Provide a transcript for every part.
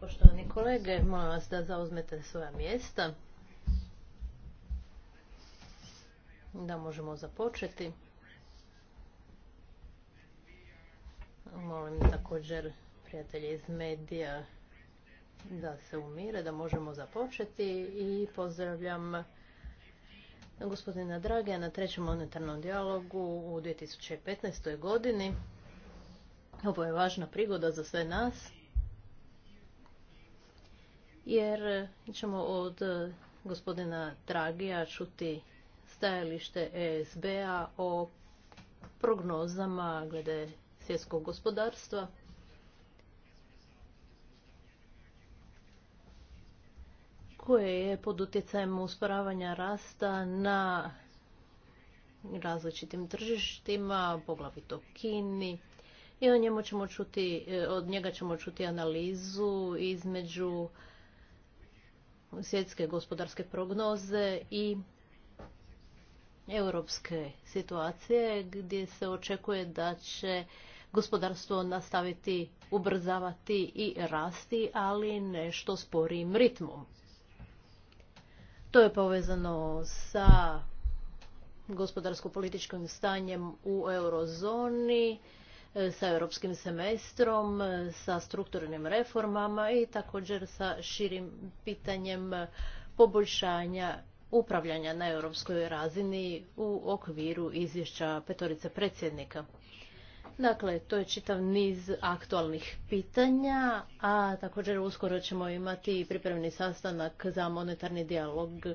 Poštovani kolege, molim vas da zauzmete svoja mjesta. Da možemo započeti. Molim također prijatelje iz medija da se umire, da možemo započeti i pozdravljam gospodina Drage na trećem monetarnom dijalogu u 2015. godini. Ovo je važna prigoda za sve nas, jer ćemo od e, gospodina Dragija čuti stajalište ESB-a o prognozama glede svjetskog gospodarstva. koje je pod utjecajem usporavanja rasta na različitim tržištima, poglavito Kini, i o njemu ćemo čuti, e, od njega ćemo čuti analizu između svjetske gospodarske prognoze i europske situacije gdje se očekuje da će gospodarstvo nastaviti ubrzavati i rasti, ali nešto sporijim ritmom. To je povezano sa gospodarsko-političkim stanjem u eurozoni, E, sa europskim semestrom, e, sa strukturnim reformama i također sa širim pitanjem poboljšanja upravljanja na europskoj razini u okviru izvješća petorice predsjednika. Dakle, to je čitav niz aktualnih pitanja, a također uskoro ćemo imati pripremni sastanak za monetarni dijalog e,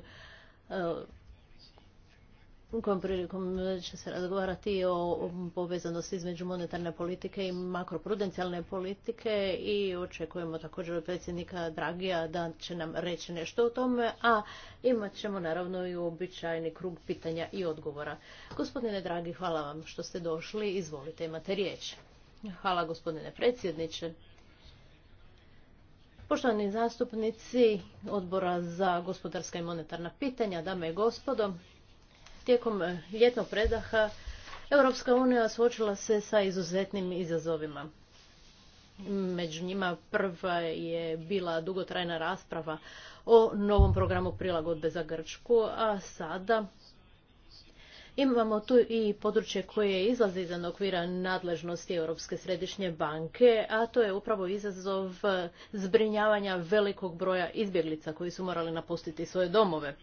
kojom prilikom će se razgovarati o povezanosti između monetarne politike i makroprudencijalne politike i očekujemo također od predsjednika Dragija da će nam reći nešto o tome, a imat ćemo naravno i uobičajeni krug pitanja i odgovora. Gospodine Dragi, hvala vam što ste došli, izvolite, imate riječ. Hvala gospodine predsjedniče. Poštovani zastupnici Odbora za gospodarska i monetarna pitanja, dame i gospodo, Tijekom eh, ljetnog predaha Europska unija suočila se sa izuzetnim izazovima. Među njima prva je bila dugotrajna rasprava o novom programu prilagodbe za Grčku, a sada imamo tu i područje koje izlazi iz okvira nadležnosti Europske središnje banke, a to je upravo izazov zbrinjavanja velikog broja izbjeglica koji su morali napustiti svoje domove.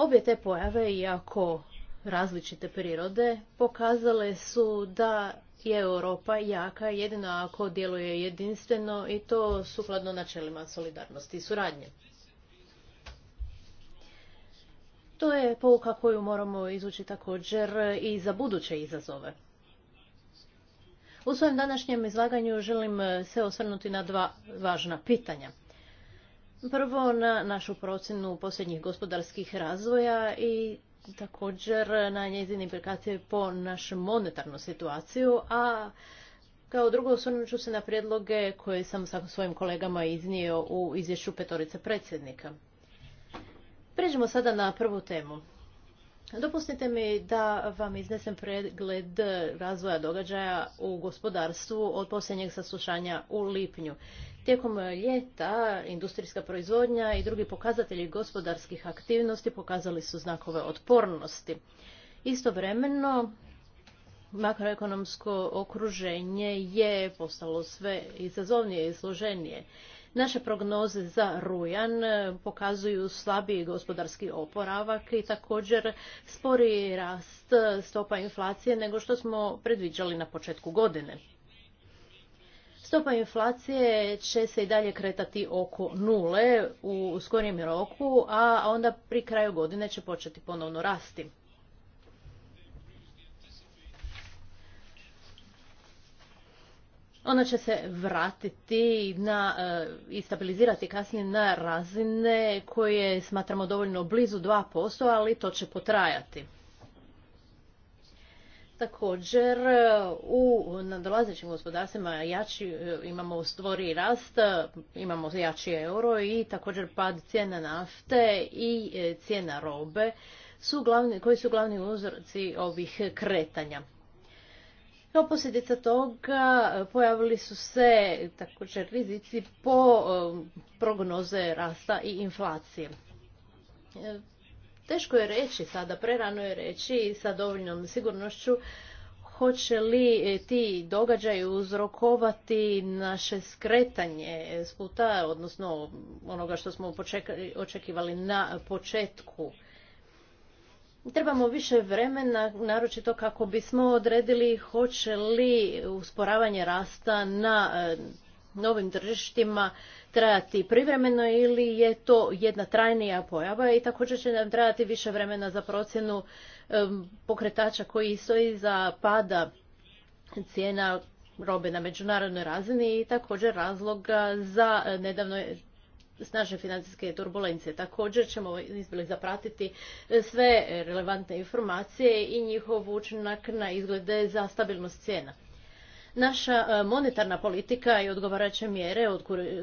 Obje te pojave, iako različite prirode, pokazale su da je Europa jaka jedino ako djeluje jedinstveno i to sukladno načelima solidarnosti i suradnje. To je pouka koju moramo izući također i za buduće izazove. U svojem današnjem izlaganju želim se osvrnuti na dva važna pitanja. Prvo na našu procjenu posljednjih gospodarskih razvoja i također na njezine implikacije po našu monetarnu situaciju, a kao drugo osvrnut ću se na prijedloge koje sam sa svojim kolegama iznio u izvješću petorice predsjednika. Pređemo sada na prvu temu. Dopustite mi da vam iznesem pregled razvoja događaja u gospodarstvu od posljednjeg saslušanja u lipnju. Tijekom ljeta industrijska proizvodnja i drugi pokazatelji gospodarskih aktivnosti pokazali su znakove otpornosti. Istovremeno, makroekonomsko okruženje je postalo sve izazovnije i složenije. Naše prognoze za rujan pokazuju slabiji gospodarski oporavak i također sporiji rast stopa inflacije nego što smo predviđali na početku godine. Stopa inflacije će se i dalje kretati oko nule u skorijem roku, a onda pri kraju godine će početi ponovno rasti. Ona će se vratiti na, e, i stabilizirati kasnije na razine koje smatramo dovoljno blizu 2%, ali to će potrajati. Također e, u nadolazećim gospodarstvima jači, e, imamo stvori rast, e, imamo jači euro i također pad cijena nafte i cijena robe su glavni, koji su glavni uzorci ovih kretanja. Kao posljedica toga pojavili su se također rizici po prognoze rasta i inflacije. Teško je reći sada, prerano je reći sa dovoljnom sigurnošću hoće li e, ti događaji uzrokovati naše skretanje s puta, odnosno onoga što smo očekivali na početku. Trebamo više vremena, naročito kako bismo odredili hoće li usporavanje rasta na e, novim tržištima trajati privremeno ili je to jedna trajnija pojava i također će nam trajati više vremena za procjenu pokretača koji stoji za pada cijena robe na međunarodnoj razini i također razloga za nedavno snažne financijske turbulencije. Također ćemo izbili zapratiti sve relevantne informacije i njihov učinak na izglede za stabilnost cijena. Naša e, monetarna politika i odgovarajuće mjere,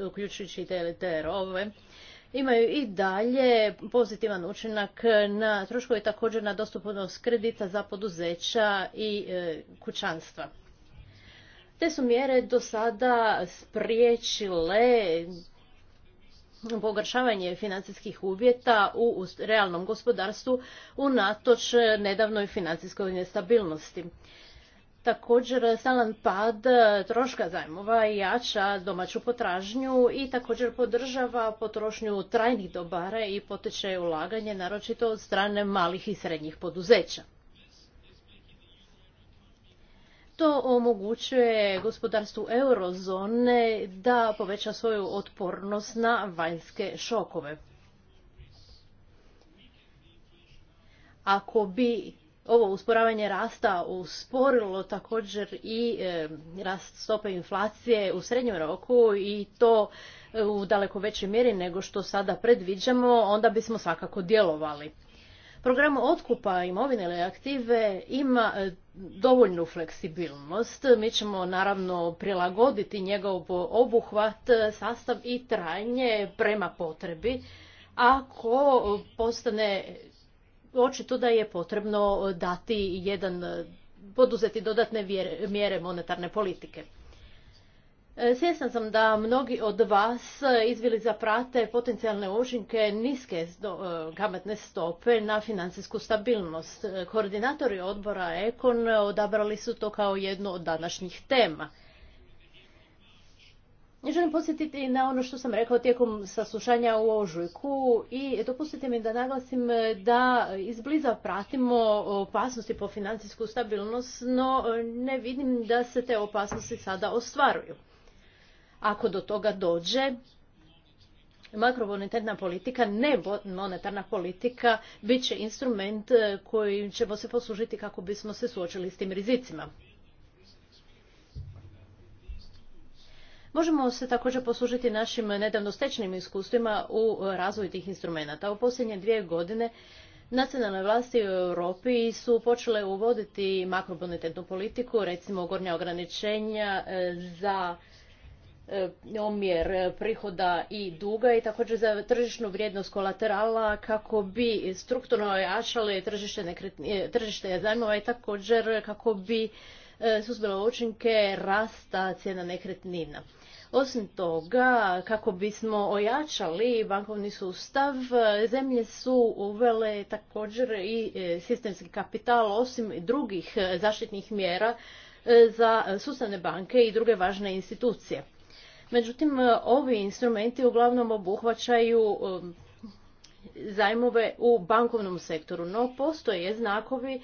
uključujući TLTR-ove, imaju i dalje pozitivan učinak na troškove također na dostupnost kredita za poduzeća i e, kućanstva. Te su mjere do sada spriječile pogoršavanje financijskih uvjeta u realnom gospodarstvu unatoč nedavnoj financijskoj nestabilnosti također stalan pad troška zajmova i jača domaću potražnju i također podržava potrošnju trajnih dobara i potiče ulaganje naročito od strane malih i srednjih poduzeća. To omogućuje gospodarstvu eurozone da poveća svoju otpornost na vanjske šokove. Ako bi ovo usporavanje rasta usporilo također i e, rast stope inflacije u srednjem roku i to e, u daleko većoj mjeri nego što sada predviđamo, onda bismo svakako djelovali. Program otkupa imovine ili aktive ima e, dovoljnu fleksibilnost. Mi ćemo naravno prilagoditi njegov obuhvat, sastav i trajanje prema potrebi. Ako postane očito da je potrebno e, dati jedan, e, poduzeti dodatne mjere monetarne politike. E, svjesna sam da mnogi od vas izvili prate potencijalne učinke niske kamatne stope na financijsku stabilnost. Koordinatori odbora Ekon odabrali su to kao jednu od današnjih tema. Želim posjetiti na ono što sam rekao tijekom saslušanja u Ožujku i dopustite mi da naglasim e, da izbliza pratimo opasnosti po financijsku stabilnost, no e, ne vidim da se te opasnosti sada ostvaruju. Ako do toga dođe, makrobonetarna politika, ne monetarna politika, bit će instrument e, kojim ćemo se poslužiti kako bismo se suočili s tim rizicima. Možemo se također poslužiti našim nedavno stečnim iskustvima u razvoju tih instrumenata. U posljednje dvije godine Nacionalne vlasti u Europi su počele uvoditi makrobonitetnu politiku, recimo gornja ograničenja e, za e, omjer prihoda i duga i također za tržišnu vrijednost kolaterala kako bi strukturno ojačale tržište, e, tržište zajmova i također kako bi E, suzbila učinke rasta cijena nekretnina. Osim toga, kako bismo ojačali bankovni sustav, zemlje su uvele također i e, sistemski kapital osim drugih zaštitnih mjera e, za sustavne banke i druge važne institucije. Međutim, ovi instrumenti uglavnom obuhvaćaju zajmove u bankovnom sektoru, no postoje znakovi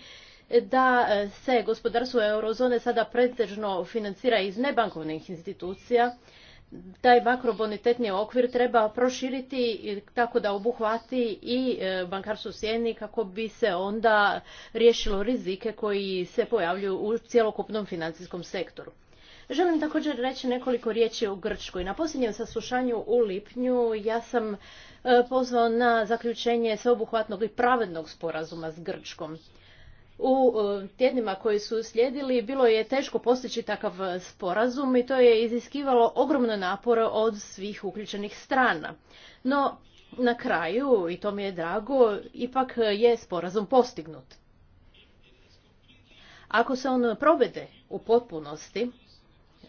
da e, se gospodarstvo eurozone sada pretežno financira iz nebankovnih institucija, taj makrobonitetni okvir treba proširiti tako da obuhvati i e, bankarstvo sjeni kako bi se onda riješilo rizike koji se pojavljuju u cjelokupnom financijskom sektoru. Želim također reći nekoliko riječi o Grčkoj. Na posljednjem saslušanju u lipnju ja sam e, pozvao na zaključenje sveobuhvatnog i pravednog sporazuma s Grčkom. U e, tjednima koji su slijedili bilo je teško postići takav sporazum i to je iziskivalo ogromne napore od svih uključenih strana. No, na kraju, i to mi je drago, ipak je sporazum postignut. Ako se on provede u potpunosti,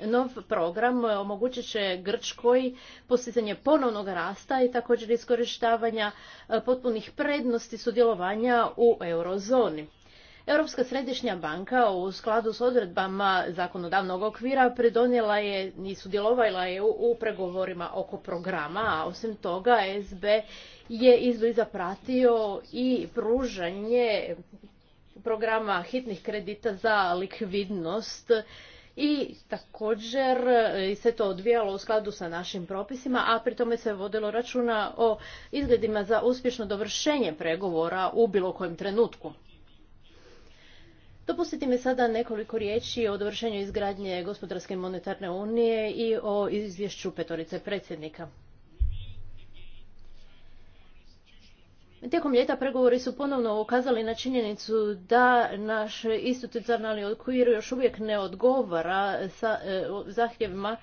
nov program omogućit će Grčkoj postizanje ponovnog rasta i također iskorištavanja e, potpunih prednosti sudjelovanja u eurozoni. Europska središnja banka u skladu s odredbama zakonodavnog okvira pridonijela je i sudjelovala je u pregovorima oko programa, a osim toga SB je izbliza pratio i pružanje programa hitnih kredita za likvidnost i također se to odvijalo u skladu sa našim propisima, a pri tome se vodilo računa o izgledima za uspješno dovršenje pregovora u bilo kojem trenutku. Dopustite mi sada nekoliko riječi o dovršenju izgradnje gospodarske monetarne unije i o izvješću petorice predsjednika. Tijekom ljeta pregovori su ponovno ukazali na činjenicu da naš institucionalni okvir još uvijek ne odgovara sa e, zahtjevima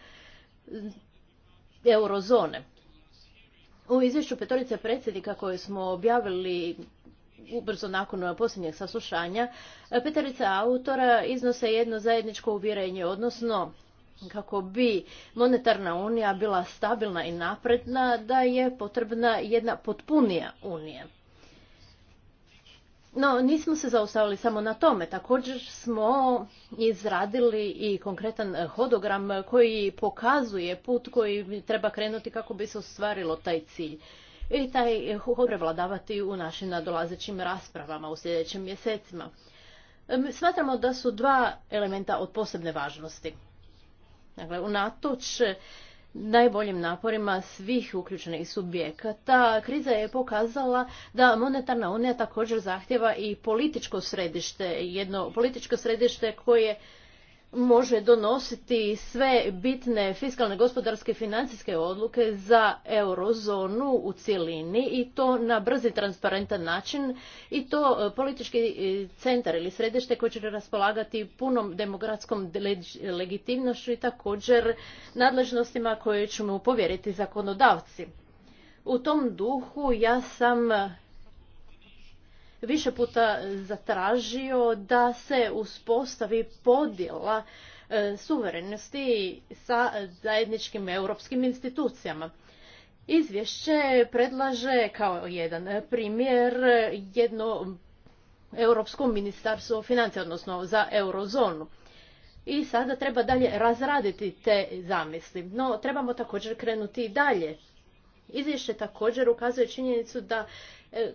eurozone. U izvješću petorice predsjednika koje smo objavili ubrzo nakon posljednjeg saslušanja, Petarica autora iznose jedno zajedničko uvjerenje, odnosno kako bi monetarna unija bila stabilna i napredna, da je potrebna jedna potpunija unija. No, nismo se zaustavili samo na tome. Također smo izradili i konkretan hodogram koji pokazuje put koji treba krenuti kako bi se ostvarilo taj cilj i taj huhod prevladavati u našim nadolazećim raspravama u sljedećim mjesecima. Smatramo da su dva elementa od posebne važnosti. Dakle, unatoč najboljim naporima svih uključenih subjekata, kriza je pokazala da monetarna unija također zahtjeva i političko središte, jedno političko središte koje može donositi sve bitne fiskalne, gospodarske i financijske odluke za eurozonu u cjelini i to na brzi transparentan način i to e, politički e, centar ili središte koje će raspolagati punom demokratskom legitimnošću i također nadležnostima koje ćemo povjeriti zakonodavci. U tom duhu ja sam više puta zatražio da se uspostavi podjela e, suverenosti sa zajedničkim europskim institucijama. Izvješće predlaže kao jedan primjer jedno Europsko ministarstvo financija, odnosno za eurozonu. I sada treba dalje razraditi te zamisli. No, trebamo također krenuti i dalje. Izvješće također ukazuje činjenicu da e,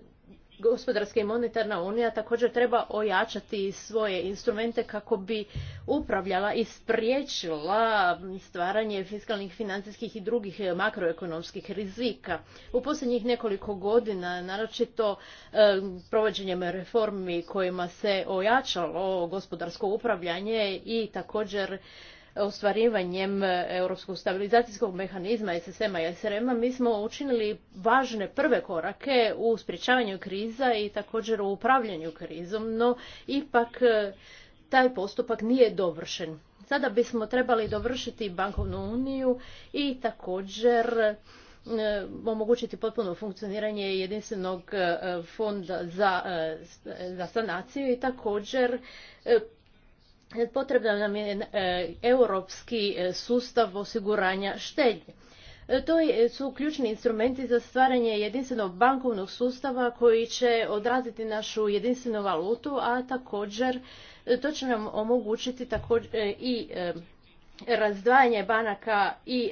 gospodarska i monetarna unija također treba ojačati svoje instrumente kako bi upravljala i spriječila stvaranje fiskalnih, financijskih i drugih makroekonomskih rizika. U posljednjih nekoliko godina, naročito e, provođenjem reformi kojima se ojačalo gospodarsko upravljanje i također ostvarivanjem e, Europskog stabilizacijskog mehanizma SSM-a i SRM-a mi smo učinili važne prve korake u sprječavanju kriza i također u upravljanju krizom, no ipak e, taj postupak nije dovršen. Sada bismo trebali dovršiti bankovnu uniju i također e, omogućiti potpuno funkcioniranje jedinstvenog fonda za, sanaciju i također potreban nam je e, europski e, sustav osiguranja štednje. E, to su ključni instrumenti za stvaranje jedinstvenog bankovnog sustava koji će odraziti našu jedinstvenu valutu, a također to će nam omogućiti i razdvajanje banaka i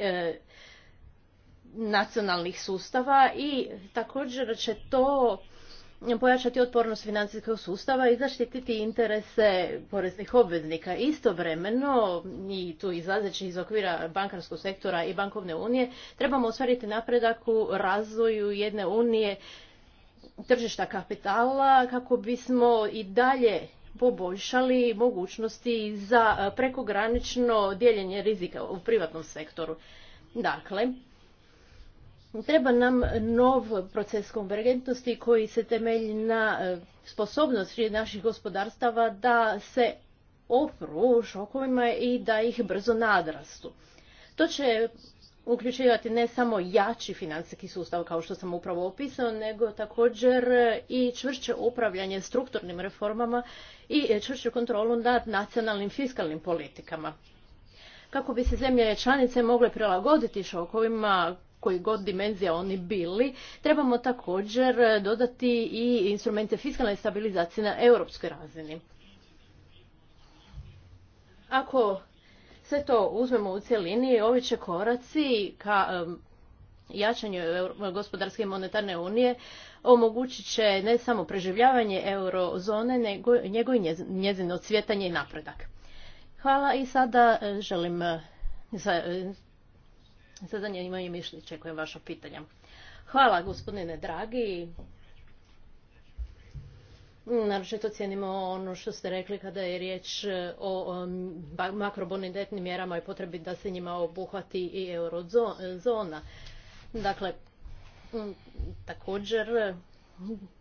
nacionalnih sustava i također će to pojačati otpornost financijskog sustava i zaštititi interese poreznih obveznika. Istovremeno, i tu izlazeći iz okvira bankarskog sektora i bankovne unije, trebamo ostvariti napredak u razvoju jedne unije tržišta kapitala kako bismo i dalje poboljšali mogućnosti za prekogranično dijeljenje rizika u privatnom sektoru. Dakle, Treba nam nov proces konvergentnosti koji se temelji na e, sposobnosti naših gospodarstava da se opru šokovima i da ih brzo nadrastu. To će uključivati ne samo jači financijski sustav kao što sam upravo opisao, nego također i čvršće upravljanje strukturnim reformama i čvršću kontrolu nad nacionalnim fiskalnim politikama. Kako bi se zemlje članice mogle prilagoditi šokovima koji god dimenzija oni bili, trebamo također dodati i instrumente fiskalne stabilizacije na europskoj razini. Ako sve to uzmemo u cjelini, ovi će koraci ka jačanju gospodarske i monetarne unije omogućit će ne samo preživljavanje eurozone, nego i njezino cvjetanje i napredak. Hvala i sada želim sa i mišljenja čekujem vaša pitanja. Hvala gospodine dragi. Naročito cijenimo ono što ste rekli kada je riječ o um, makrobonitetnim mjerama i potrebi da se njima obuhvati i eurozona. Dakle, također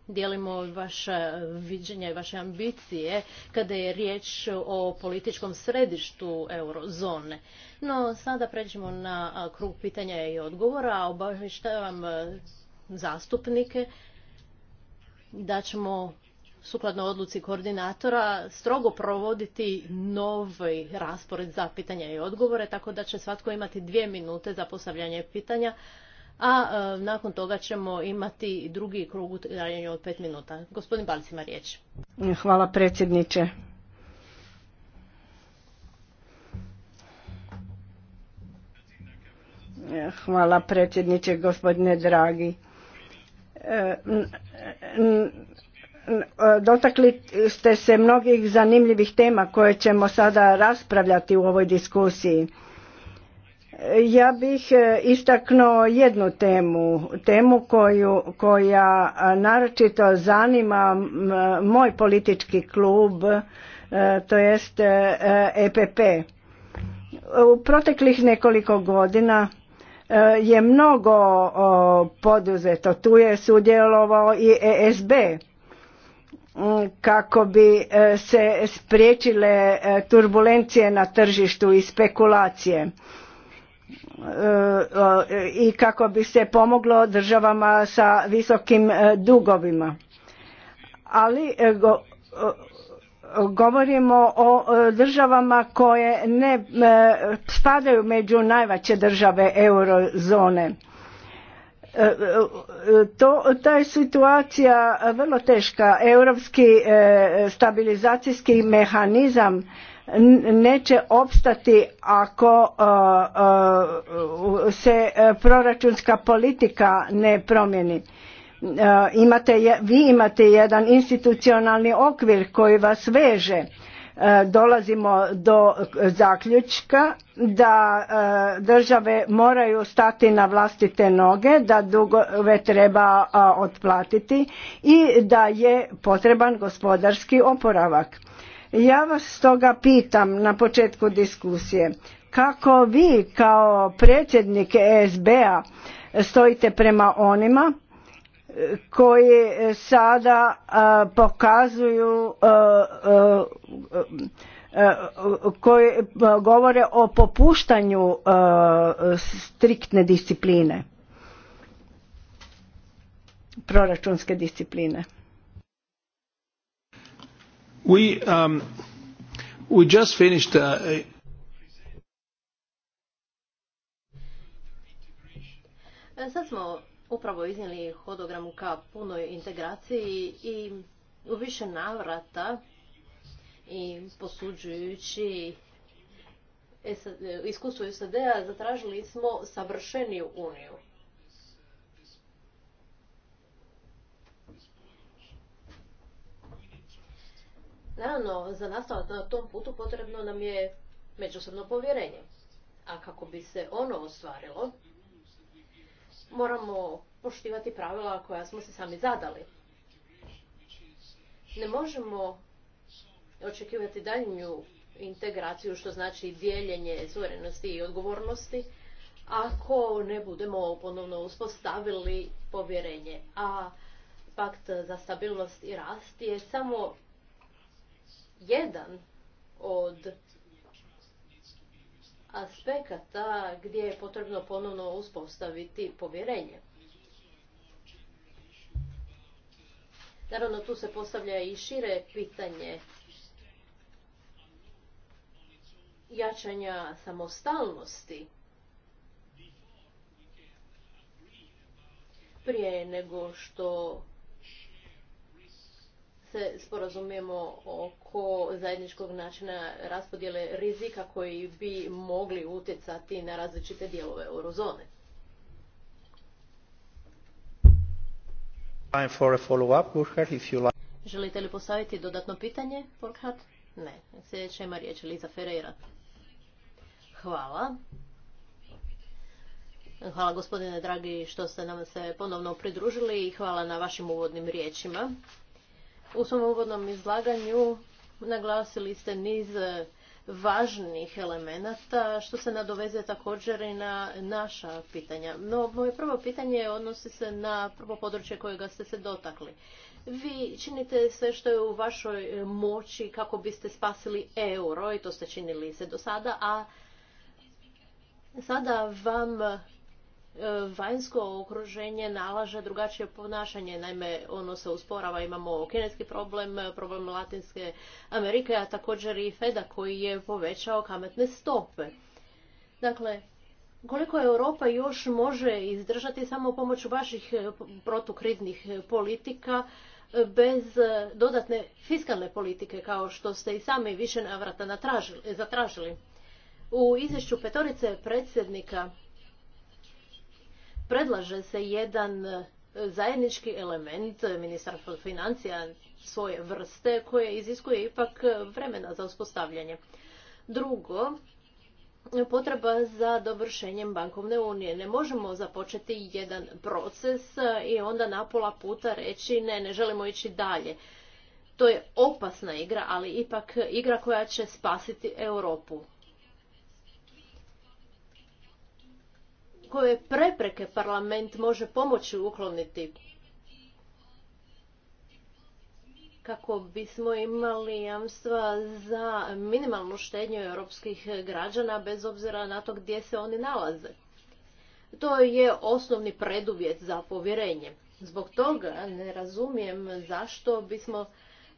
dijelimo vaše viđenje i vaše ambicije kada je riječ o političkom središtu eurozone. No, sada pređemo na krug pitanja i odgovora. Obavještavam zastupnike da ćemo sukladno odluci koordinatora strogo provoditi novi raspored za pitanja i odgovore, tako da će svatko imati dvije minute za postavljanje pitanja, a e, nakon toga ćemo imati drugi krug u trajanju od pet minuta. Gospodin ima riječ. Hvala predsjedniče. Hvala predsjedniče, gospodine dragi. E, e, dotakli ste se mnogih zanimljivih tema koje ćemo sada raspravljati u ovoj diskusiji ja bih e, istaknuo jednu temu, temu koju, koja naročito zanima moj politički klub, e, to jest EPP. E U proteklih nekoliko godina je mnogo poduzeto, tu je sudjelovao i ESB kako bi se spriječile turbulencije na tržištu i spekulacije E, e, i kako bi se pomoglo državama sa visokim e, dugovima. Ali govorimo o državama koje ne spadaju među najvaće države eurozone. To, ta je situacija vrlo teška. Europski stabilizacijski mehanizam neće opstati ako e, e, se e, proračunska politika ne promijeni. vi imate jedan institucionalni okvir koji vas veže. Dolazimo do zaključka da države moraju stati na vlastite noge, da dugove treba otplatiti i da je potreban gospodarski oporavak ja vas stoga pitam na početku diskusije, kako vi kao predsjednik ESB-a stojite prema onima e, koji sada e, pokazuju e, koji govore o popuštanju striktne discipline proračunske discipline We, um, we just finished uh, e, Sad smo upravo iznijeli hodogram ka punoj integraciji i u više navrata i posuđujući e, e, iskustvo SAD-a zatražili smo savršeniju uniju. Naravno, za nastavak na tom putu potrebno nam je međusobno povjerenje. A kako bi se ono ostvarilo, moramo poštivati pravila koja smo se sami zadali. Ne možemo očekivati daljnju integraciju, što znači dijeljenje suverenosti i odgovornosti, ako ne budemo ponovno uspostavili povjerenje. A pakt za stabilnost i rast je samo jedan od aspekata gdje je potrebno ponovno uspostaviti povjerenje. Naravno, tu se postavlja i šire pitanje jačanja samostalnosti prije nego što se sporazumijemo oko zajedničkog načina raspodjele rizika koji bi mogli utjecati na različite dijelove eurozone. Želite li postaviti dodatno pitanje, Burkhardt? Ne. Sljedeća ima riječ Liza Ferreira. Hvala. Hvala gospodine dragi što ste nam se ponovno pridružili i hvala na vašim uvodnim riječima. U svom uvodnom izlaganju naglasili ste niz e, važnih elemenata, što se nadoveze također i na naša pitanja. No, moje prvo pitanje odnosi se na prvo područje kojega ste se dotakli. Vi činite sve što je u vašoj moći kako biste spasili euro i to ste činili se do sada, a sada vam vanjsko okruženje nalaže drugačije ponašanje. Naime, ono se usporava, imamo kineski problem, problem Latinske Amerike, a također i Feda koji je povećao kametne stope. Dakle, koliko Europa još može izdržati samo pomoću vaših protukriznih politika bez dodatne fiskalne politike kao što ste i sami više navrata zatražili. U izvješću petorice predsjednika predlaže se jedan e, zajednički element e, Ministarstva financija svoje vrste koje iziskuje ipak e, vremena za uspostavljanje. Drugo, potreba za dovršenjem bankovne unije. Ne možemo započeti jedan proces i onda na pola puta reći ne, ne želimo ići dalje. To je opasna igra, ali ipak igra koja će spasiti Europu. koje prepreke parlament može pomoći ukloniti kako bismo imali jamstva za minimalnu štednju europskih građana bez obzira na to gdje se oni nalaze. To je osnovni preduvjet za povjerenje. Zbog toga ne razumijem zašto bismo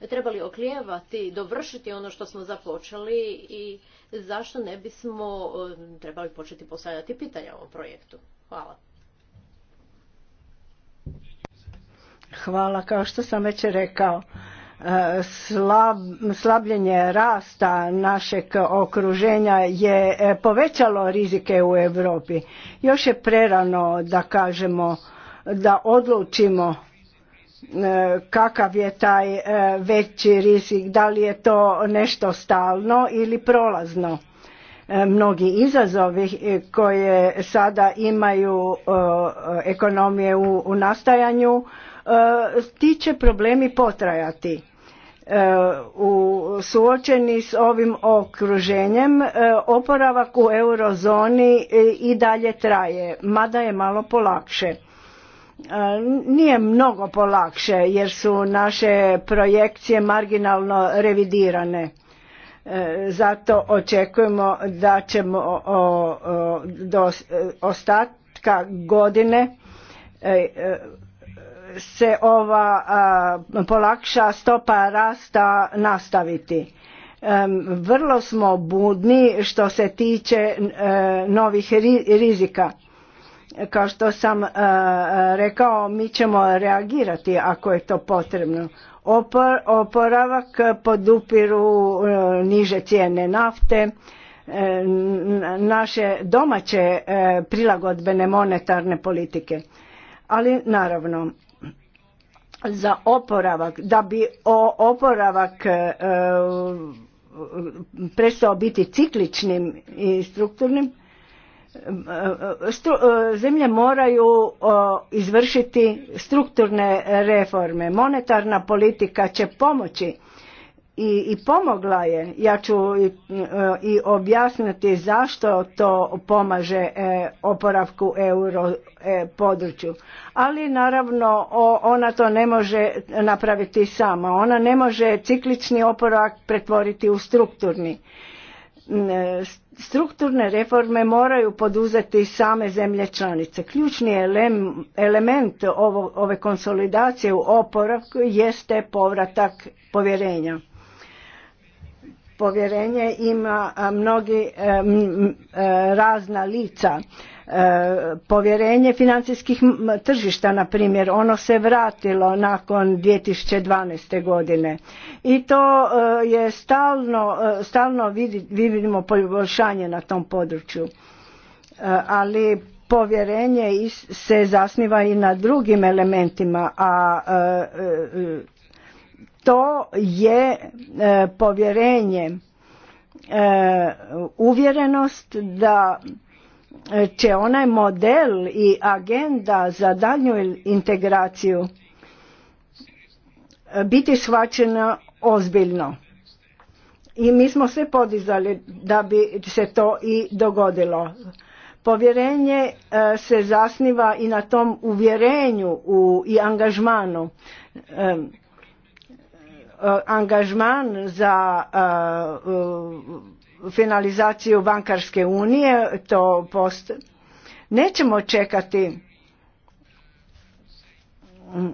trebali oklijevati, dovršiti ono što smo započeli i zašto ne bismo um, trebali početi postavljati pitanja o ovom projektu? Hvala. Hvala, kao što sam već rekao. E, slabljenje rasta našeg okruženja je e, povećalo rizike u Europi. Još je prerano da kažemo da odlučimo E, kakav je taj e, veći rizik, da li je to nešto stalno ili prolazno. E, mnogi izazovi koje sada imaju ekonomije u nastajanju, ti će problemi potrajati. U suočeni s ovim okruženjem oporavak u eurozoni i dalje traje, mada je malo polakše nije mnogo polakše jer su naše projekcije marginalno revidirane. E, zato očekujemo da ćemo do ostatka godine e, e, se ova polakša stopa rasta nastaviti. Vrlo smo budni što se tiče novih rizika kao što sam e, rekao, mi ćemo reagirati ako je to potrebno. Oporavak podupiru e, niže cijene nafte, e, naše domaće prilagodbene monetarne politike. Ali naravno, za oporavak, da bi oporavak prestao biti cikličnim i strukturnim, E, zemlje moraju e, izvršiti strukturne reforme. Monetarna politika će pomoći i, i pomogla je. Ja ću e, i objasniti zašto to pomaže oporavku euro području. Ali naravno ona to ne može napraviti sama. Ona ne može ciklični oporavak pretvoriti u strukturni Strukturne reforme moraju poduzeti same zemlje članice. Ključni element ove konsolidacije u oporavku jeste povratak povjerenja. Povjerenje ima mnogi razna lica povjerenje financijskih tržišta na primjer ono se vratilo nakon 2012. godine i to e, je stalno e, stalno vidimo poboljšanje na tom području e, ali povjerenje se zasniva i na drugim elementima a to je povjerenje uvjerenost da će onaj model i agenda za daljnju integraciju biti shvaćena ozbiljno. I mi smo sve podizali da bi se to i dogodilo. Povjerenje e, se zasniva i na tom uvjerenju u, i angažmanu. E, e, angažman za finalizaciju bankarske unije, to post... Nećemo čekati mm,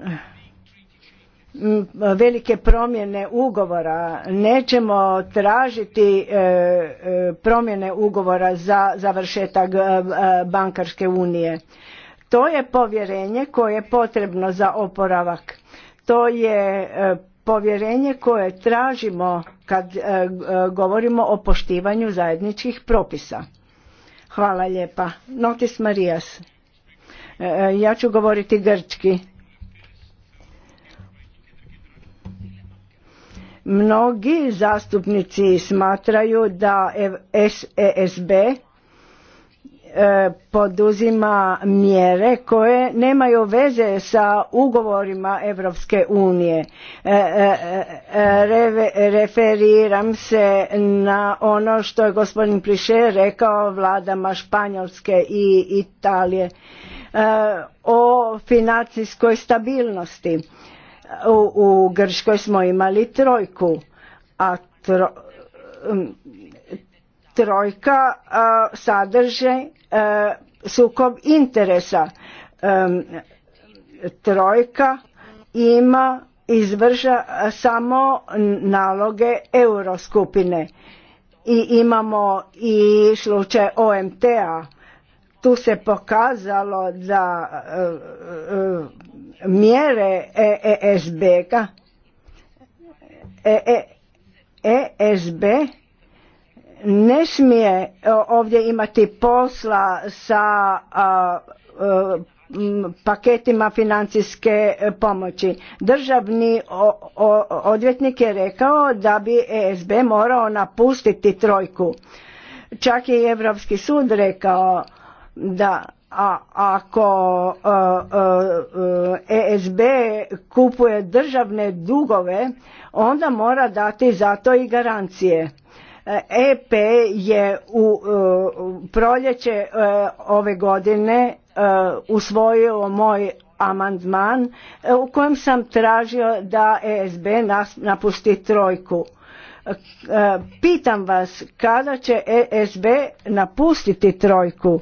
mm, velike promjene ugovora, nećemo tražiti e, e, promjene ugovora za završetak e, bankarske unije. To je povjerenje koje je potrebno za oporavak. To je povjerenje koje tražimo kad e, e, govorimo o poštivanju zajedničkih propisa. Hvala lijepa. Notis Marijas. E, ja ću govoriti grčki. Mnogi zastupnici smatraju da SESB E, poduzima mjere koje nemaju veze sa ugovorima Europske unije. E, e, referiram se na ono što je gospodin Priše rekao vladama Španjolske i Italije o financijskoj stabilnosti. U, Grčkoj smo imali trojku, a trojka sadrže E, sukob interesa. E, trojka ima izvrža samo naloge euroskupine i imamo i slučaj OMTA. Tu se pokazalo da e, mjere ESB-a ESB ne smije e, ovdje imati posla sa paketima financijske pomoći. Državni odvjetnik je rekao da bi ESB morao napustiti trojku. Čak je i Europski sud rekao da ako ESB e, e, kupuje državne dugove, onda mora dati za to i garancije EP je u proljeće e, ove godine e, usvojio moj amandman e, u kojem sam tražio da ESB napusti trojku. Pitam vas kada će ESB napustiti trojku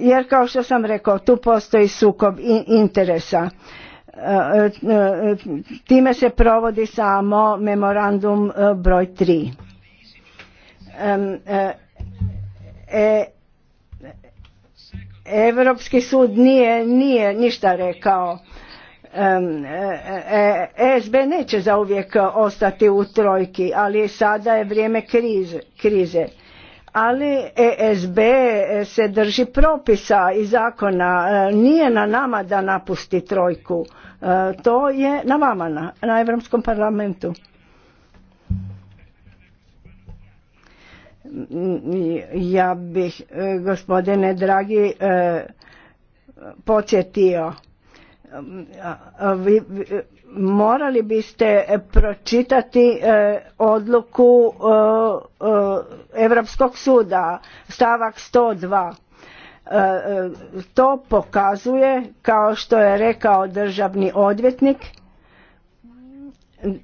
jer kao što sam rekao tu postoji sukob interesa time se provodi samo memorandum broj 3. Europski e, e, sud nije, nije ništa rekao. ESB e, neće zauvijek ostati u trojki, ali sada je vrijeme krize. Ali ESB se drži propisa i zakona, nije na nama da napusti trojku, to je na vama, na Europskom parlamentu. ja bih e, gospodine dragi e, podsjetio e, vi morali biste pročitati odluku Europskog suda stavak 102 to pokazuje kao što je rekao državni odvjetnik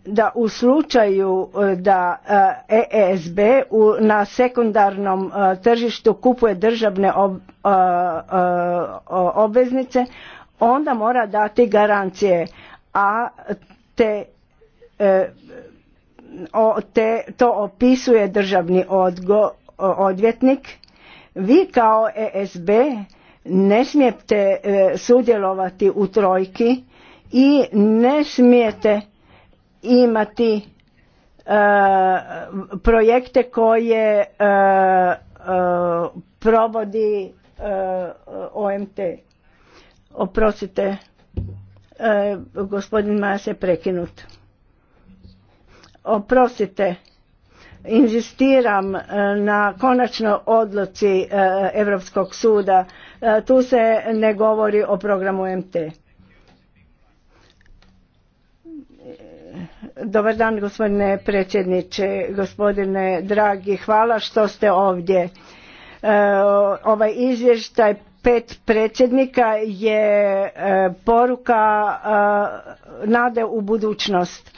da u slučaju e, da ESB e na sekundarnom e, tržištu kupuje državne obveznice onda mora dati garancije a te, to opisuje državni odgo, odvjetnik vi kao ESB ne smijete sudjelovati u trojki i ne smijete imati e, projekte koje e, e, provodi OMT. Oprostite, gospodin Maja se prekinut. Oprostite, inzistiram na konačno odluci Europskog suda. Tu se ne govori o programu MT. Dobar dan gospodine predsjedniče, gospodine dragi, hvala što ste ovdje. E, ovaj izvještaj pet predsjednika je e, poruka e, nade u budućnost.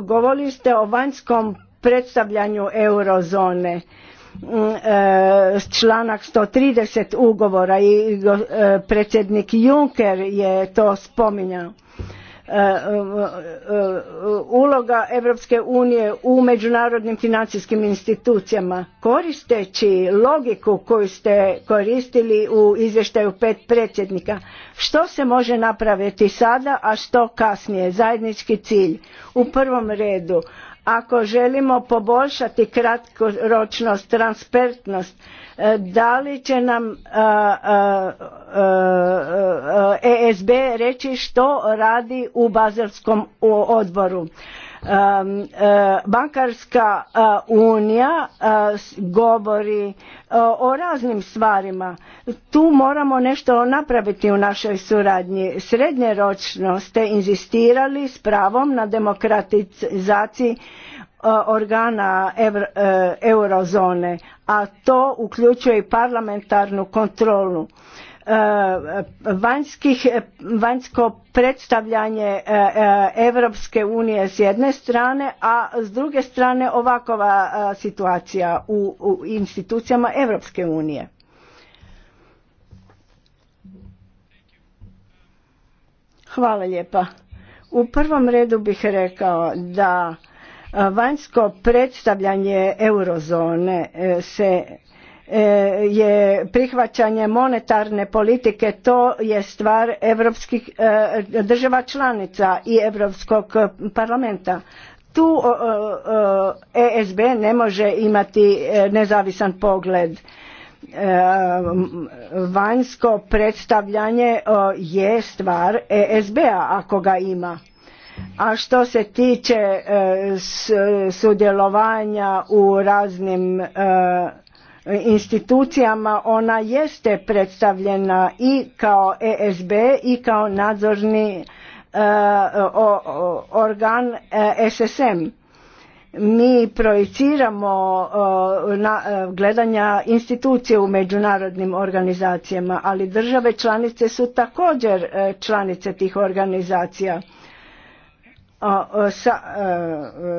Govorili ste o vanjskom predstavljanju eurozone članak 130 ugovora i predsjednik Juncker je to spominjao E, e, e, uloga Europske unije u međunarodnim financijskim institucijama koristeći logiku koju ste koristili u izvještaju pet predsjednika što se može napraviti sada a što kasnije zajednički cilj u prvom redu ako želimo poboljšati kratkoročnost, transparentnost, e, da li će nam ESB e, e, reći što radi u Bazelskom odboru? E, bankarska e, unija e, govori o raznim stvarima. Tu moramo nešto napraviti u našoj suradnji. Srednjeročno ste inzistirali s pravom na demokratizaciji organa eurozone, a to uključuje i parlamentarnu kontrolu Eh, vanjskih, vanjsko predstavljanje Europske eh, eh, unije s jedne strane, a s druge strane ovakova situacija u, institucijama Europske unije. Hvala lijepa. U prvom redu bih rekao da vanjsko predstavljanje eurozone se E, je prihvaćanje monetarne politike to je stvar europskih e, država članica i europskog parlamenta tu ESB ne može imati e, nezavisan pogled vanjsko predstavljanje je stvar ESB-a ako ga ima a što se tiče sudjelovanja u raznim institucijama ona jeste predstavljena i kao ESB i kao nadzorni e, organ e, SSM. Mi projiciramo e, gledanja institucije u međunarodnim organizacijama, ali države članice su također članice tih organizacija.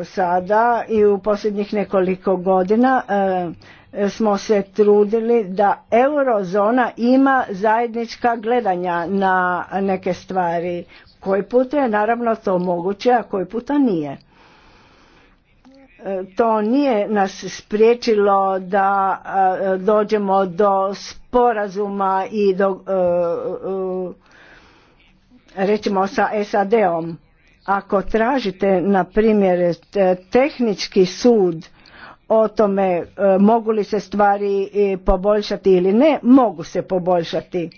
Sada i u posljednjih nekoliko godina smo se trudili da eurozona ima zajednička gledanja na neke stvari. Koji put je naravno to moguće, a koji puta nije. E, to nije nas spriječilo da dođemo do sporazuma i do e, e, recimo sa SAD-om. Ako tražite, na primjer, tehnički sud o tome e, mogu li se stvari e, poboljšati ili ne, mogu se poboljšati.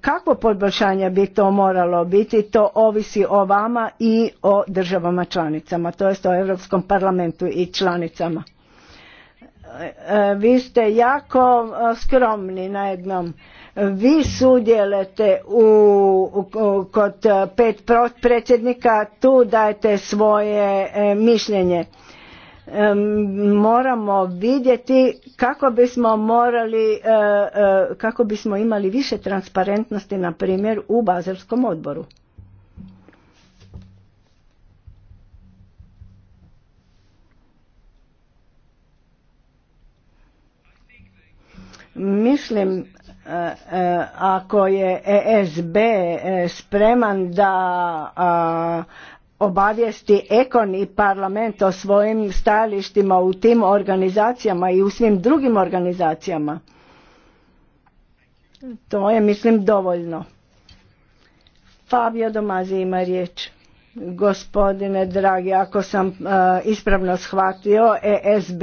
Kakvo poboljšanje bi to moralo biti, to ovisi o vama i o državama članicama, to jest o Europskom parlamentu i članicama. E, vi ste jako skromni na jednom. Vi sudjelete u, u, kod pet predsjednika, tu dajete svoje mišljenje moramo vidjeti kako bismo morali, e, e, kako bismo imali više transparentnosti, na primjer, u Bazelskom odboru. Mislim, e, ako je ESB spreman da obavijesti Ekon i parlament o svojim stajalištima u tim organizacijama i u svim drugim organizacijama. To je, mislim, dovoljno. Fabio Domazi ima riječ. Gospodine dragi, ako sam e, ispravno shvatio, ESB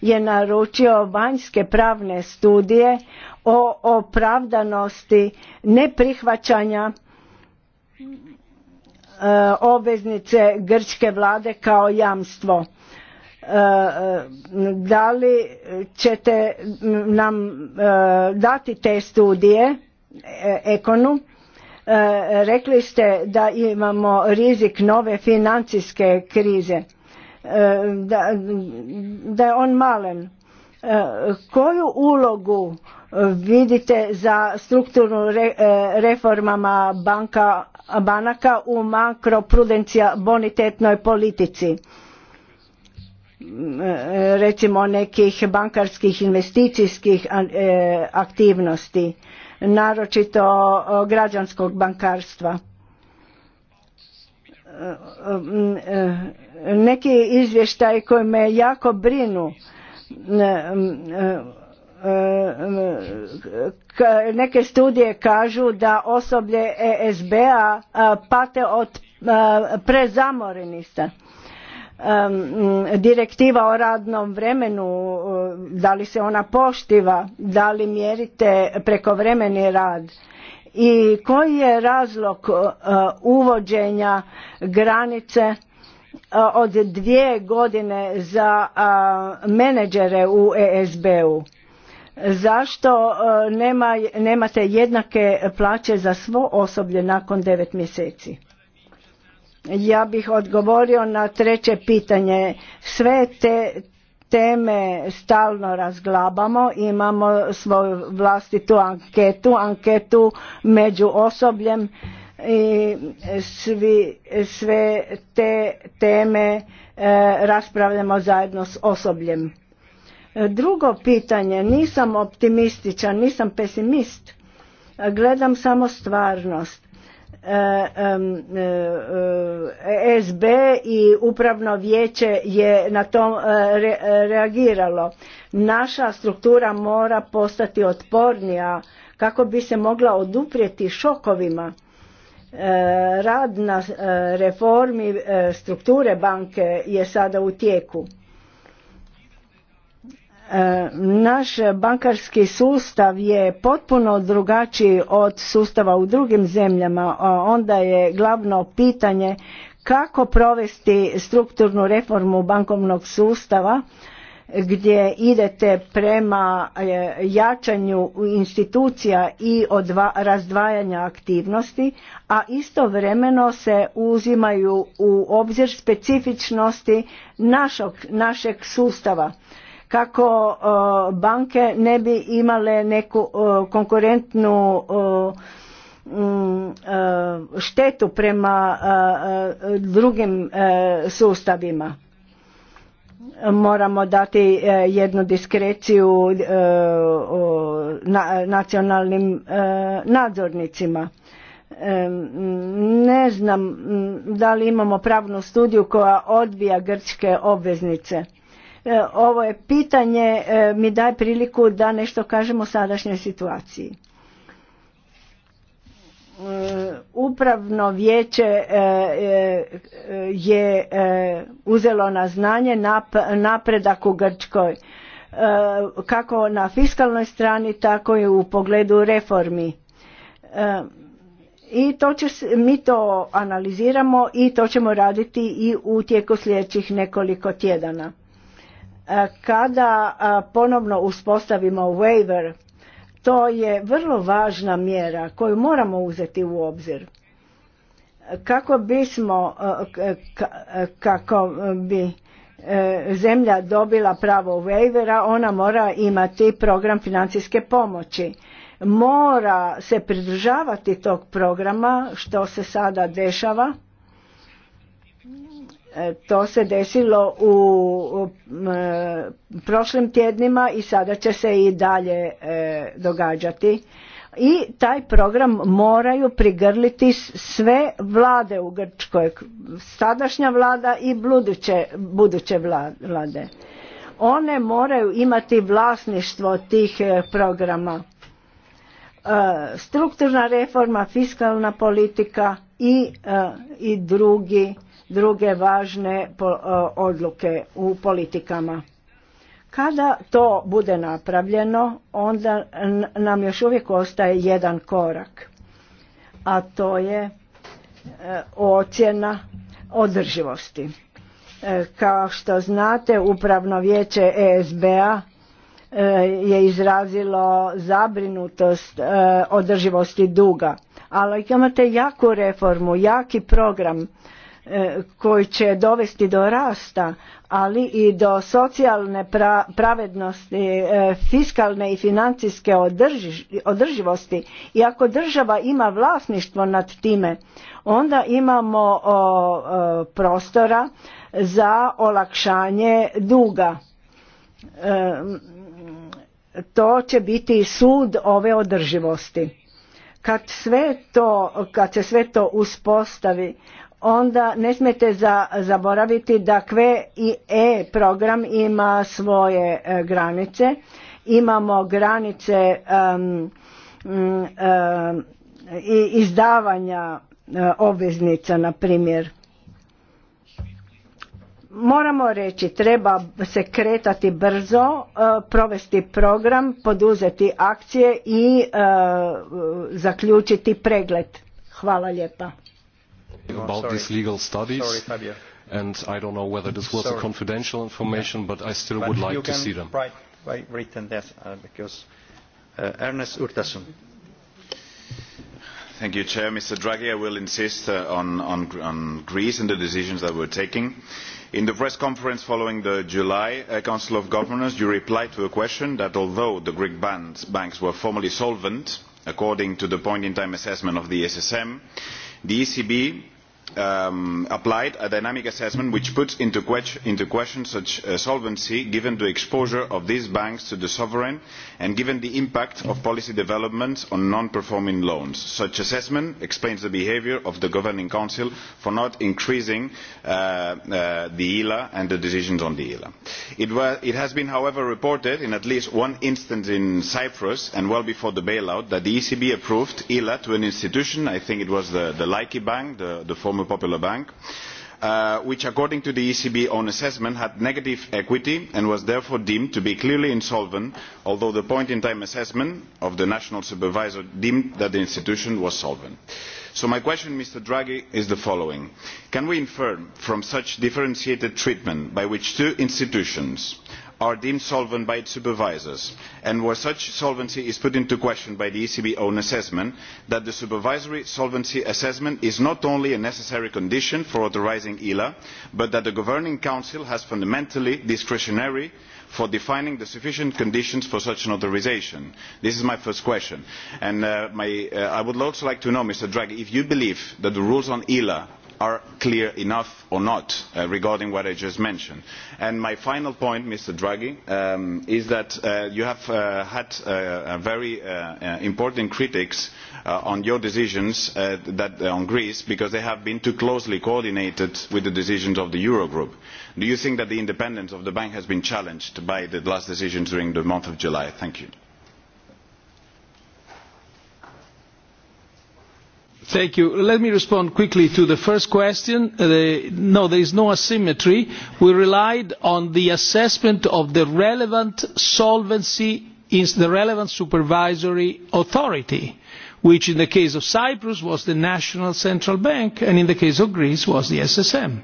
je naručio vanjske pravne studije o opravdanosti neprihvaćanja E, obveznice grčke vlade kao jamstvo e, e, da li ćete nam dati te studije ekonu rekli ste da imamo rizik nove financijske krize da, da je on malen koju ulogu vidite za strukturnu e, reformama banka, banaka u makroprudencija bonitetnoj politici mm, e, recimo nekih bankarskih investicijskih e, aktivnosti naročito građanskog bankarstva mm, neki izvještaj koji me jako brinu mm, neke studije kažu da osoblje ESB-a pate od prezamorenista. Direktiva o radnom vremenu, e, da li se ona poštiva, da li mjerite prekovremeni rad i koji je razlog e, uvođenja granice e, od dvije godine za menadžere u ESB-u Zašto e, nemate jednake plaće za svo osoblje nakon devet mjeseci? Ja bih odgovorio na treće pitanje. Sve te teme stalno razglabamo, imamo svoju vlastitu anketu, anketu među osobljem i svi, sve te teme e, raspravljamo zajedno s osobljem Drugo pitanje, nisam optimističan, nisam pesimist, gledam samo stvarnost. E, e, e, SB i upravno vijeće je na to reagiralo. Naša struktura mora postati otpornija kako bi se mogla oduprijeti šokovima. Rad na reformi strukture banke je sada u tijeku naš bankarski sustav je potpuno drugačiji od sustava u drugim zemljama, onda je glavno pitanje kako provesti strukturnu reformu bankovnog sustava gdje idete prema e, jačanju institucija i razdvajanja aktivnosti, a istovremeno se uzimaju u obzir specifičnosti našeg sustava kako banke ne bi imale neku konkurentnu mm, e, štetu prema e, e, drugim sustavima. Moramo dati jednu diskreciju nacionalnim nadzornicima. Ne znam da li imamo pravnu studiju koja odbija grčke obveznice E, ovo je pitanje e, mi daje priliku da nešto kažemo o sadašnjoj situaciji. E, upravno vijeće je uzelo na znanje napredak u Grčkoj kako na fiskalnoj strani tako i u pogledu reformi. I to mi to analiziramo i to ćemo raditi i u tijeku sljedećih nekoliko tjedana. E, kada e, ponovno uspostavimo waiver, to je vrlo važna mjera koju moramo uzeti u obzir. Kako bismo, e, kako bi zemlja dobila pravo waivera, ona mora imati program financijske pomoći. Mora se pridržavati tog programa što se sada dešava E, to se desilo u e, prošlim tjednima i sada će se i dalje e, događati. I taj program moraju prigrliti sve vlade u Grčkoj, sadašnja vlada i buduće, buduće vlade. One moraju imati vlasništvo tih programa. Strukturna reforma, fiskalna politika i, i drugi druge važne e, odluke u politikama. Kada to bude napravljeno, onda nam još uvijek ostaje jedan korak, a to je e, ocjena održivosti. E, kao što znate, upravno vijeće ESB-a je izrazilo zabrinutost održivosti duga, ali imate jaku reformu, jaki program E, koji će dovesti do rasta, ali i do socijalne pravednosti, e, fiskalne i financijske održivosti. I ako država ima vlasništvo nad time, onda imamo e, prostora za olakšanje duga. To će biti sud ove održivosti. Kad, sve to, kad se sve to uspostavi, onda ne smijete zaboraviti da kve i e program ima svoje e, granice imamo granice i izdavanja e, obveznica na primjer moramo reći treba se kretati brzo e, provesti program poduzeti akcije i zaključiti pregled hvala lijepa about these legal studies. Sorry, And I don't know whether this was confidential information, but I still would like to see them. Write, write written that uh, because uh, Ernest Urtasun. Thank you, Chair. Mr. Draghi, I will insist uh, on, on, on Greece and the decisions that we're taking. In the press conference following the July uh, Council of Governors, you replied to a question that although the Greek banks, banks were formally solvent, according to the point-in-time assessment of the SSM, the ECB Um, applied a dynamic assessment which puts into, question such uh, solvency given the exposure of these banks to the sovereign and given the impact of policy developments on non performing loans. such assessment explains the behaviour of the governing council for not increasing uh, uh, the ela and the decisions on the ela. It, has been however reported in at least one instance in cyprus and well before the bailout that the ecb approved ela to an institution i think it was the, laiki bank the former consumer popular bank uh, which according to the ecb own assessment had negative equity and was therefore deemed to be clearly insolvent although the point in time assessment of the national supervisor deemed that the institution was solvent. so my question mr draghi is the following can we infer from such differentiated treatment by which two institutions are deemed solvent by its supervisors and where such solvency is put into question by the ECB own assessment that the supervisory solvency assessment is not only a necessary condition for authorising ela but that the governing council has fundamentally discretionary for defining the sufficient conditions for such an authorisation. this is my first question uh, uh, i would also like to know mr draghi if you believe that the rules on ela are clear enough or not uh, regarding what i just mentioned. my final point mr draghi um, is that uh, you have uh, had very important critics on your decisions on greece because they have been too closely coordinated with the decisions of the eurogroup. do you think that the independence of the bank has been challenged by the last decisions during the month of july? thank you. Thank you. Let me respond quickly to the first question. Uh, no, there is no asymmetry. We relied on the assessment of the relevant solvency in the relevant supervisory authority, which in the case of Cyprus was the National Central Bank and in the case of Greece was the SSM.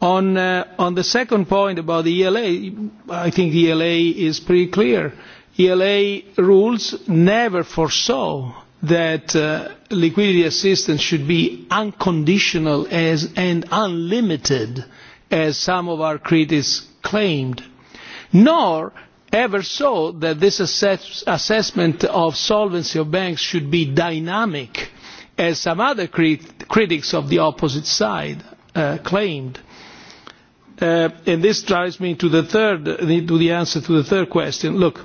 On, uh, on the second point about the ELA, I think the ELA is pretty clear. ELA rules never foresaw that uh, liquidity assistance should be unconditional as, and unlimited as some of our critics claimed nor ever so that this assessment of solvency of banks should be dynamic as some other critics of the opposite side uh, claimed. Uh, this drives me to the third to the answer to the third question. Look,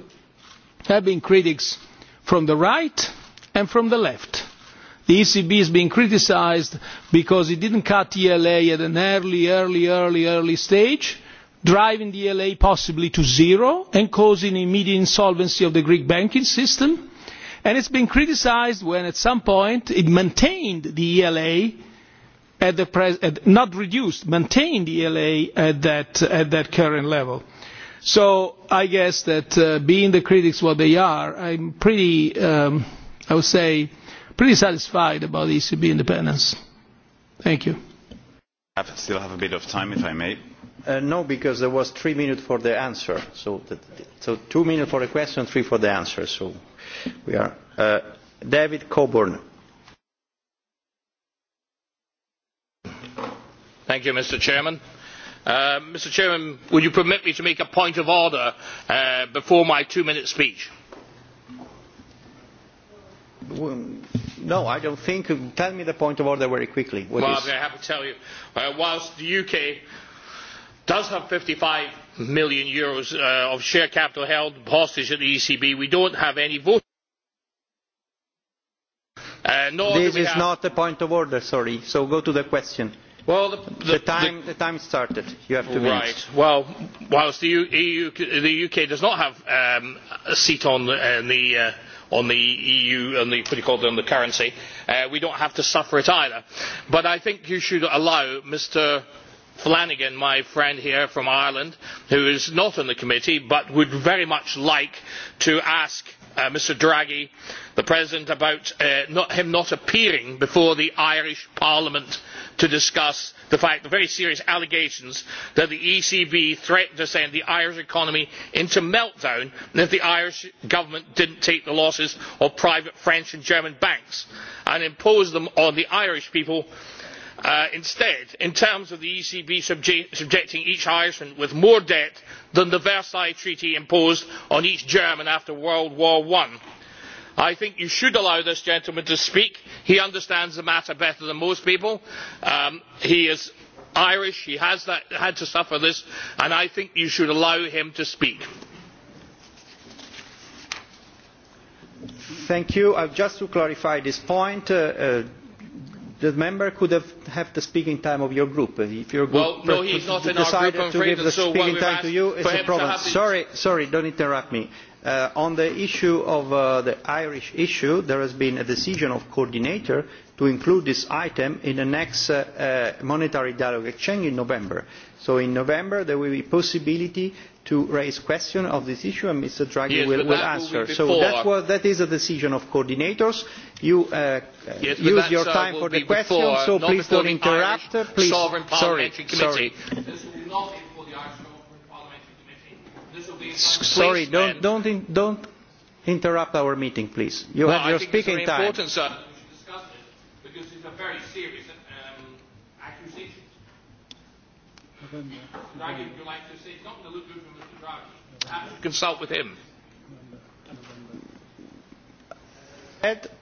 there have been critics from the right and from the left. The ECB is being criticised because it didn't cut ELA at an early, early, early, early stage, driving the ELA possibly to zero and causing immediate insolvency of the Greek banking system. And it's been criticised when at some point it maintained the ELA at the not reduced, maintained the ELA at that, current level. So I guess that uh, being the critics what they are, I'm pretty um, i would say, pretty satisfied about the ECB independence. Thank you. I still have a bit of time, if I may. Uh, no, because there was three minutes for the answer. So, the, so two minutes for the question, three for the answer. So we are. Uh, David Coburn. Thank you, Mr. Chairman. Uh, Mr. Chairman, would you permit me to make a point of order uh, before my two-minute speech? no, I don't think. Tell me the point of order very quickly. What well, is... I have to tell you. Uh, whilst the UK does have 55 million euros uh, of share capital held hostage at the ECB, we don't have any vote. Uh, this is not the point of order, sorry. So go to the question. Well, the, the, the, time, the time started. You have to Right. Minutes. Well, whilst the, EU, e the UK does not have um, a seat on the, uh, the on the EU and the, what on the currency. Uh, we do not have to suffer it either. But I think you should allow Mr. Flanagan, my friend here from Ireland, who is not on the committee but would very much like to ask Uh, mr draghi the president about uh, him not appearing before the irish parliament to discuss the fact the very serious allegations that the ecb threatened to send the irish economy into meltdown if the irish government did not take the losses of private french and german banks and impose them on the irish people Uh, instead in terms of the ecb subjecting each irishman with more debt than the versailles treaty imposed on each german after world war i. i think you should allow this gentleman to speak. he understands the matter better than most people. Um, he is irish he has had to suffer this and i think you should allow him to speak. I you. just to clarify this point uh, uh, the member could have, had the speaking time of your group. If your group decided to give the speaking time to you, it's a problem. Sorry, sorry, don't interrupt me. Uh, on the issue of uh, the Irish issue, there has been a decision of coordinator to include this item in the next uh, monetary dialogue exchange in November. So in November there will be possibility to raise questions on this issue and Mr Draghi will, will answer. so that, was, that is a decision of coordinators. You uh, uh yes, use your uh, time for the question, before, so please don't interrupt. Irish please. sorry, Sorry. This will not for the Irish Sovereign Parliamentary Committee. This will be sorry, don't, don't, in, don't interrupt our meeting, please. You no, have I your speaking time. Important, sir. Because it's a very serious um, accusation. would you like to say something? consult with him.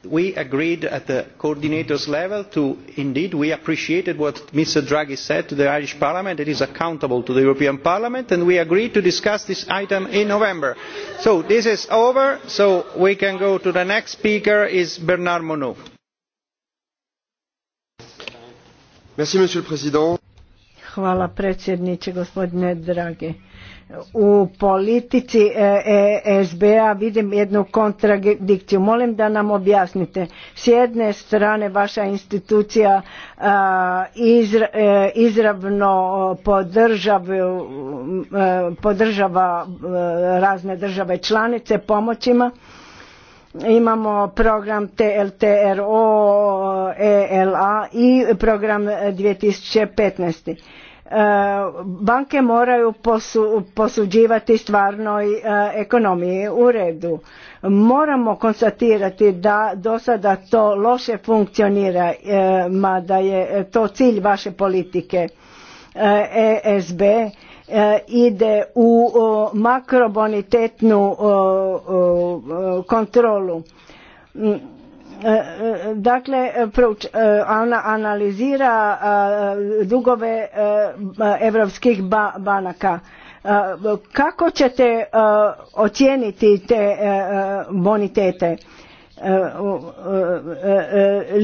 We agreed at the coordinators' level to indeed we appreciated what Mr Draghi said to the Irish Parliament that is accountable to the European Parliament and we agreed to discuss this item in November. So this is over, so we can go to the next speaker is Bernard Monod. Merci, Monsieur le Président. Hvala predsjedniče, gospodine Dragi u politici e, e, SBA vidim jednu kontradikciju. Molim da nam objasnite. S jedne strane vaša institucija e, izravno podržava razne države članice pomoćima. Imamo program TLTRO, ELA i program 2015 banke moraju posuđivati stvarnoj e, ekonomiji u redu. Moramo konstatirati da do sada to loše funkcionira, e, mada je to cilj vaše politike. ESB e ide u makrobonitetnu kontrolu E, e, dakle, e, ona analizira dugove evropskih banaka. Kako ćete ocijeniti te bonitete?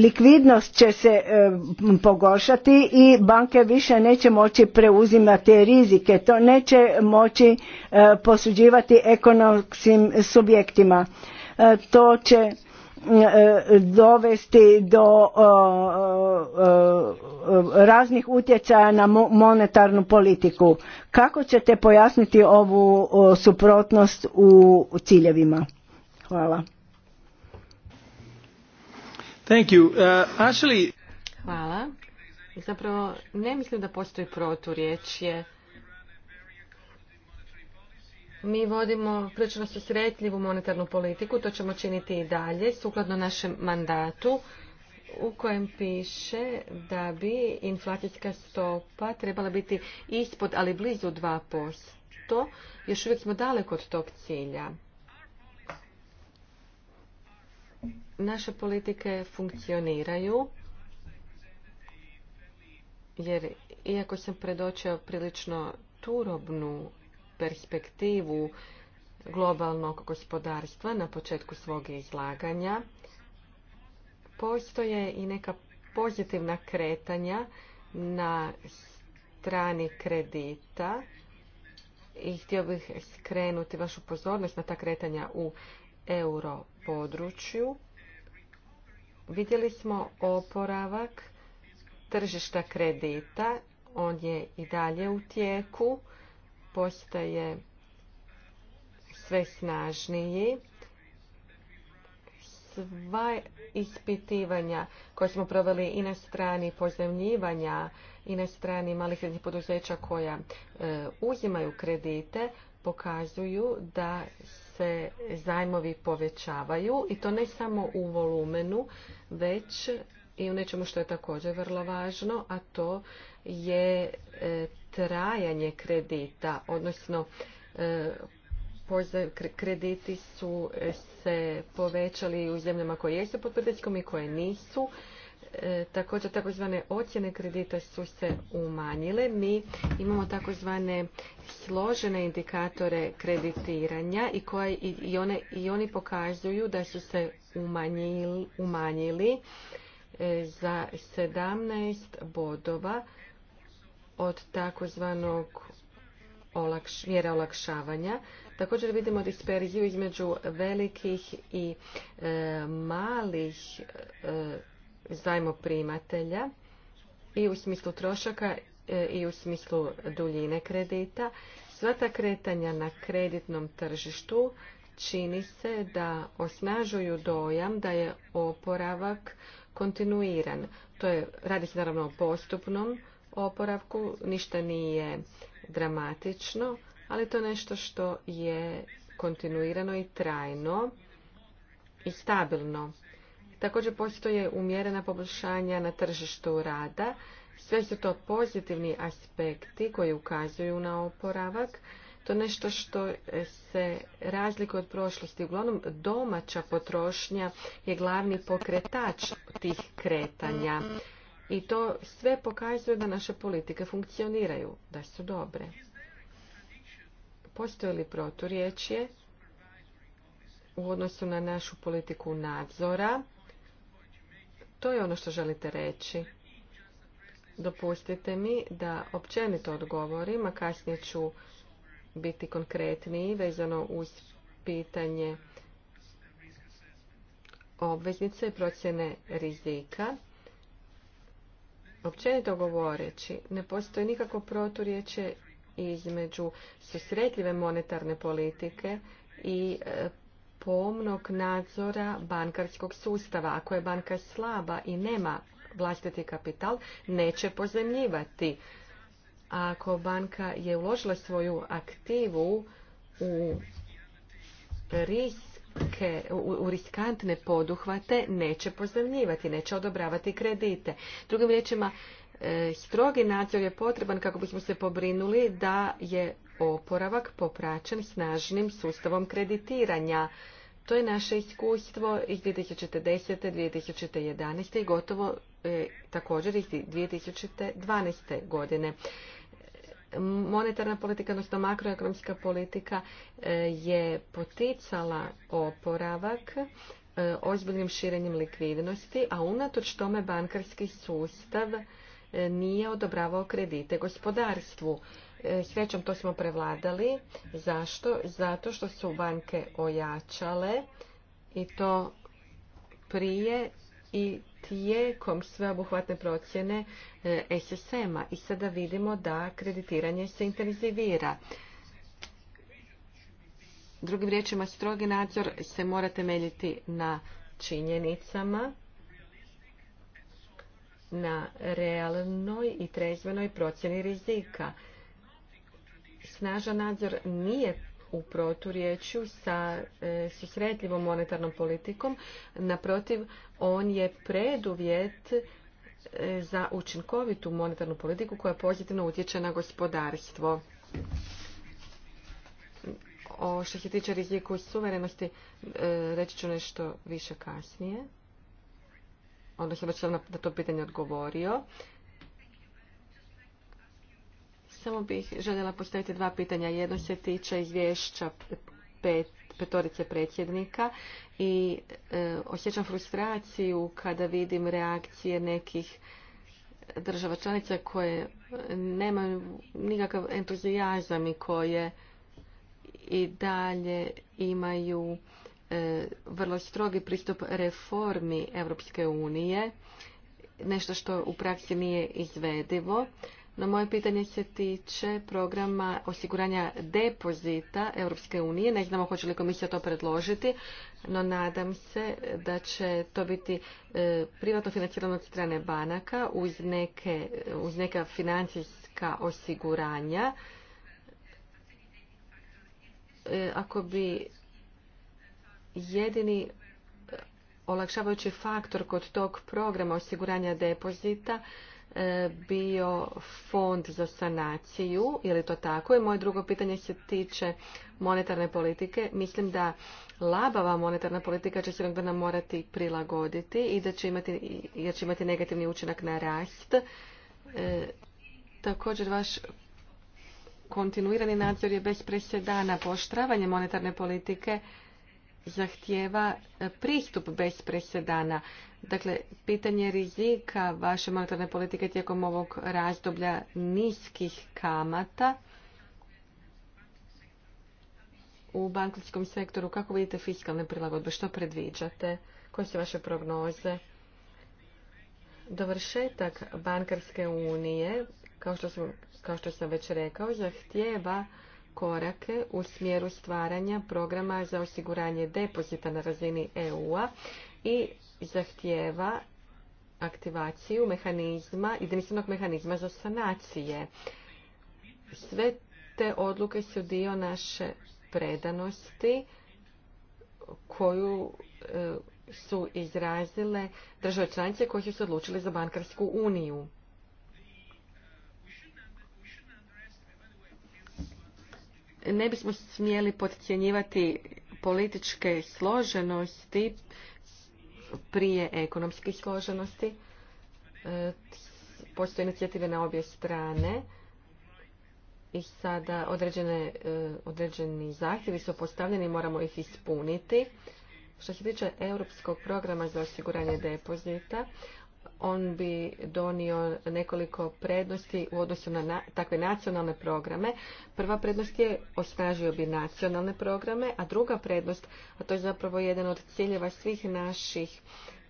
likvidnost će se pogoršati i banke više neće moći preuzimati rizike, to neće moći posuđivati ekonomskim subjektima. To će E, dovesti do raznih utjecaja na monetarnu politiku. Kako ćete pojasniti ovu suprotnost u ciljevima? Hvala. Thank you. Uh, actually... Hvala. Zapravo ne mislim da postoji protu proturječje mi vodimo prilično susretljivu monetarnu politiku, to ćemo činiti i dalje, sukladno našem mandatu u kojem piše da bi inflacijska stopa trebala biti ispod, ali blizu 2%. Još uvijek smo daleko od tog cilja. Naše politike funkcioniraju, jer iako sam predočio prilično turobnu perspektivu globalnog gospodarstva na početku svog izlaganja. Postoje i neka pozitivna kretanja na strani kredita i htio bih skrenuti vašu pozornost na ta kretanja u euro području. Vidjeli smo oporavak tržišta kredita, on je i dalje u tijeku postaje sve snažniji. Sva ispitivanja koje smo proveli i na strani pozemljivanja i na strani malih srednjih poduzeća koja e, uzimaju kredite pokazuju da se zajmovi povećavaju i to ne samo u volumenu, već i u nečemu što je također vrlo važno, a to je e, trajanje kredita, odnosno e, krediti su e, se povećali u zemljama koje jesu pod pritiskom i koje nisu. E, također takozvane ocjene kredita su se umanjile. Mi imamo takozvane složene indikatore kreditiranja i, koje, i, oni pokazuju da su se umanjili, umanjili za 17 bodova od takozvanog mjera olakšavanja. Također vidimo disperziju između velikih i e, malih e, zajmoprimatelja i u smislu trošaka e, i u smislu duljine kredita. Sva ta kretanja na kreditnom tržištu čini se da osnažuju dojam da je oporavak kontinuiran. To je, radi se naravno o postupnom oporavku. Ništa nije dramatično, ali to je nešto što je kontinuirano i trajno i stabilno. Također postoje umjerena poboljšanja na tržištu rada. Sve su to pozitivni aspekti koji ukazuju na oporavak. To je nešto što se razlikuje od prošlosti. Uglavnom, domaća potrošnja je glavni pokretač tih kretanja. I to sve pokazuje da naše politike funkcioniraju, da su dobre. Postoje li proturječje u odnosu na našu politiku nadzora? To je ono što želite reći. Dopustite mi da općenito odgovorim, a kasnije ću biti konkretniji vezano uz pitanje obveznice i procjene rizika. Općenito govoreći, ne postoji nikako proturječe između susretljive monetarne politike i e, pomnog nadzora bankarskog sustava. Ako je banka slaba i nema vlastiti kapital, neće pozemljivati. ako banka je uložila svoju aktivu u ris, u riskantne poduhvate neće pozemljivati, neće odobravati kredite. Drugim riječima, e, strogi nadzor je potreban kako bismo se pobrinuli da je oporavak popraćen snažnim sustavom kreditiranja. To je naše iskustvo iz 2010. 2011. i gotovo e, također iz 2012. godine monetarna politika, odnosno makroekonomska politika e, je poticala oporavak e, ozbiljnim širenjem likvidnosti, a unatoč tome bankarski sustav e, nije odobravao kredite gospodarstvu. Srećom to smo prevladali. Zašto? Zato što su banke ojačale i to prije i tijekom sveobuhvatne procjene e, SSM-a i sada vidimo da kreditiranje se intenzivira. Drugim riječima, strogi nadzor se mora temeljiti na činjenicama, na realnoj i trezvenoj procjeni rizika. Snažan nadzor nije u proturječju sa e, susretljivom monetarnom politikom. Naprotiv, on je preduvjet e, za učinkovitu monetarnu politiku koja pozitivno utječe na gospodarstvo. O što se tiče riziku suverenosti, e, reći ću nešto više kasnije. Onda sam već na to pitanje odgovorio. Samo bih željela postaviti dva pitanja. Jedno se tiče izvješća petorice predsjednika i e, osjećam frustraciju kada vidim reakcije nekih država članica koje nemaju nikakav entuzijazam i koje i dalje imaju e, vrlo strogi pristup reformi Europske unije, nešto što u praksi nije izvedivo. No moje pitanje se tiče programa osiguranja depozita Europske unije. Ne znamo hoće li komisija to predložiti, no nadam se da će to biti e, privatno financirano od strane banaka uz, neke, uz neka financijska osiguranja. E, ako bi jedini olakšavajući faktor kod tog programa osiguranja depozita E, bio fond za sanaciju, je li to tako? I moje drugo pitanje se tiče monetarne politike. Mislim da labava monetarna politika će se jednog morati prilagoditi i da će imati, jer će imati negativni učinak na rast. E, također vaš kontinuirani nadzor je bez presedana poštravanje monetarne politike zahtjeva e, pristup bez presedana. Dakle, pitanje rizika vaše monetarne politike tijekom ovog razdoblja niskih kamata u bankarskom sektoru, kako vidite fiskalne prilagodbe, što predviđate, koje su vaše prognoze? Dovršetak bankarske unije, kao što sam, kao što sam već rekao, zahtjeva korake u smjeru stvaranja programa za osiguranje depozita na razini EU-a i zahtjeva aktivaciju mehanizma, jedinstvenog mehanizma za sanacije. Sve te odluke su dio naše predanosti koju e, su izrazile države članice koje su se odlučile za bankarsku uniju. ne bismo smjeli podcjenjivati političke složenosti prije ekonomskih složenosti. E, postoje inicijative na obje strane i sada određene, e, određeni zahtjevi su postavljeni i moramo ih ispuniti. Što se tiče europskog programa za osiguranje depozita, on bi donio nekoliko prednosti u odnosu na takve nacionalne programe. Prva prednost je osnažio bi nacionalne programe, a druga prednost, a to je zapravo jedan od ciljeva svih naših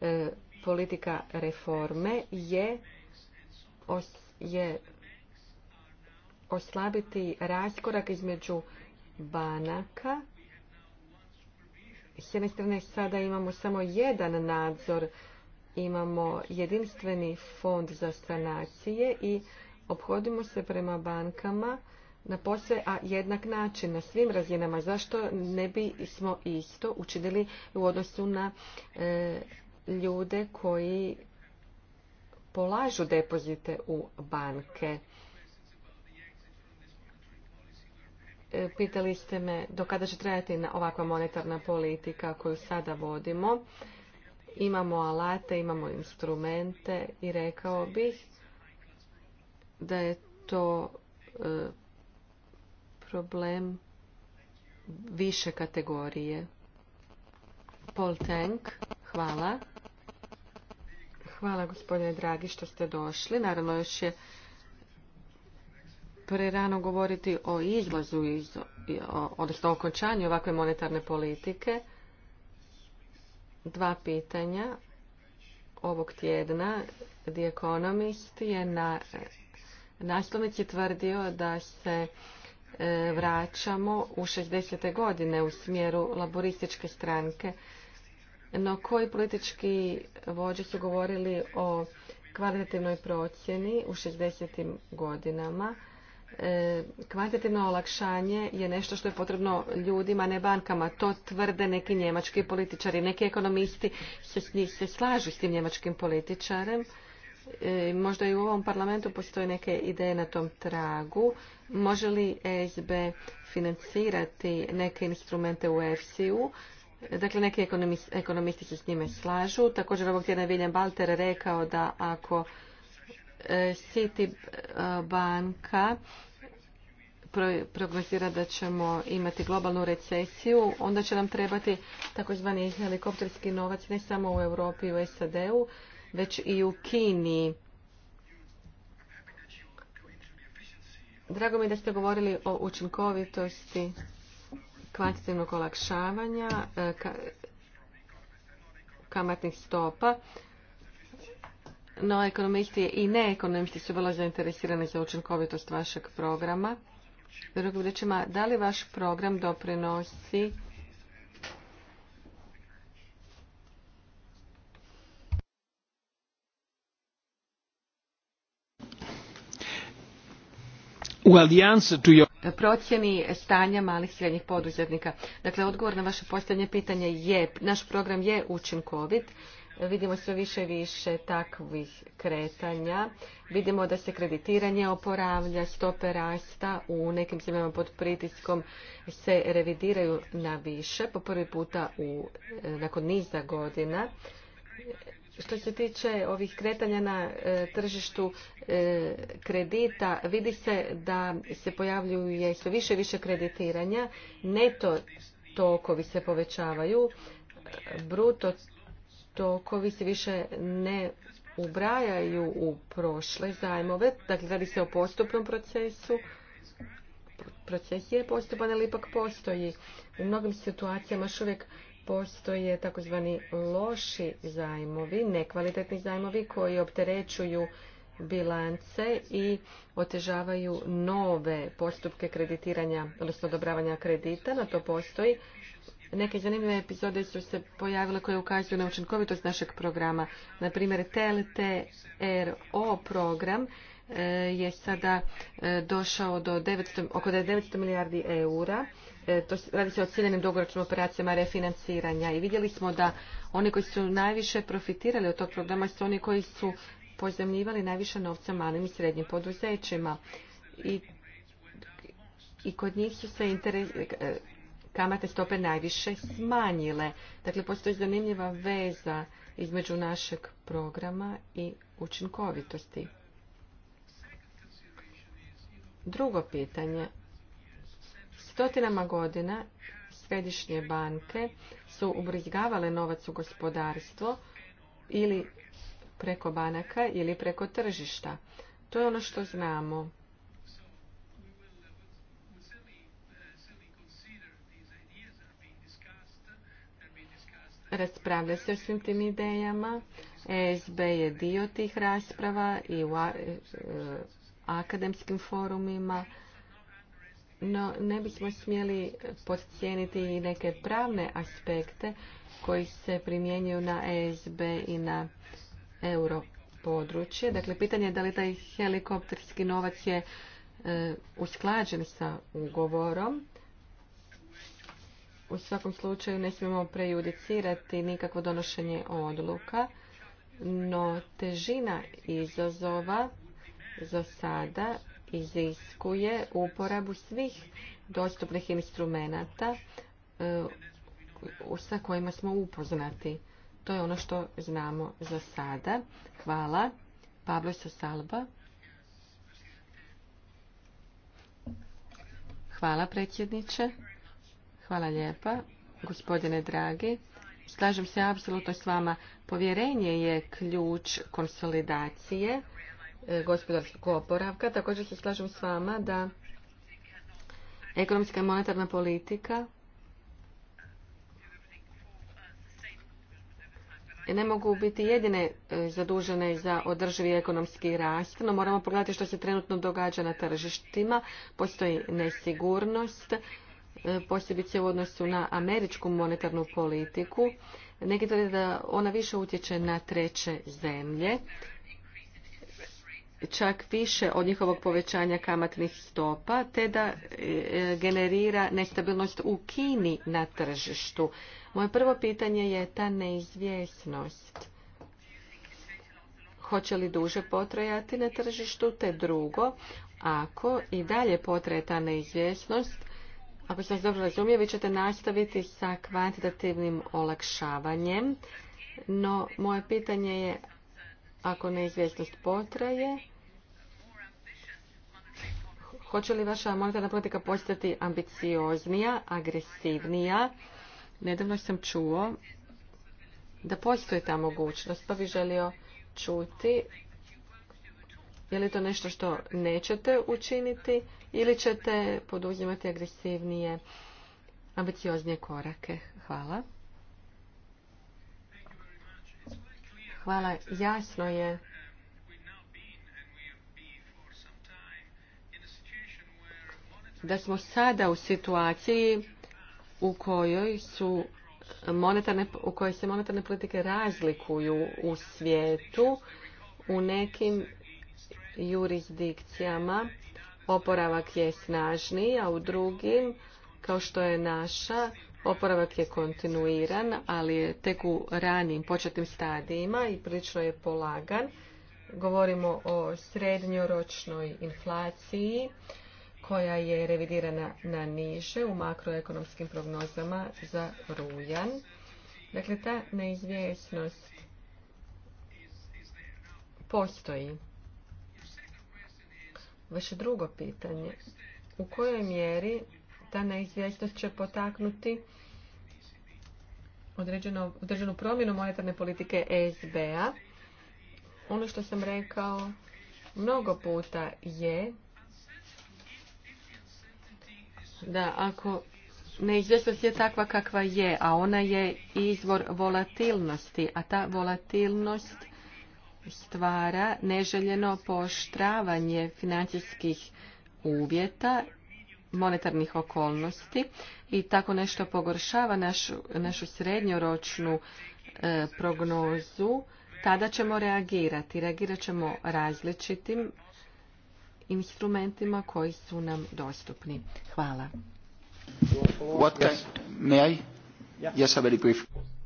e, politika reforme, je, je oslabiti raskorak između banaka s jedne strane sada imamo samo jedan nadzor imamo jedinstveni fond za sanacije i obhodimo se prema bankama na posve a jednak način na svim razinama. Zašto ne bi smo isto učinili u odnosu na e, ljude koji polažu depozite u banke? E, pitali ste me do kada će trajati ovakva monetarna politika koju sada vodimo imamo alate, imamo instrumente i rekao bih da je to e, problem više kategorije. Paul Tank, hvala. Hvala gospodine dragi što ste došli. Naravno još je prerano govoriti o izlazu, iz, odnosno o okončanju ovakve monetarne politike dva pitanja ovog tjedna. The Economist je na naslovnici tvrdio da se e, vraćamo u 60. godine u smjeru laborističke stranke. No koji politički vođe su govorili o kvalitativnoj procjeni u 60. godinama? E, kvantitivno olakšanje je nešto što je potrebno ljudima, ne bankama. To tvrde neki njemački političari, neki ekonomisti se, se slažu s tim njemačkim političarem. E, možda i u ovom parlamentu postoje neke ideje na tom tragu. Može li ESB financirati neke instrumente u EFSI-u? Dakle, neki ekonomisti, se s njime slažu. Također ovog tjedna je William Balter rekao da ako City e, banka prognozira da ćemo imati globalnu recesiju, onda će nam trebati takozvani helikopterski novac ne samo u Europi i u SAD-u, već i u Kini. Drago mi je da ste govorili o učinkovitosti kvantitativnog olakšavanja e, kamatnih stopa no ekonomisti i neekonomisti su vrlo zainteresirani za učinkovitost vašeg programa. Drugim rečima, da li vaš program doprinosi u procjeni stanja malih i srednjih poduzetnika. Dakle, odgovor na vaše posljednje pitanje je, naš program je učinkovit vidimo sve više i više takvih kretanja. Vidimo da se kreditiranje oporavlja, stope rasta u nekim zemljama pod pritiskom se revidiraju na više po prvi puta u, nakon niza godina. Što se tiče ovih kretanja na e, tržištu e, kredita, vidi se da se pojavljuje sve više i više kreditiranja, neto tokovi se povećavaju, bruto tokovi se više ne ubrajaju u prošle zajmove, dakle radi se o postupnom procesu, proces je postupan, ali ipak postoji. U mnogim situacijama još uvijek postoje takozvani loši zajmovi, nekvalitetni zajmovi koji opterećuju bilance i otežavaju nove postupke kreditiranja, odnosno odobravanja kredita, na to postoji Neke zanimljive epizode su se pojavile koje ukazuju na učinkovitost našeg programa. Na primjer, TLTRO program e, je sada e, došao do 900, oko 900 milijardi eura. E, to radi se o ciljenim dugoročnim operacijama refinanciranja i vidjeli smo da oni koji su najviše profitirali od tog programa su oni koji su pozemljivali najviše novca malim i srednjim poduzećima. I i kod njih su se interes, kamatne stope najviše smanjile. Dakle, postoji zanimljiva veza između našeg programa i učinkovitosti. Drugo pitanje. Stotinama godina središnje banke su ubrizgavale novac u gospodarstvo ili preko banaka ili preko tržišta. To je ono što znamo. raspravlja se o svim tim idejama. ESB je dio tih rasprava i u e, akademskim forumima. No, ne bismo smjeli podcijeniti i neke pravne aspekte koji se primjenjuju na ESB i na euro područje. Dakle, pitanje je da li taj helikopterski novac je e, usklađen sa ugovorom u svakom slučaju ne smijemo prejudicirati nikakvo donošenje odluka, no težina izazova za sada iziskuje uporabu svih dostupnih instrumenata e, sa kojima smo upoznati. To je ono što znamo za sada. Hvala. Pablo Salba. Hvala predsjedniče. Hvala lijepa, gospodine dragi. Slažem se apsolutno s vama. Povjerenje je ključ konsolidacije e, gospodarskog oporavka. Također se slažem s vama da ekonomska i monetarna politika ne mogu biti jedine e, zadužene za održivi ekonomski rast, no moramo pogledati što se trenutno događa na tržištima. Postoji nesigurnost, posebice u odnosu na američku monetarnu politiku. Neki tvrde da ona više utječe na treće zemlje, čak više od njihovog povećanja kamatnih stopa, te da e, generira nestabilnost u Kini na tržištu. Moje prvo pitanje je ta neizvjesnost. Hoće li duže potrajati na tržištu, te drugo, ako i dalje potraje ta neizvjesnost, ako sam vas dobro razumio, vi ćete nastaviti sa kvantitativnim olakšavanjem, no moje pitanje je, ako neizvjesnost potraje, hoće li vaša monetarna politika postati ambicioznija, agresivnija? Nedavno sam čuo da postoji ta mogućnost, pa bi želio čuti je li to nešto što nećete učiniti ili ćete poduzimati agresivnije, ambicioznije korake? Hvala. Hvala. Jasno je da smo sada u situaciji u kojoj su monetarne, u kojoj se monetarne politike razlikuju u svijetu u nekim jurisdikcijama oporavak je snažniji, a u drugim, kao što je naša, oporavak je kontinuiran, ali je tek u ranim početnim stadijima i prilično je polagan. Govorimo o srednjoročnoj inflaciji koja je revidirana na niže u makroekonomskim prognozama za rujan. Dakle, ta neizvjesnost postoji. Vaše drugo pitanje. U kojoj mjeri ta neizvjesnost će potaknuti određenu, određenu promjenu monetarne politike ESB-a? Ono što sam rekao mnogo puta je da ako neizvjesnost je takva kakva je, a ona je izvor volatilnosti, a ta volatilnost stvara neželjeno poštravanje financijskih uvjeta, monetarnih okolnosti i tako nešto pogoršava našu, našu srednjoročnu e, prognozu, tada ćemo reagirati. Reagirat ćemo različitim instrumentima koji su nam dostupni. Hvala.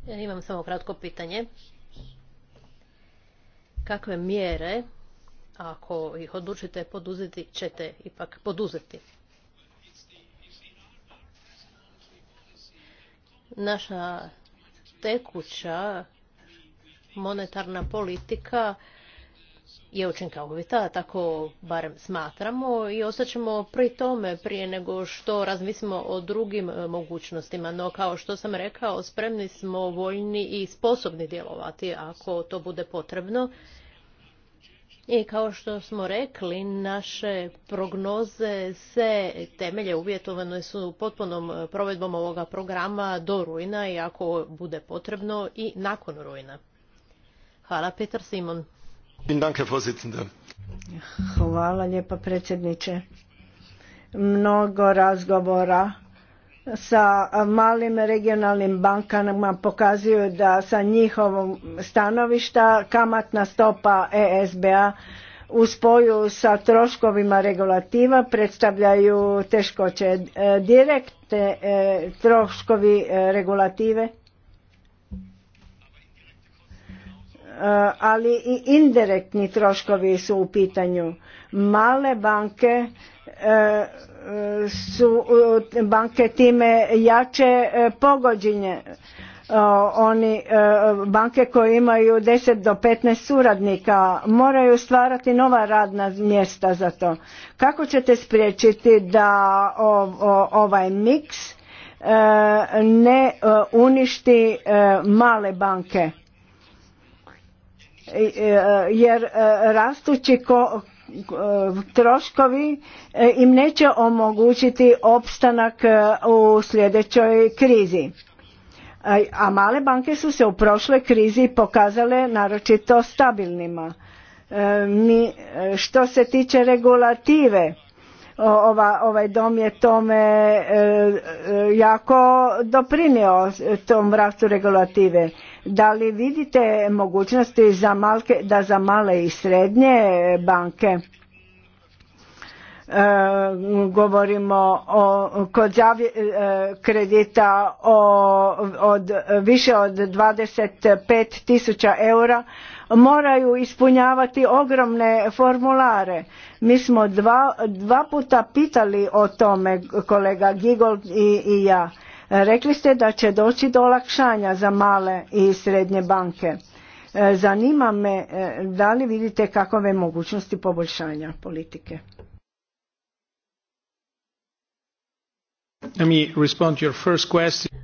Ja imam samo kratko pitanje kakve mjere, ako ih odlučite poduzeti, ćete ipak poduzeti. Naša tekuća monetarna politika je učinkovita, tako barem smatramo i ostaćemo pri tome prije nego što razmislimo o drugim mogućnostima. No kao što sam rekao, spremni smo voljni i sposobni djelovati ako to bude potrebno i kao što smo rekli, naše prognoze se temelje uvjetovane su potpunom provedbom ovoga programa do rujna i ako bude potrebno i nakon rujna. Hvala, Petar Simon. Hvala lijepa predsjedniče. Mnogo razgovora sa malim regionalnim bankama pokazuju da sa njihovom stanovišta kamatna stopa ESBA u spoju sa troškovima regulativa predstavljaju teškoće e, direkte e, troškovi e, regulative ali i indirektni troškovi su u pitanju male banke su e, banke time jače e, pogođenje oni e, banke koje imaju 10 do 15 suradnika moraju stvarati nova radna mjesta za to. Kako ćete spriječiti da ovaj miks ne uništi male banke? Jer rastući troškovi e, im neće omogućiti opstanak e, u sljedećoj krizi. E, a male banke su se u prošloj krizi pokazale naročito stabilnima. Mi, što se tiče regulative, ova, ovaj dom je tome jako doprinio tom vratu regulative da li vidite mogućnosti za malke, da za male i srednje banke e, govorimo o, kod e, kredita od više od 25.000 tisuća eura moraju ispunjavati ogromne formulare. Mi smo dva, puta pitali o tome kolega gigold i ja Rekli ste da će doći do olakšanja za male i srednje banke. E, zanima me e, da li vidite kakove mogućnosti poboljšanja politike.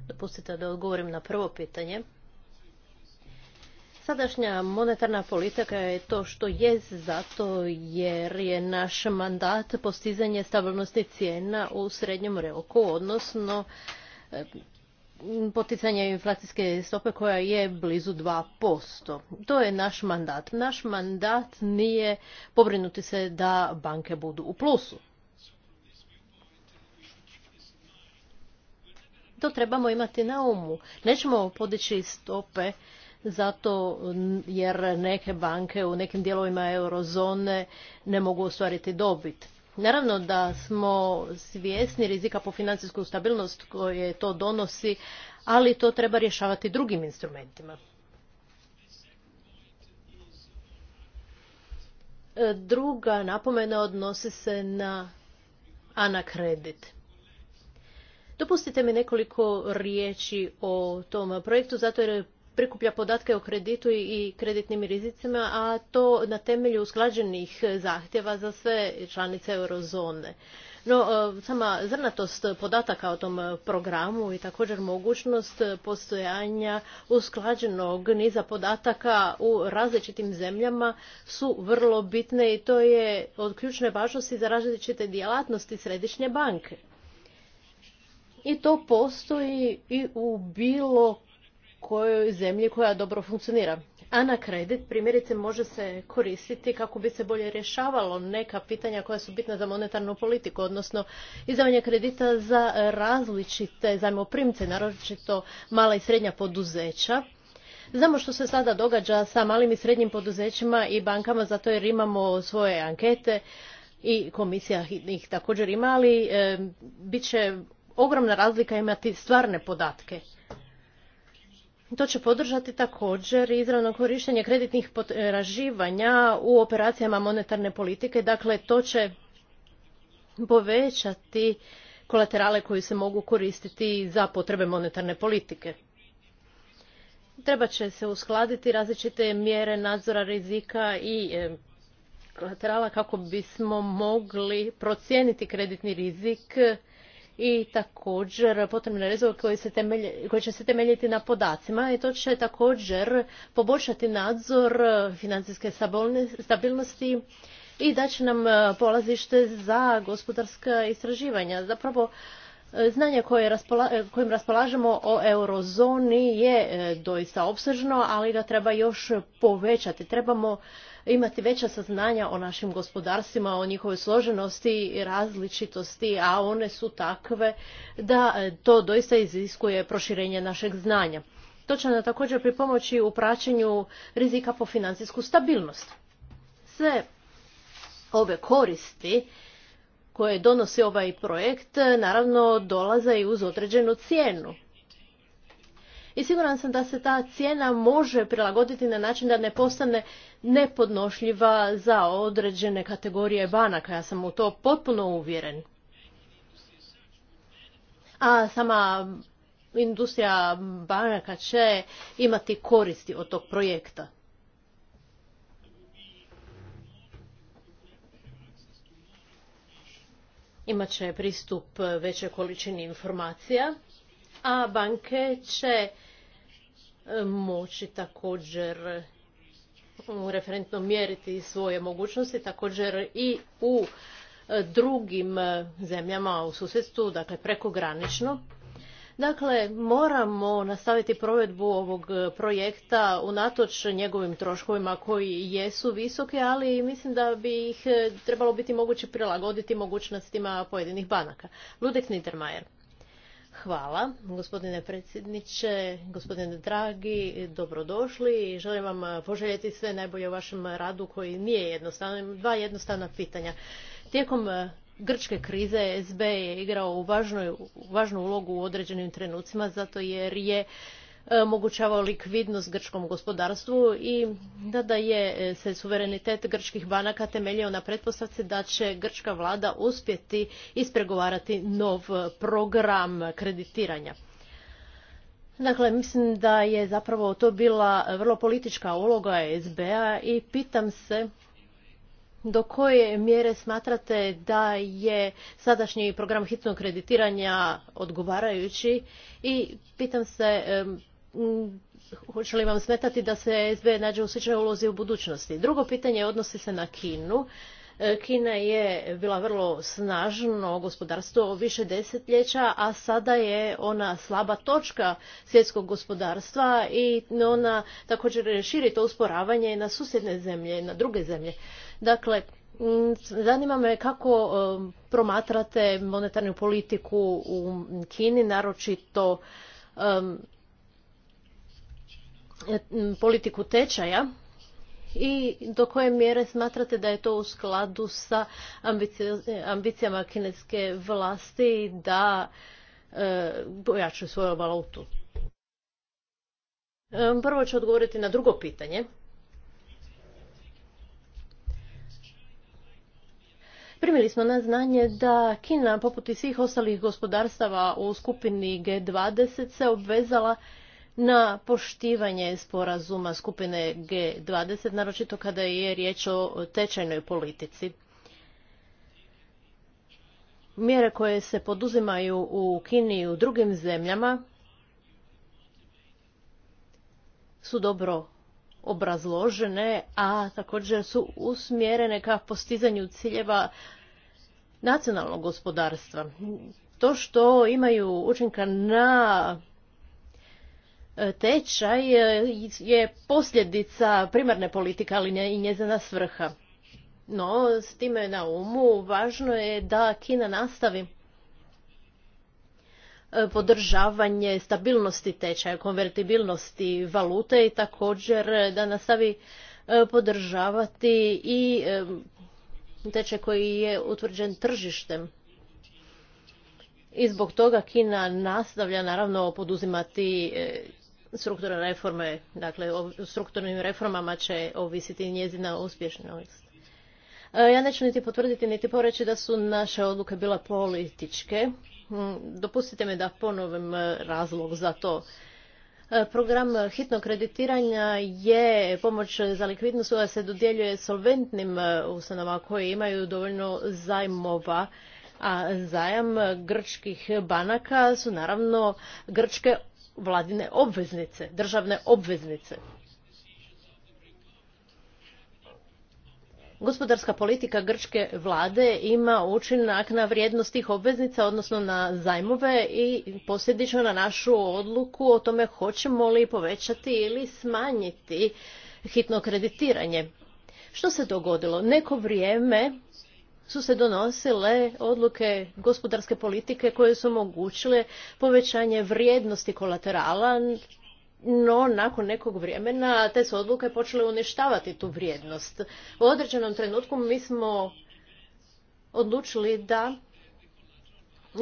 Dopustite da odgovorim na prvo pitanje. Sadašnja monetarna politika je to što je zato jer je naš mandat postizanje stabilnosti cijena u srednjem roku, odnosno poticanje inflacijske stope koja je blizu 2%. To je naš mandat. Naš mandat nije pobrinuti se da banke budu u plusu. To trebamo imati na umu. Nećemo podići stope zato jer neke banke u nekim dijelovima eurozone ne mogu ostvariti dobit. Naravno da smo svjesni rizika po financijsku stabilnost koje to donosi, ali to treba rješavati drugim instrumentima. E, druga napomena odnosi se na anakredit. Dopustite mi nekoliko riječi o tom projektu, zato jer prikuplja podatke o kreditu i kreditnim rizicima, a to na temelju usklađenih zahtjeva za sve članice eurozone. No, e, sama zrnatost podataka o tom programu i također mogućnost postojanja usklađenog niza podataka u različitim zemljama su vrlo bitne i to je od ključne važnosti za različite djelatnosti središnje banke. I to postoji i u bilo kojoj zemlji koja dobro funkcionira. A na kredit primjerice može se koristiti kako bi se bolje rješavalo neka pitanja koja su bitna za monetarnu politiku, odnosno izdavanje kredita za različite zajmoprimce, naročito mala i srednja poduzeća. Znamo što se sada događa sa malim i srednjim poduzećima i bankama, zato jer imamo svoje ankete i komisija ih također ima, ali eh, bit će ogromna razlika imati stvarne podatke. To će podržati također izravno korištenje kreditnih potraživanja u operacijama monetarne politike. Dakle, to će povećati kolaterale koji se mogu koristiti za potrebe monetarne politike. Treba će se uskladiti različite mjere nadzora rizika i e, kolaterala kako bismo mogli procijeniti kreditni rizik i također potrebne rezove koje, će se temeljiti na podacima i to će također poboljšati nadzor e, financijske stabilnosti i da nam e, polazište za gospodarska istraživanja. Zapravo, e, Znanje kojim raspolažemo o eurozoni je doista opsežno, ali ga treba još povećati. Trebamo imati veća saznanja o našim gospodarstvima, o njihovoj složenosti i različitosti, a one su takve da e, to doista iziskuje proširenje našeg znanja. To će nam također pripomoći u praćenju rizika po financijsku stabilnost. Sve ove koristi koje donosi ovaj projekt naravno dolaze i uz određenu cijenu i siguran sam da se ta cijena može prilagoditi na način da ne postane nepodnošljiva za određene kategorije banaka. Ja sam u to potpuno uvjeren. A sama industrija banaka će imati koristi od tog projekta. imat će pristup većoj količini informacija, a banke će moći također mm, referentno mjeriti svoje mogućnosti također i u e, drugim e, zemljama u susjedstvu, dakle prekogranično. Dakle, moramo nastaviti provedbu ovog e, projekta unatoč njegovim troškovima koji jesu visoke, ali mislim da bi ih trebalo biti moguće prilagoditi mogućnostima pojedinih banaka. Ludek Nittermajer. Hvala, gospodine predsjedniče, gospodine dragi, dobrodošli i želim vam eh, poželjeti sve najbolje u vašem radu koji nije jednostavan. Dva jednostavna pitanja. Tijekom eh, grčke krize SB je igrao važnu, važnu ulogu u određenim trenucima zato jer je E, omogućavao likvidnost grčkom gospodarstvu i da je e, se suverenitet grčkih banaka temeljio na pretpostavci da će grčka vlada uspjeti ispregovarati nov program kreditiranja. Dakle, mislim da je zapravo to bila vrlo politička uloga SBA i pitam se do koje mjere smatrate da je sadašnji program hitnog kreditiranja odgovarajući i pitam se hoće li vam smetati da se SB nađe u sličnoj ulozi u budućnosti? Drugo pitanje odnosi se na Kinu. E, Kina je bila vrlo snažno gospodarstvo više desetljeća, a sada je ona slaba točka svjetskog gospodarstva i ona također širi to usporavanje na susjedne zemlje, na druge zemlje. Dakle, Zanima me kako e, promatrate monetarnu politiku u Kini, naročito E, politiku tečaja i do koje mjere smatrate da je to u skladu sa ambicijama kineske vlasti da e, pojačaju svoju valutu? E, prvo ću odgovoriti na drugo pitanje. Primili smo na znanje da Kina, poput i svih ostalih gospodarstava u skupini G20, se obvezala na poštivanje sporazuma skupine G20, naročito kada je riječ o tečajnoj politici. Mjere koje se poduzimaju u Kini i u drugim zemljama su dobro obrazložene, a također su usmjerene ka postizanju ciljeva nacionalnog gospodarstva. To što imaju učinka na E, tečaj e, je posljedica primarne politike, ali i njezina svrha. No, s time na umu, važno je da Kina nastavi e, podržavanje stabilnosti tečaja, konvertibilnosti valute i također da nastavi podržavati i tečaj koji je utvrđen tržištem. I zbog toga Kina nastavlja naravno poduzimati strukturne reforme, dakle o strukturnim reformama će ovisiti njezina uspješnost. E, ja neću niti potvrditi niti poreći da su naše odluke bila političke. Mm, dopustite mi da ponovim e, razlog za to. E, program hitnog kreditiranja je pomoć za likvidnost koja se dodjeljuje solventnim ustanovama koje imaju dovoljno zajmova a zajam grčkih banaka su naravno grčke vladine obveznice, državne obveznice. Gospodarska politika grčke vlade ima učinak na vrijednost tih obveznica, odnosno na zajmove i posljedično na našu odluku o tome hoćemo li povećati ili smanjiti hitno kreditiranje. Što se dogodilo? Neko vrijeme su se donosile odluke gospodarske politike koje su omogućile povećanje vrijednosti kolaterala, no nakon nekog vremena te su odluke počele uništavati tu vrijednost. U određenom trenutku mi smo odlučili da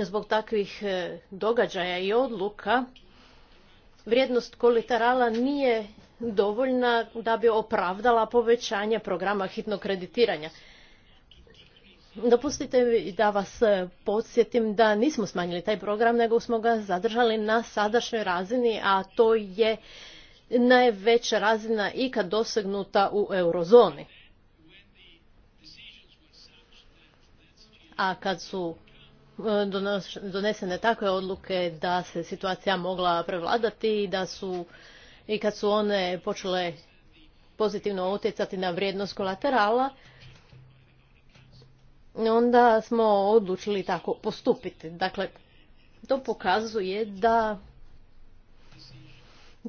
zbog takvih e, događaja i odluka vrijednost kolaterala nije dovoljna da bi opravdala povećanje programa hitnog kreditiranja. Dopustite mi da vas e, podsjetim da nismo smanjili taj program, nego smo ga zadržali na sadašnjoj razini, a to je najveća razina ikad dosegnuta u eurozoni. A kad su e, donesene takve odluke da se situacija mogla prevladati i da su i kad su one počele pozitivno utjecati na vrijednost kolaterala, onda smo odlučili tako postupiti. Dakle, to pokazuje da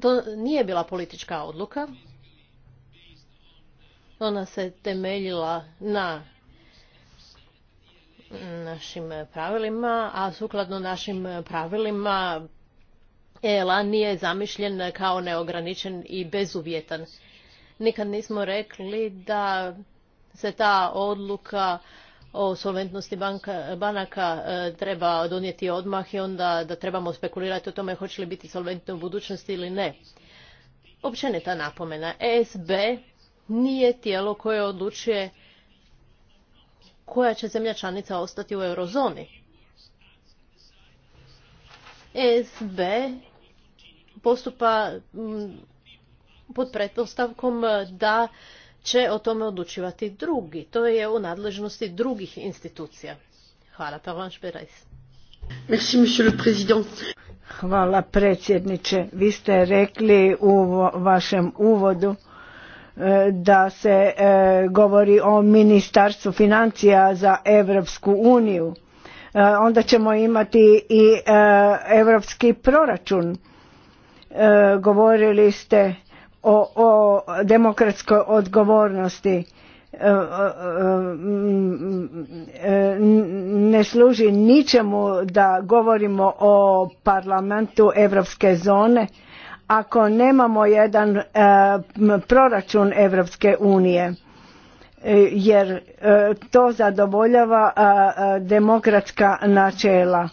to nije bila politička odluka. Ona se temeljila na našim pravilima, a sukladno našim pravilima ELA nije zamišljen kao neograničen i bezuvjetan. Nikad nismo rekli da se ta odluka o solventnosti banaka e, treba donijeti odmah i onda da trebamo spekulirati o tome hoće li biti solventni u budućnosti ili ne. ta napomena, ESB nije tijelo koje odlučuje koja će zemlja članica ostati u eurozoni. ESB postupa pod pretpostavkom da će o tome odlučivati drugi. To je u nadležnosti drugih institucija. Hvala, Pavan Šperajs. Hvala predsjedniče. Vi ste rekli u vašem uvodu e, da se e, govori o ministarstvu financija za Europsku uniju. E, onda ćemo imati i europski proračun. Govorili ste o, demokratskoj odgovornosti e, e, e, ne služi ničemu da govorimo o parlamentu europske zone ako nemamo jedan proračun europske unije jer to zadovoljava demokratska načela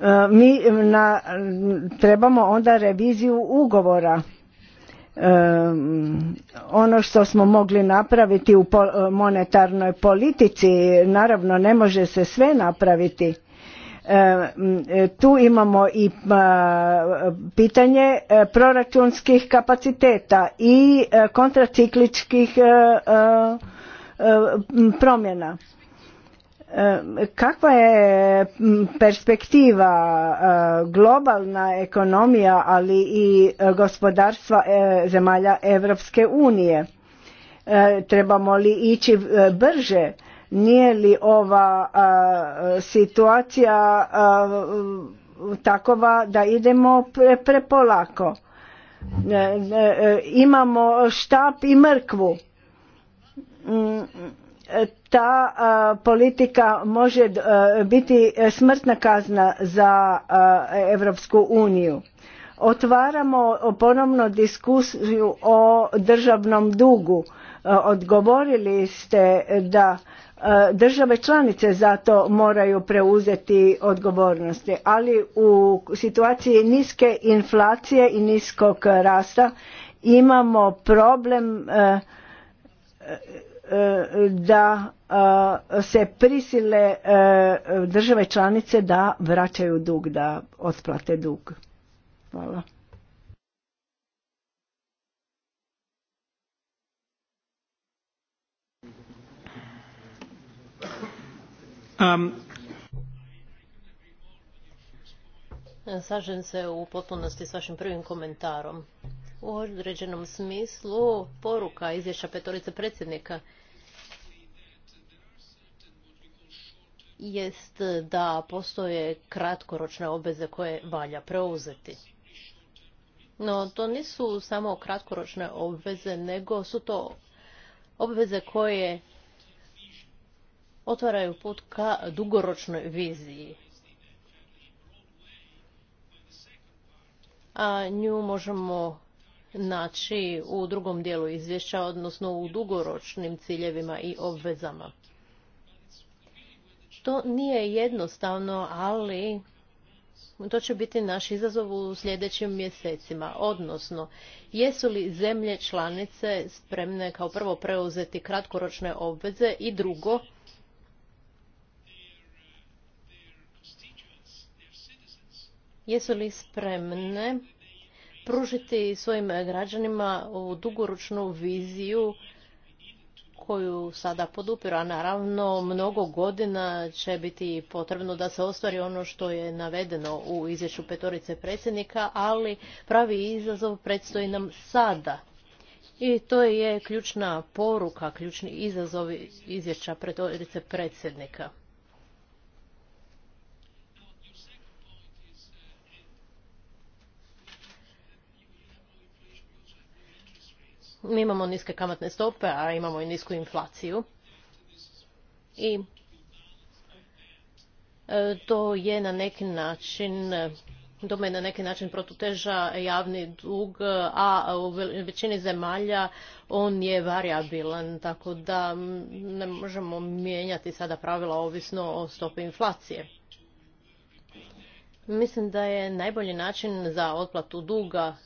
E, mi na, trebamo onda reviziju ugovora e, ono što smo mogli napraviti u e, monetarnoj politici naravno ne može se sve napraviti tu imamo i pitanje proračunskih kapaciteta i kontracikličkih promjena Kakva je perspektiva e, globalna ekonomija, ali i e, gospodarstva e, zemalja Europske unije? Trebamo li ići brže? Nije li ova situacija takova da idemo prepolako? Imamo štap i mrkvu mm, ta politika može biti smrtna kazna za europsku uniju. Otvaramo ponovno diskusiju o državnom dugu. Odgovorili ste da države članice zato moraju preuzeti odgovornosti, ali u situaciji niske inflacije i niskog rasta imamo problem da se prisile e, države članice da vraćaju dug, da otplate dug. Hvala. Um. Slažem se u potpunosti s vašim prvim komentarom u određenom smislu poruka izvješća petorice predsjednika jest da postoje kratkoročne obveze koje valja preuzeti. No, to nisu samo kratkoročne obveze, nego su to obveze koje otvaraju put ka dugoročnoj viziji. A nju možemo naći u drugom dijelu izvješća, odnosno u dugoročnim ciljevima i obvezama. To nije jednostavno, ali to će biti naš izazov u sljedećim mjesecima, odnosno jesu li zemlje članice spremne kao prvo preuzeti kratkoročne obveze i drugo, jesu li spremne pružiti svojim građanima ovu dugoročnu viziju koju sada podupira. Naravno, mnogo godina će biti potrebno da se ostvari ono što je navedeno u izvješću petorice predsjednika, ali pravi izazov predstoji nam sada. I to je ključna poruka, ključni izazov izvješća petorice predsjednika. Mi imamo niske kamatne stope, a imamo i nisku inflaciju. I e, to je na neki način je na neki način protuteža javni dug, a u većini zemalja on je variabilan, tako da ne možemo mijenjati sada pravila ovisno o stopi inflacije. Mislim da je najbolji način za otplatu duga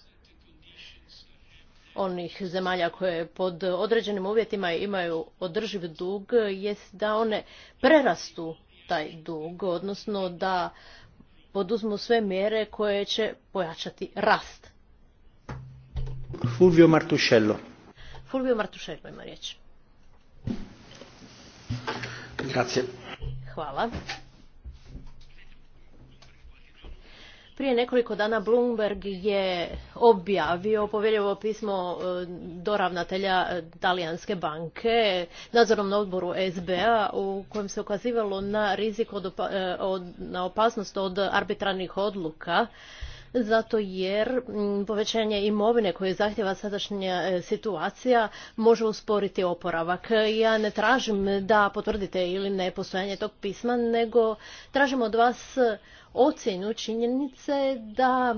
onih zemalja koje pod određenim uvjetima imaju održiv dug jest da one prerastu taj dug, odnosno da poduzmu sve mjere koje će pojačati rast. Fulvio Martušello. Fulvio ima riječ. Grazie. Hvala. Prije nekoliko dana Bloomberg je objavio povjerljivo pismo e, do ravnatelja e, talijanske banke nadzornom odboru SBA u kojem se ukazivalo na rizik e, od, na opasnost od arbitrarnih odluka zato jer povećanje imovine koje zahtjeva sadašnja situacija može usporiti oporavak. Ja ne tražim da potvrdite ili ne postojanje tog pisma, nego tražim od vas ocjenu činjenice da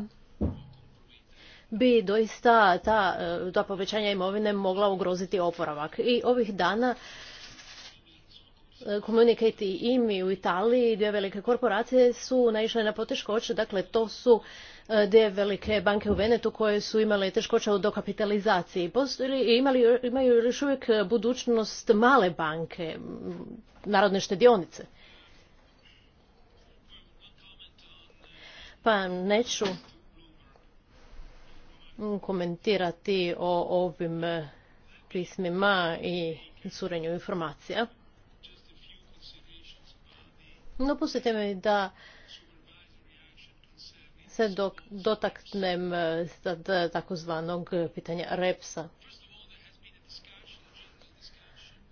bi doista ta, e, ta povećanja imovine mogla ugroziti oporavak. I ovih dana e, Communicate i u Italiji, dvije velike korporacije su naišle na poteškoće, dakle to su e, dvije velike banke u Venetu koje su imale teškoća u dokapitalizaciji. Postoji, imali, imaju još uvijek budućnost male banke, narodne štedionice. Pa neću komentirati o ovim pismima i curenju informacija. No, mi da se dotaknem takozvanog pitanja repsa.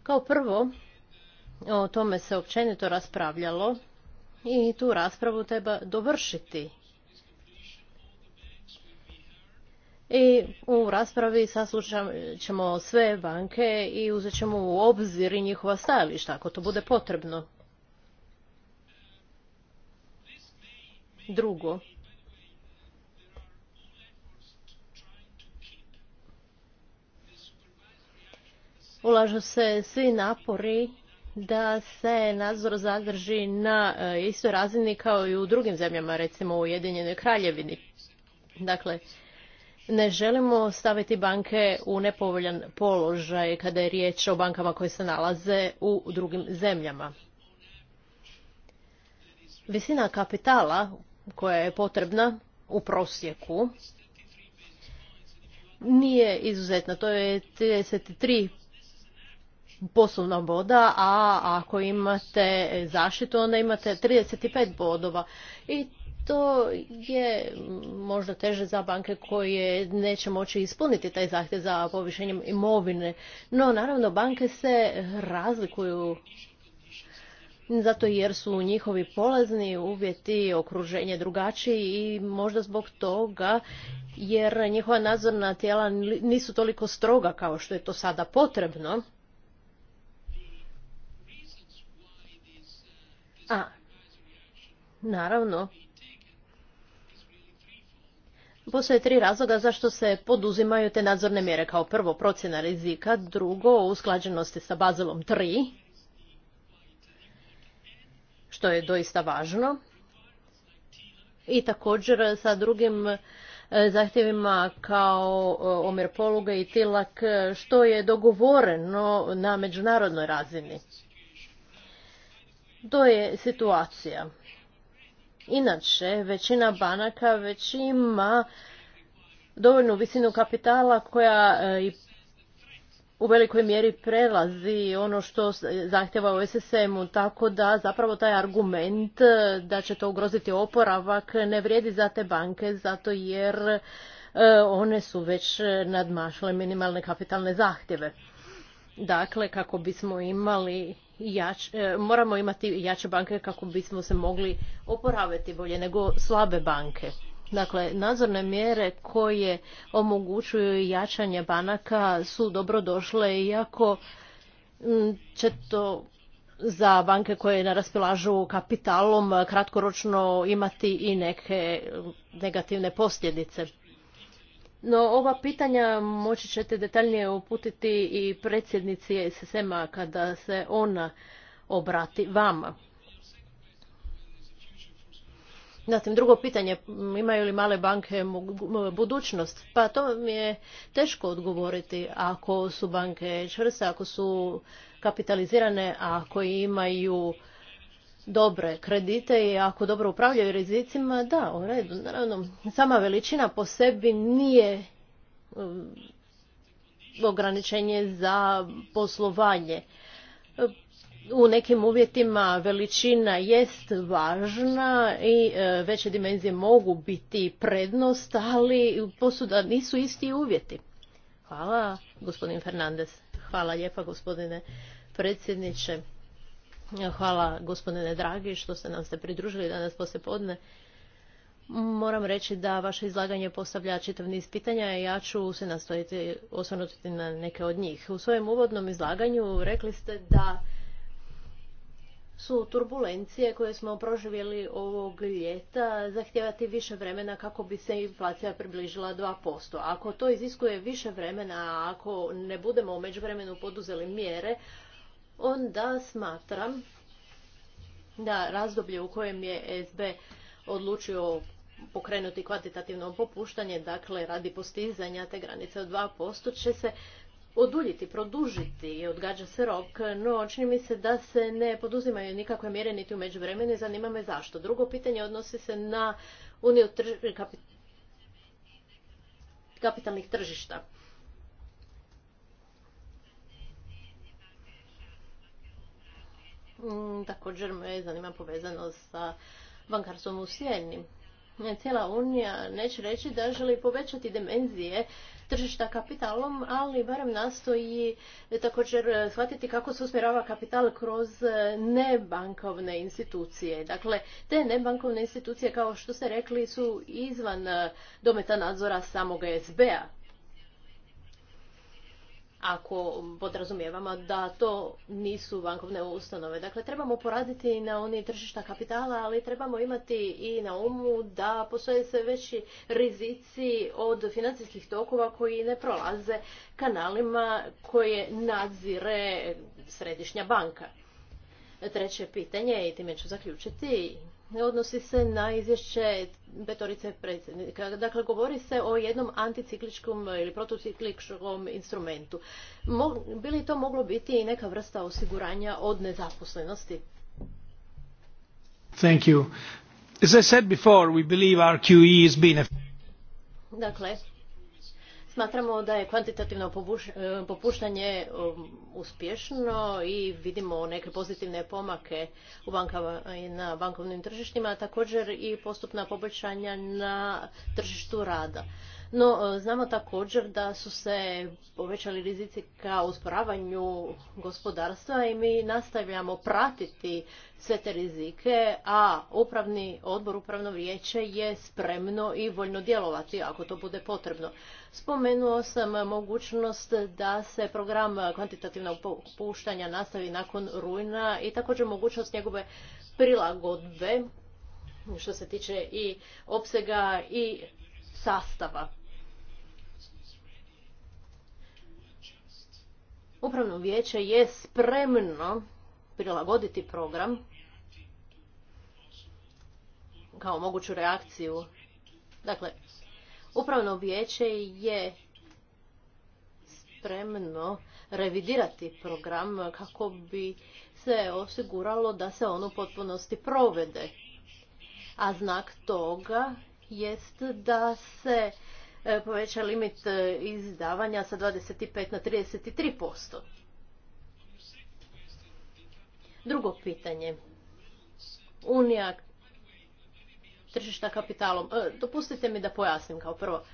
Kao prvo, o tome se općenito raspravljalo i tu raspravu treba dovršiti i u raspravi saslušat ćemo sve banke i uzet ćemo u obzir i njihova stajališta ako to bude potrebno. Drugo, ulažu se svi napori da se nadzor zadrži na e, istoj razini kao i u drugim zemljama, recimo u Ujedinjenoj kraljevini. Dakle, ne želimo staviti banke u nepovoljan položaj kada je riječ o bankama koje se nalaze u drugim zemljama. Visina kapitala koja je potrebna u prosjeku nije izuzetna, to je 33 poslovna boda, a ako imate zaštitu onda imate 35 bodova i to je možda teže za banke koje neće moći ispuniti taj zahtjev za povišenjem imovine. No, naravno, banke se razlikuju zato jer su njihovi polazni uvjeti okruženje drugačiji i možda zbog toga jer njihova nadzorna tijela nisu toliko stroga kao što je to sada potrebno. A, naravno, Postoje tri razloga zašto se poduzimaju te nadzorne mjere kao prvo procjena rizika, drugo usklađenosti sa Bazelom 3, što je doista važno, i također sa drugim e, zahtjevima kao e, omjer i tilak, e, što je dogovoreno na međunarodnoj razini. To je situacija. Inače, većina banaka već ima dovoljnu visinu kapitala koja e, u velikoj mjeri prelazi ono što zahtjeva u SSM-u, tako da zapravo taj argument e, da će to ugroziti oporavak ne vrijedi za te banke, zato jer e, one su već nadmašile minimalne kapitalne zahtjeve. Dakle, kako bismo imali E, moramo imati jače banke kako bismo se mogli oporaviti bolje nego slabe banke. Dakle, nadzorne mjere koje omogućuju jačanje banaka su dobro došle iako će to za banke koje ne raspilažu kapitalom kratkoročno imati i neke negativne posljedice. No, ova pitanja moći ćete detaljnije uputiti i predsjednici SSM-a kada se ona obrati vama. Zatim, drugo pitanje, imaju li male banke budućnost? Pa to mi je teško odgovoriti ako su banke čvrste, ako su kapitalizirane, ako imaju dobre kredite i ako dobro upravljaju rizicima, da, u redu. Naravno, sama veličina po sebi nije um, ograničenje za poslovanje. U nekim uvjetima veličina jest važna i e, veće dimenzije mogu biti prednost, ali posuda nisu isti uvjeti. Hvala, gospodin Fernandez. Hvala lijepa, gospodine predsjedniče. Hvala gospodine Dragi što ste nam se pridružili danas podne. Moram reći da vaše izlaganje postavlja čitav niz pitanja i ja ću se nastojiti osvrnuti na neke od njih. U svojem uvodnom izlaganju rekli ste da su turbulencije koje smo proživjeli ovog ljeta zahtijevati više vremena kako bi se inflacija približila 2%. Ako to iziskuje više vremena, ako ne budemo u međuvremenu poduzeli mjere, onda smatram da razdoblje u kojem je SB odlučio pokrenuti kvantitativno popuštanje, dakle radi postizanja te granice od 2%, će se oduljiti, produžiti i odgađa se rok, no čini mi se da se ne poduzimaju nikakve mjere niti u međuvremenu i zanima me zašto. Drugo pitanje odnosi se na uniju kapitalnih tržišta. Mm, također me zanima povezano sa bankarstvom u sjeni. Cijela Unija neće reći da želi povećati dimenzije tržišta kapitalom, ali barem nastoji također shvatiti kako se usmjerava kapital kroz nebankovne institucije. Dakle, te nebankovne institucije, kao što ste rekli, su izvan dometa nadzora samog SB-a ako podrazumijevamo da to nisu bankovne ustanove. Dakle, trebamo poraditi na oni tržišta kapitala, ali trebamo imati i na umu da postoje sve veći rizici od financijskih tokova koji ne prolaze kanalima koje nadzire središnja banka. Treće pitanje, i time ću zaključiti, odnosi se na izvješće petorice predsjednika. Dakle, govori se o jednom anticikličkom ili protocikličkom instrumentu. bi li to moglo biti i neka vrsta osiguranja od nezaposlenosti? Thank you. As I said before, we believe our QE Dakle, Smatramo da je kvantitativno e, popuštanje e, uspješno i vidimo neke pozitivne pomake u bankama i na bankovnim tržištima, a također i postupna poboljšanja na tržištu rada. No, e, znamo također da su se povećali rizici ka usporavanju gospodarstva i mi nastavljamo pratiti sve te rizike, a upravni odbor, upravno vijeće je spremno i voljno djelovati ako to bude potrebno. Spomenuo sam mogućnost da se program kvantitativnog puštanja nastavi nakon rujna i također mogućnost njegove prilagodbe što se tiče i opsega i sastava. Upravno vijeće je spremno prilagoditi program kao moguću reakciju. Dakle, upravno vijeće je spremno revidirati program kako bi se osiguralo da se on u potpunosti provede. A znak toga jest da se E, poveća limit e, izdavanja sa 25 na 33%. Drugo pitanje. Unija tržišta kapitalom. E, dopustite mi da pojasnim kao prvo.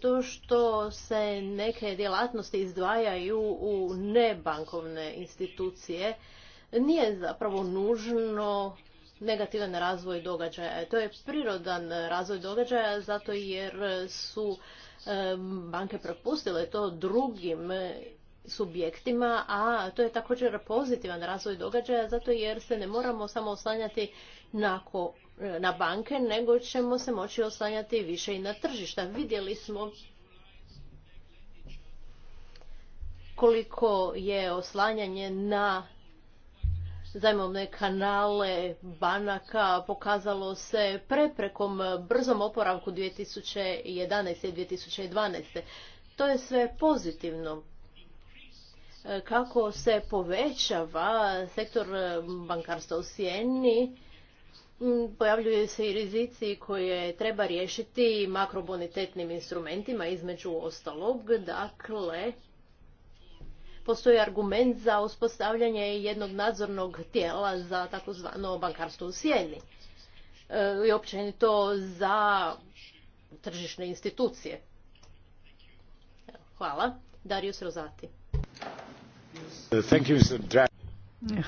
To što se neke djelatnosti izdvajaju u nebankovne institucije nije zapravo nužno negativan razvoj događaja. To je prirodan razvoj događaja zato jer su banke propustile to drugim subjektima, a to je također pozitivan razvoj događaja zato jer se ne moramo samo oslanjati na, na banke, nego ćemo se moći oslanjati više i na tržišta. Vidjeli smo koliko je oslanjanje na zajmovne kanale banaka pokazalo se preprekom brzom oporavku 2011. i 2012. To je sve pozitivno. E, kako se povećava sektor bankarstva u sjeni, pojavljuju se i rizici koje treba riješiti makrobonitetnim instrumentima, između ostalog. Dakle, postoji argument za uspostavljanje jednog nadzornog tijela za takozvano bankarstvo u sjeni e, i općenito za tržišne institucije. Hvala. Darius Rozati.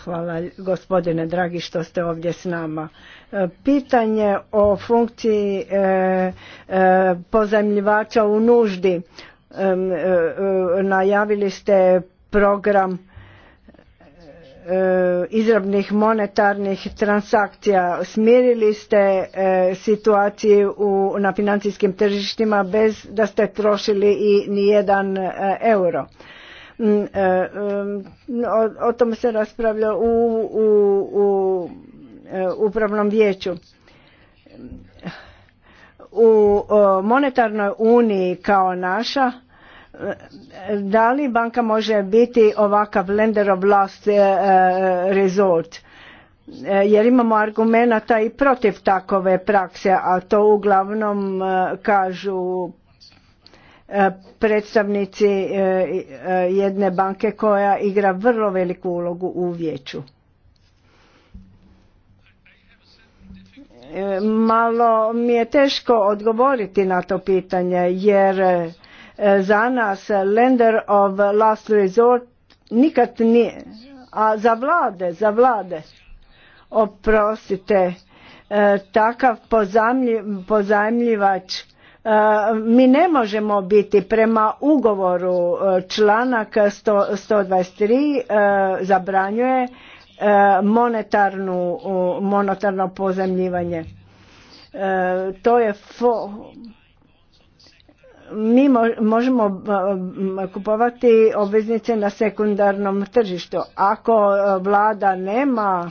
Hvala gospodine dragi što ste ovdje s nama. E, pitanje o funkciji e, pozajmljivača u nuždi najavili ste program e, izravnih monetarnih transakcija smirili ste e, situaciju u, na financijskim tržištima bez da ste trošili i nijedan e, euro mm, o, se raspravlja u, u upravnom vijeću u monetarnoj uniji kao naša da li banka može biti ovakav lender of last eh, eh, resort? Eh, jer imamo argumenta i protiv takove prakse, a to uglavnom kažu predstavnici jedne banke koja igra vrlo veliku ulogu u vijeću. Malo mi je teško odgovoriti na to pitanje jer E, za nas lender of last resort nikad nije. A za vlade, za vlade, oprostite, e, takav pozajmljivač e, mi ne možemo biti prema ugovoru članak 123 zabranjuje monetarnu, monetarno pozajmljivanje. To je mi možemo kupovati obveznice na sekundarnom tržištu. Ako e, vlada nema e,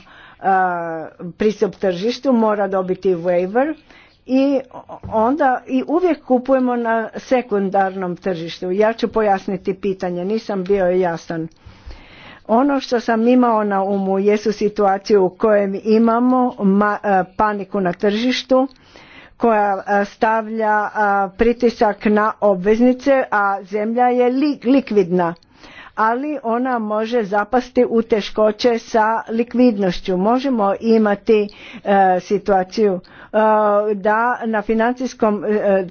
pristup tržištu, mora dobiti waiver i onda i uvijek kupujemo na sekundarnom tržištu. Ja ću pojasniti pitanje, nisam bio jasan. Ono što sam imao na umu jesu situacije u kojem imamo e, paniku na tržištu, koja e, stavlja e, pritisak na obveznice, a zemlja je likvidna ali ona može zapasti u teškoće sa likvidnošću. Možemo imati e, situaciju da na financijskom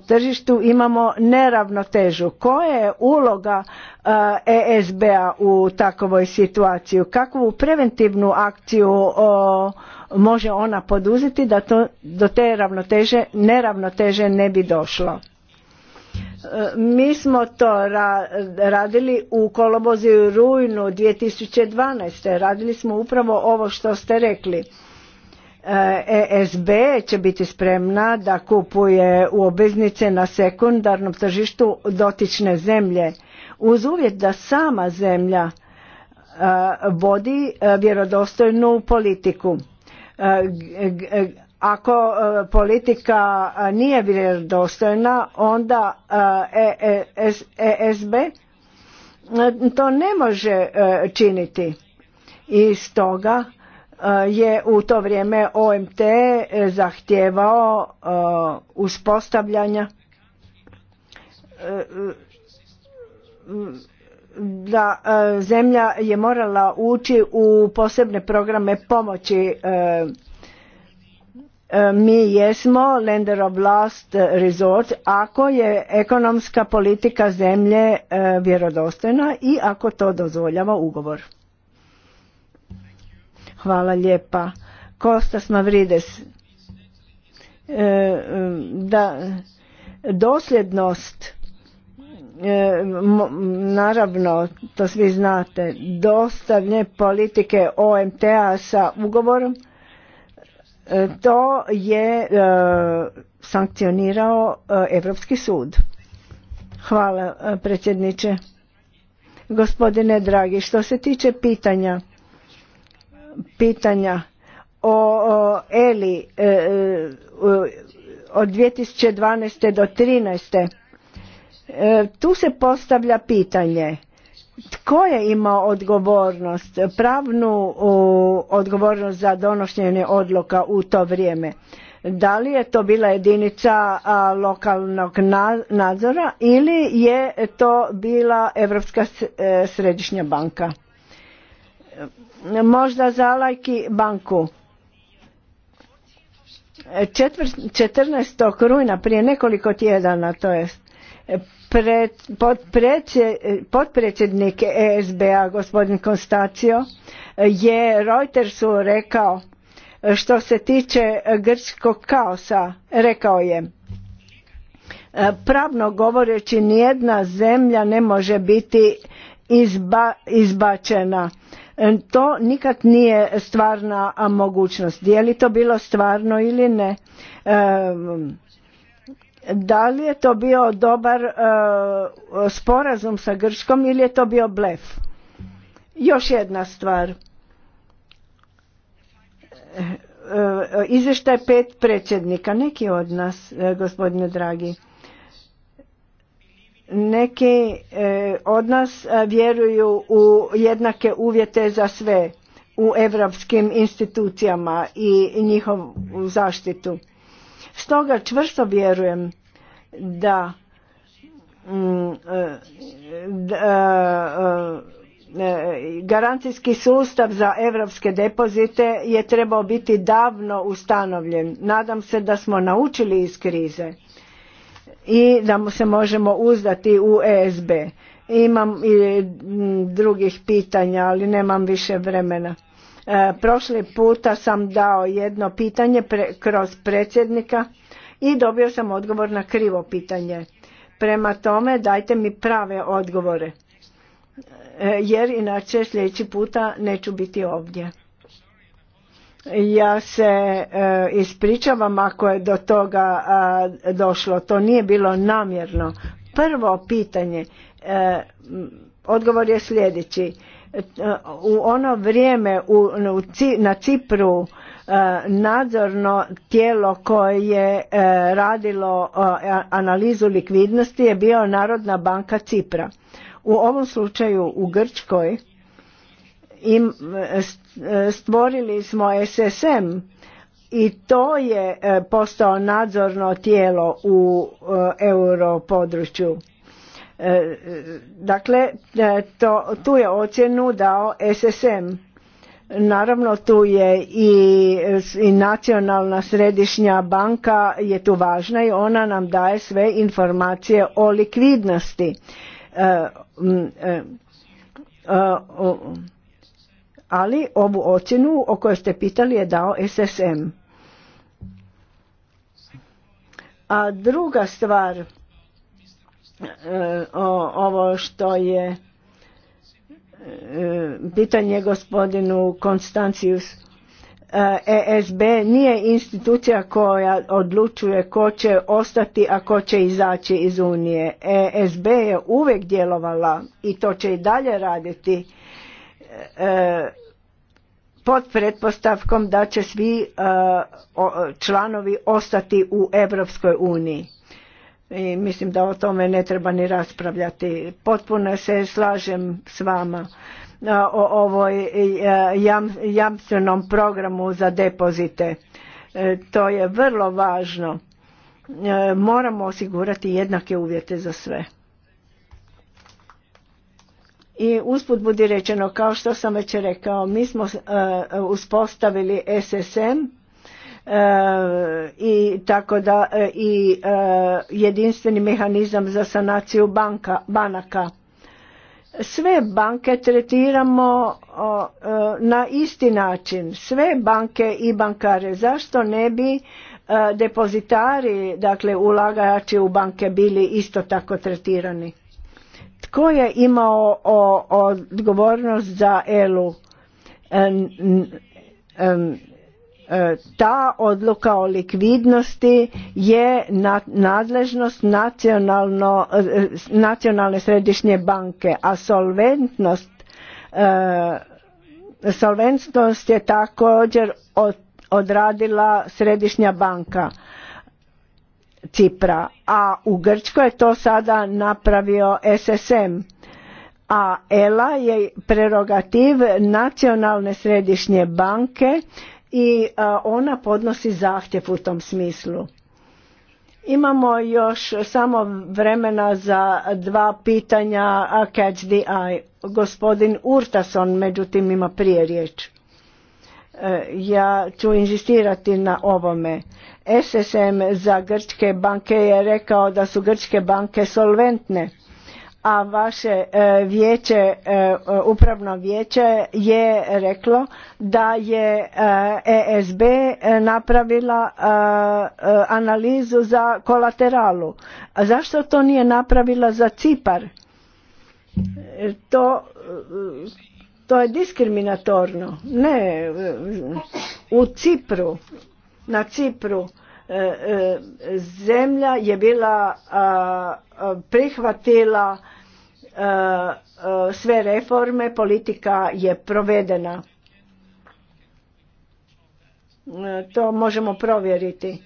tržištu imamo neravnotežu. Koja je uloga ESB-a u takovoj situaciji? Kakvu preventivnu akciju može ona poduzeti da to, do te ravnoteže, neravnoteže ne bi došlo. E, mi smo to radili u kolobozi i rujnu 2012. Radili smo upravo ovo što ste rekli. ESB e će biti spremna da kupuje u obveznice na sekundarnom tržištu dotične zemlje uz uvjet da sama zemlja e, vodi vjerodostojnu politiku ako e, politika e, nije vjerodostojna onda ESB e, to ne može činiti i stoga je u to vrijeme OMT zahtijevao uspostavljanja da e, zemlja je morala ući u posebne programe pomoći e, e, mi jesmo lender of last resort ako je ekonomska politika zemlje vjerodostojna i ako to dozvoljava ugovor. Hvala lijepa. Kostas Mavrides. Da, dosljednost E, naravno, to svi znate, dostavnje politike OMTA sa ugovorom, e, to je e, sankcionirao Europski sud. Hvala predsjedniče. Gospodine dragi, što se tiče pitanja, pitanja o, Eli od 2012. do 2013 E, tu se postavlja pitanje tko je imao odgovornost, pravnu odgovornost za donošenje odloka u to vrijeme. Da li je to bila jedinica lokalnog nadzora ili je to bila Europska e, središnja banka? Možda za lajki banku. 14. rujna prije nekoliko tjedana, to jest potpredsjednik ESB-a gospodin Konstacio je Reutersu rekao što se tiče grčkog kaosa rekao je pravno govoreći nijedna zemlja ne može biti izba, izbačena to nikad nije stvarna mogućnost je li to bilo stvarno ili ne e, da li je to bio dobar e, sporazum sa Grčkom ili je to bio blef? Još jedna stvar. E, e, izvještaj pet predsjednika, neki od nas, gospodine dragi. Neki od nas vjeruju u jednake uvjete za sve u evropskim institucijama i njihovu zaštitu Stoga čvrsto vjerujem da mm, e, e, e, garancijski sustav za europske depozite je trebao biti davno ustanovljen. Nadam se da smo naučili iz krize i da mu se možemo uzdati u ESB. Imam i drugih pitanja, ali nemam više vremena. E, prošli puta sam dao jedno pitanje kroz predsjednika i dobio sam odgovor na krivo pitanje. Prema tome dajte mi prave odgovore e, jer inače sljedeći puta neću biti ovdje. Ja se e, ispričavam ako je do toga došlo. To nije bilo namjerno. Prvo pitanje, odgovor je sljedeći u ono vrijeme u, na Cipru e, nadzorno tijelo koje je e, radilo e, analizu likvidnosti je bio Narodna banka Cipra. U ovom slučaju u Grčkoj im stvorili smo SSM i to je postao nadzorno tijelo u europodručju E, e, dakle, e, to, tu je ocjenu dao SSM. Naravno tu je i, nacionalna središnja banka je tu važna i ona nam daje sve informacije o likvidnosti. ali ovu ocjenu o kojoj ste pitali je dao SSM. A druga stvar E, ovo što je e, pitanje gospodinu Konstancius. ESB e nije institucija koja odlučuje ko će ostati, a ko će izaći iz Unije. ESB je uvijek djelovala i to će i dalje raditi pod pretpostavkom da će svi članovi ostati u Europskoj uniji i mislim da o tome ne treba ni raspravljati. Potpuno se slažem s vama e, o ovoj e, jamstvenom programu za depozite. E, to je vrlo važno. Moramo osigurati jednake uvjete za sve. I usput budi rečeno, kao što sam već rekao, mi smo uspostavili SSM, E, i tako da e, i e, jedinstveni mehanizam za sanaciju banka, banaka. Sve banke tretiramo na isti način, sve banke i bankare. Zašto ne bi depozitari, dakle ulagači u banke bili isto tako tretirani? Tko je imao odgovornost za ELU? E, ta odluka o likvidnosti je nadležnost e, nacionalne središnje banke, a solventnost e, solventnost je također odradila središnja banka Cipra, a u Grčkoj je to sada napravio SSM, a ELA je prerogativ nacionalne središnje banke i e, ona podnosi zahtjev u tom smislu. Imamo još samo vremena za dva pitanja Catch the Eye. Gospodin Urtason međutim ima prije riječ. E, ja ću inzistirati na ovome. SSM za grčke banke je rekao da su grčke banke solventne a vaše e, vijeće, e, upravno vijeće je reklo da je ESB e napravila analizu za kolateralu. A zašto to nije napravila za Cipar? To, to je diskriminatorno. Ne, u Cipru, na Cipru, zemlja je bila prihvatila E, e, sve reforme, politika je provedena. E, to možemo provjeriti.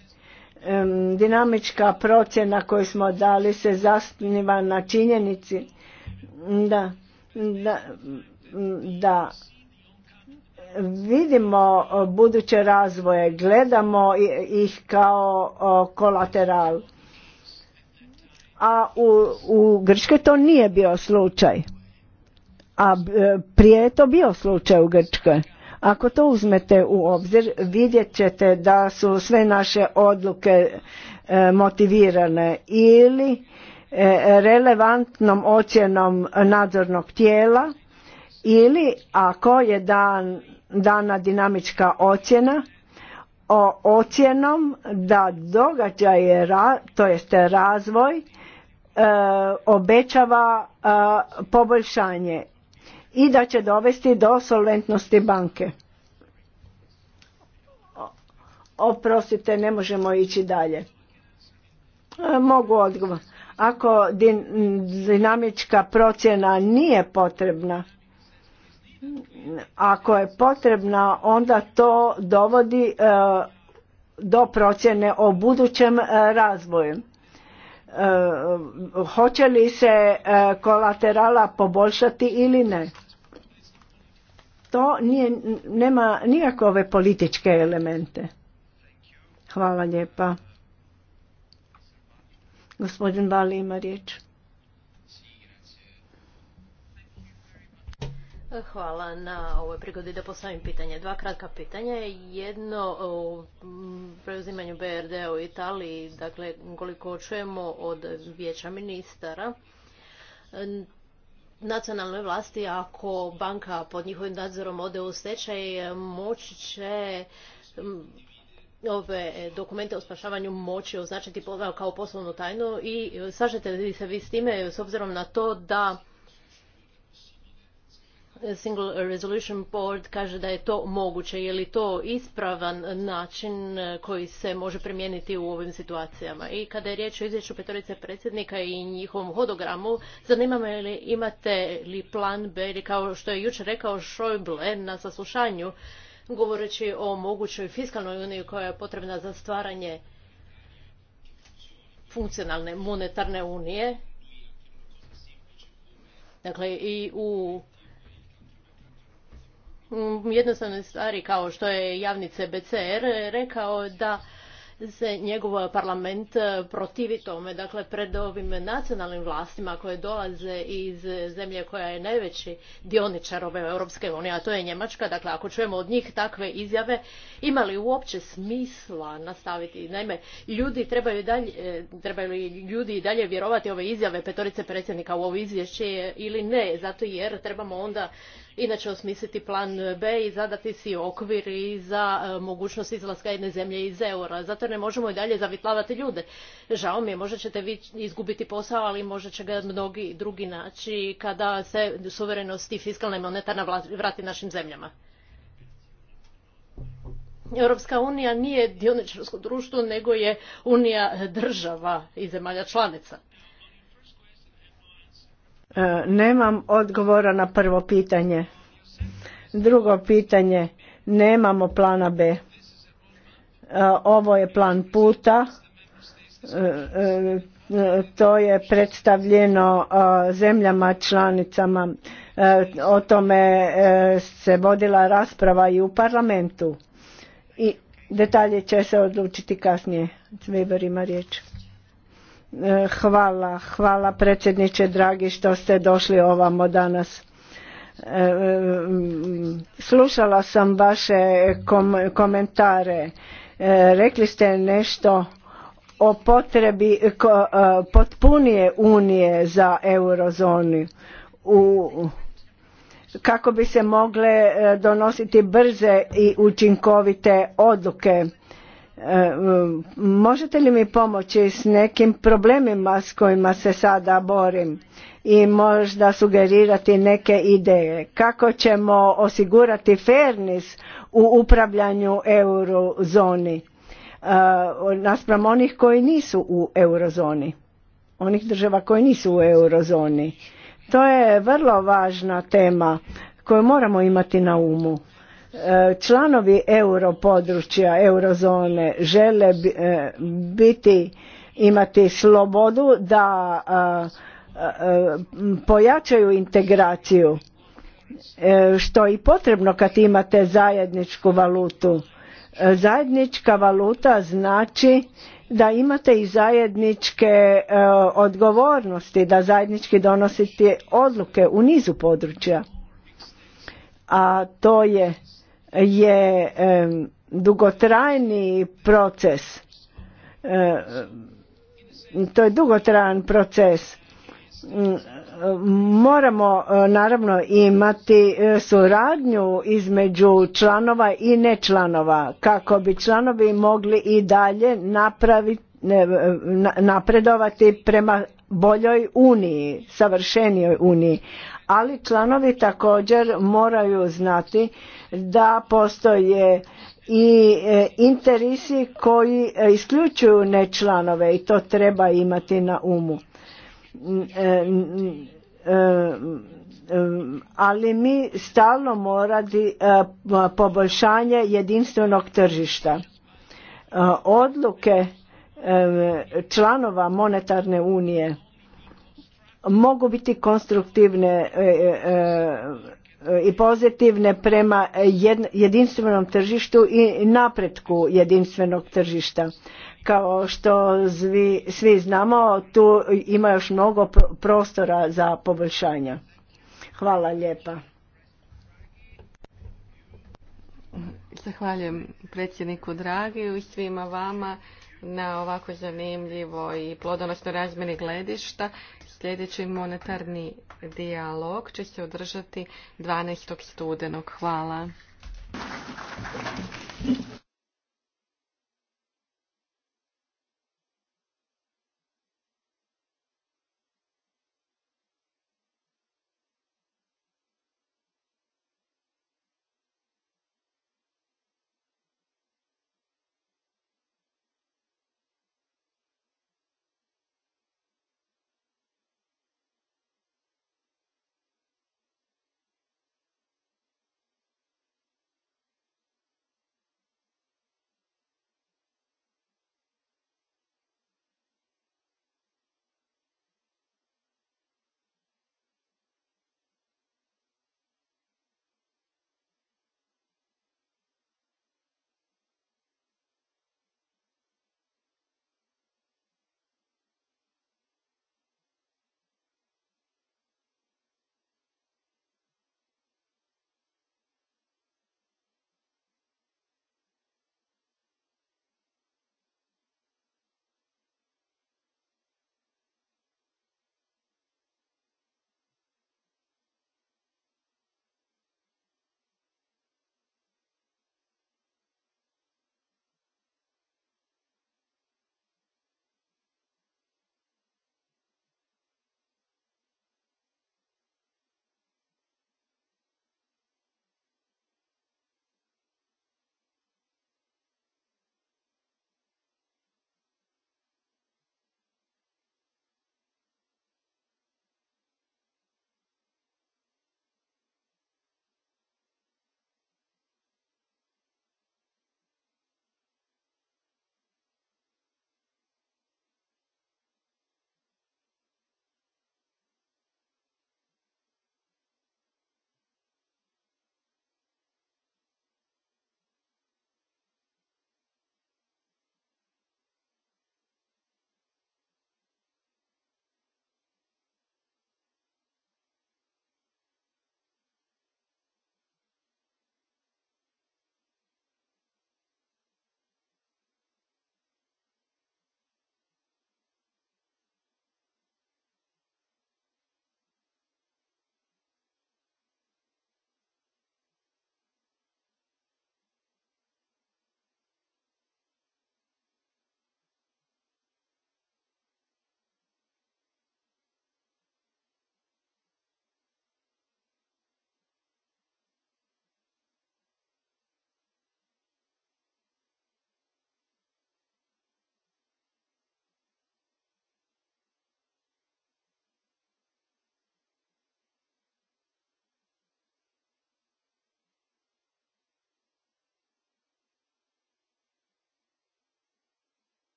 Dinamička procjena koju smo dali se zasniva na činjenici da, da, da vidimo buduće razvoje, gledamo ih kao kolateral a u, u Grčkoj to nije bio slučaj. A e, prije je to bio slučaj u Grčkoj. Ako to uzmete u obzir, vidjet ćete da su sve naše odluke e, motivirane ili e, relevantnom ocjenom nadzornog tijela ili ako je dan, dana dinamička ocjena o ocjenom da događaje, to jeste razvoj, E, obećava e, poboljšanje i da će dovesti do solventnosti banke. Oprostite, ne možemo ići dalje. E, mogu odgovor. Ako dinamička procjena nije potrebna, ako je potrebna, onda to dovodi do procjene o budućem razvoju E, hoće li se e, kolaterala poboljšati ili ne. To nije, nema nikakve političke elemente. Hvala lijepa. Gospodin Bali ima riječ. Hvala na ovoj prigodi da postavim pitanje. Dva kratka pitanja. Jedno o preuzimanju BRD u Italiji, dakle koliko čujemo od vijeća ministara, nacionalnoj vlasti ako banka pod njihovim nadzorom ode u stečaj moći će ove dokumente o spašavanju moći označiti kao poslovnu tajnu i sažete li se vi s time s obzirom na to da Single Resolution Board kaže da je to moguće. Je li to ispravan način e, koji se može primijeniti u ovim situacijama? I kada je riječ o izvješću petorice predsjednika i njihovom hodogramu, zanima me li imate li plan B ili kao što je jučer rekao Schäuble na saslušanju govoreći o mogućoj fiskalnoj uniji koja je potrebna za stvaranje funkcionalne monetarne unije. Dakle, i u Mm, jednostavne stvari kao što je javnice BCR rekao da se njegov parlament e, protivi tome, dakle pred ovim nacionalnim vlastima koje dolaze iz zemlje koja je najveći dioničar ove Europske unije, a to je Njemačka, dakle ako čujemo od njih takve izjave, ima li uopće smisla nastaviti? Naime, ljudi trebaju, e, trebaju li ljudi i dalje vjerovati ove izjave petorice predsjednika u ovo izvješće ili ne, zato jer trebamo onda inače osmisliti plan B i zadati si okvir za e, mogućnost izlaska jedne zemlje iz eura. Zato ne možemo i dalje zavitlavati ljude. Žao mi je, možda ćete vi izgubiti posao, ali možda će ga mnogi drugi naći kada se suverenost i fiskalna i monetarna vrati našim zemljama. Europska unija nije dioničarsko društvo, nego je unija država i zemalja članica. E, nemam odgovora na prvo pitanje. Drugo pitanje, nemamo plana B. E, ovo je plan puta, e, to je predstavljeno zemljama članicama, o tome se vodila rasprava i u parlamentu. I detalje će se odlučiti kasnije. Weber ima riječ. E, hvala, hvala predsjedniče dragi što ste došli ovamo danas. E, e, slušala sam vaše komentare. Rekli ste nešto o potrebi potpunije unije za eurozoni u kako bi se mogle donositi brze i učinkovite odluke E, možete li mi pomoći s nekim problemima s kojima se sada borim i možda sugerirati neke ideje? Kako ćemo osigurati fairness u upravljanju eurozoni e, naspram onih koji nisu u eurozoni? Onih država koji nisu u eurozoni. To je vrlo važna tema koju moramo imati na umu. E, članovi europodručja eurozone žele e, biti imati slobodu da e, pojačaju integraciju što je i potrebno kad imate zajedničku valutu zajednička valuta znači da imate i zajedničke odgovornosti da zajednički donosite odluke u nizu područja a to je je dugotrajni proces. To je dugotrajan proces. Moramo e, naravno imati e, suradnju između članova i nečlanova kako bi članovi mogli i dalje napraviti, e, napredovati prema boljoj uniji, savršenijoj uniji. Ali članovi također moraju znati da postoje i e, interesi koji e, isključuju nečlanove i to treba imati na umu. Mm, e, mm, ali mi stalno morati poboljšanje jedinstvenog tržišta. Odluke članova monetarne unije mogu biti konstruktivne i pozitivne prema jedinstvenom tržištu i napretku jedinstvenog tržišta. Kao što svi znamo, tu ima još mnogo prostora za poboljšanja. Hvala lijepa. Zahvaljujem predsjedniku dragi i svima vama na ovako zanimljivo i plodonosno razmjeni gledišta. Sljedeći monetarni dijalog će se održati 12. studenog. Hvala.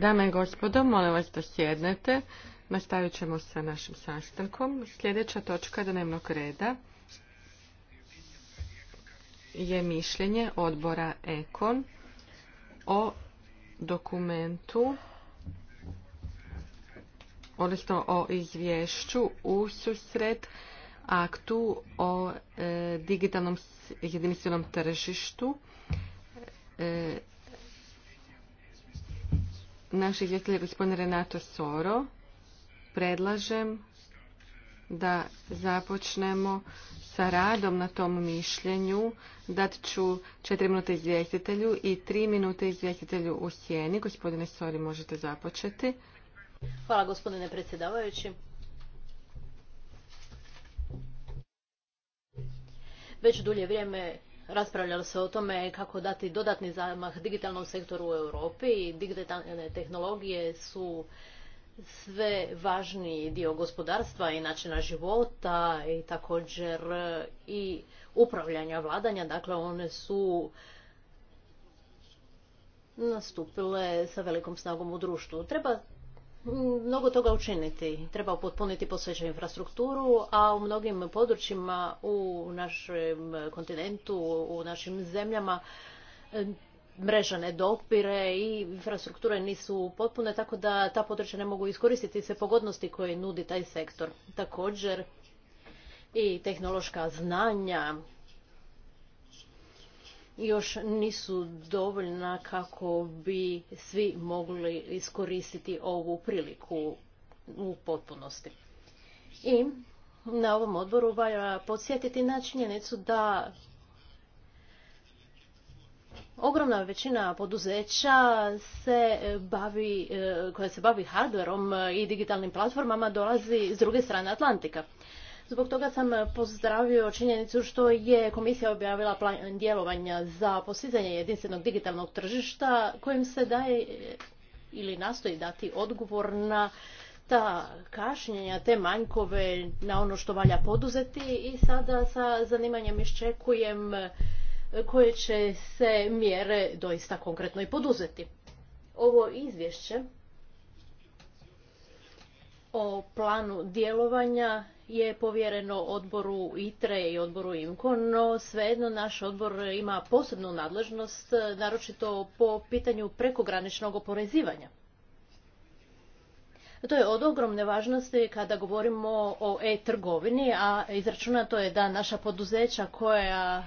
Dame i gospodo, molim vas da sjednete. Nastavit ćemo sa našim sastankom. Sljedeća točka dnevnog reda je mišljenje odbora Ekon o dokumentu odnosno o izvješću u susret aktu o e, digitalnom jedinstvenom tržištu. E, naš izvjestitelj gospodin Renato Soro predlažem da započnemo sa radom na tom mišljenju. Dat ću četiri minute izvjestitelju i tri minute izvjestitelju u sjeni. Gospodine Sori, možete započeti. Hvala gospodine predsjedavajući. Već dulje vrijeme Raspravljalo se o tome kako dati dodatni zamah digitalnom sektoru u Europi i digitalne tehnologije su sve važniji dio gospodarstva i načina života i također i upravljanja vladanja. Dakle, one su nastupile sa velikom snagom u društvu. Treba mnogo toga učiniti. Treba potpuniti postojeću infrastrukturu, a u mnogim područjima u našem kontinentu, u našim zemljama e, mreža ne dopire i infrastrukture nisu potpune, tako da ta područja ne mogu iskoristiti sve pogodnosti koje nudi taj sektor. Također i tehnološka znanja još nisu dovoljna kako bi svi mogli iskoristiti ovu priliku u potpunosti. I na ovom odboru valja podsjetiti na činjenicu da ogromna većina poduzeća se bavi, e, koja se bavi hardverom i digitalnim platformama dolazi s druge strane Atlantika. Zbog toga sam pozdravio činjenicu što je komisija objavila plan djelovanja za postizanje jedinstvenog digitalnog tržišta kojim se daje ili nastoji dati odgovor na ta kašnjenja, te manjkove na ono što valja poduzeti i sada sa zanimanjem iščekujem koje će se mjere doista konkretno i poduzeti. Ovo izvješće o planu djelovanja je povjereno odboru ITRE i odboru IMCO, no svejedno naš odbor ima posebnu nadležnost, naročito po pitanju prekograničnog oporezivanja. To je od ogromne važnosti kada govorimo o e-trgovini, a izračunato je da naša poduzeća koja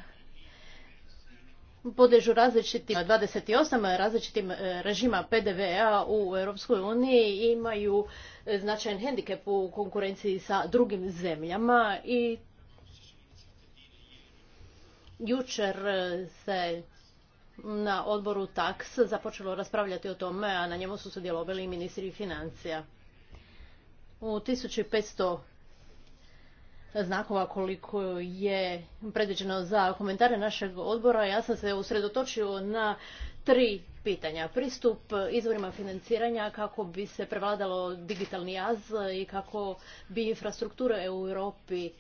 podežu različitim 28 e, različitim režima PDV-a u Europskoj uniji imaju e, značajan hendikep u konkurenciji sa drugim zemljama i jučer e, se na odboru TAX započelo raspravljati o tome, a na njemu su sudjelovali i ministri financija. U 1500 znakova koliko je predviđeno za komentare našeg odbora. Ja sam se usredotočio na tri pitanja. Pristup izvorima financiranja kako bi se prevladalo digitalni jaz i kako bi infrastrukture u Europi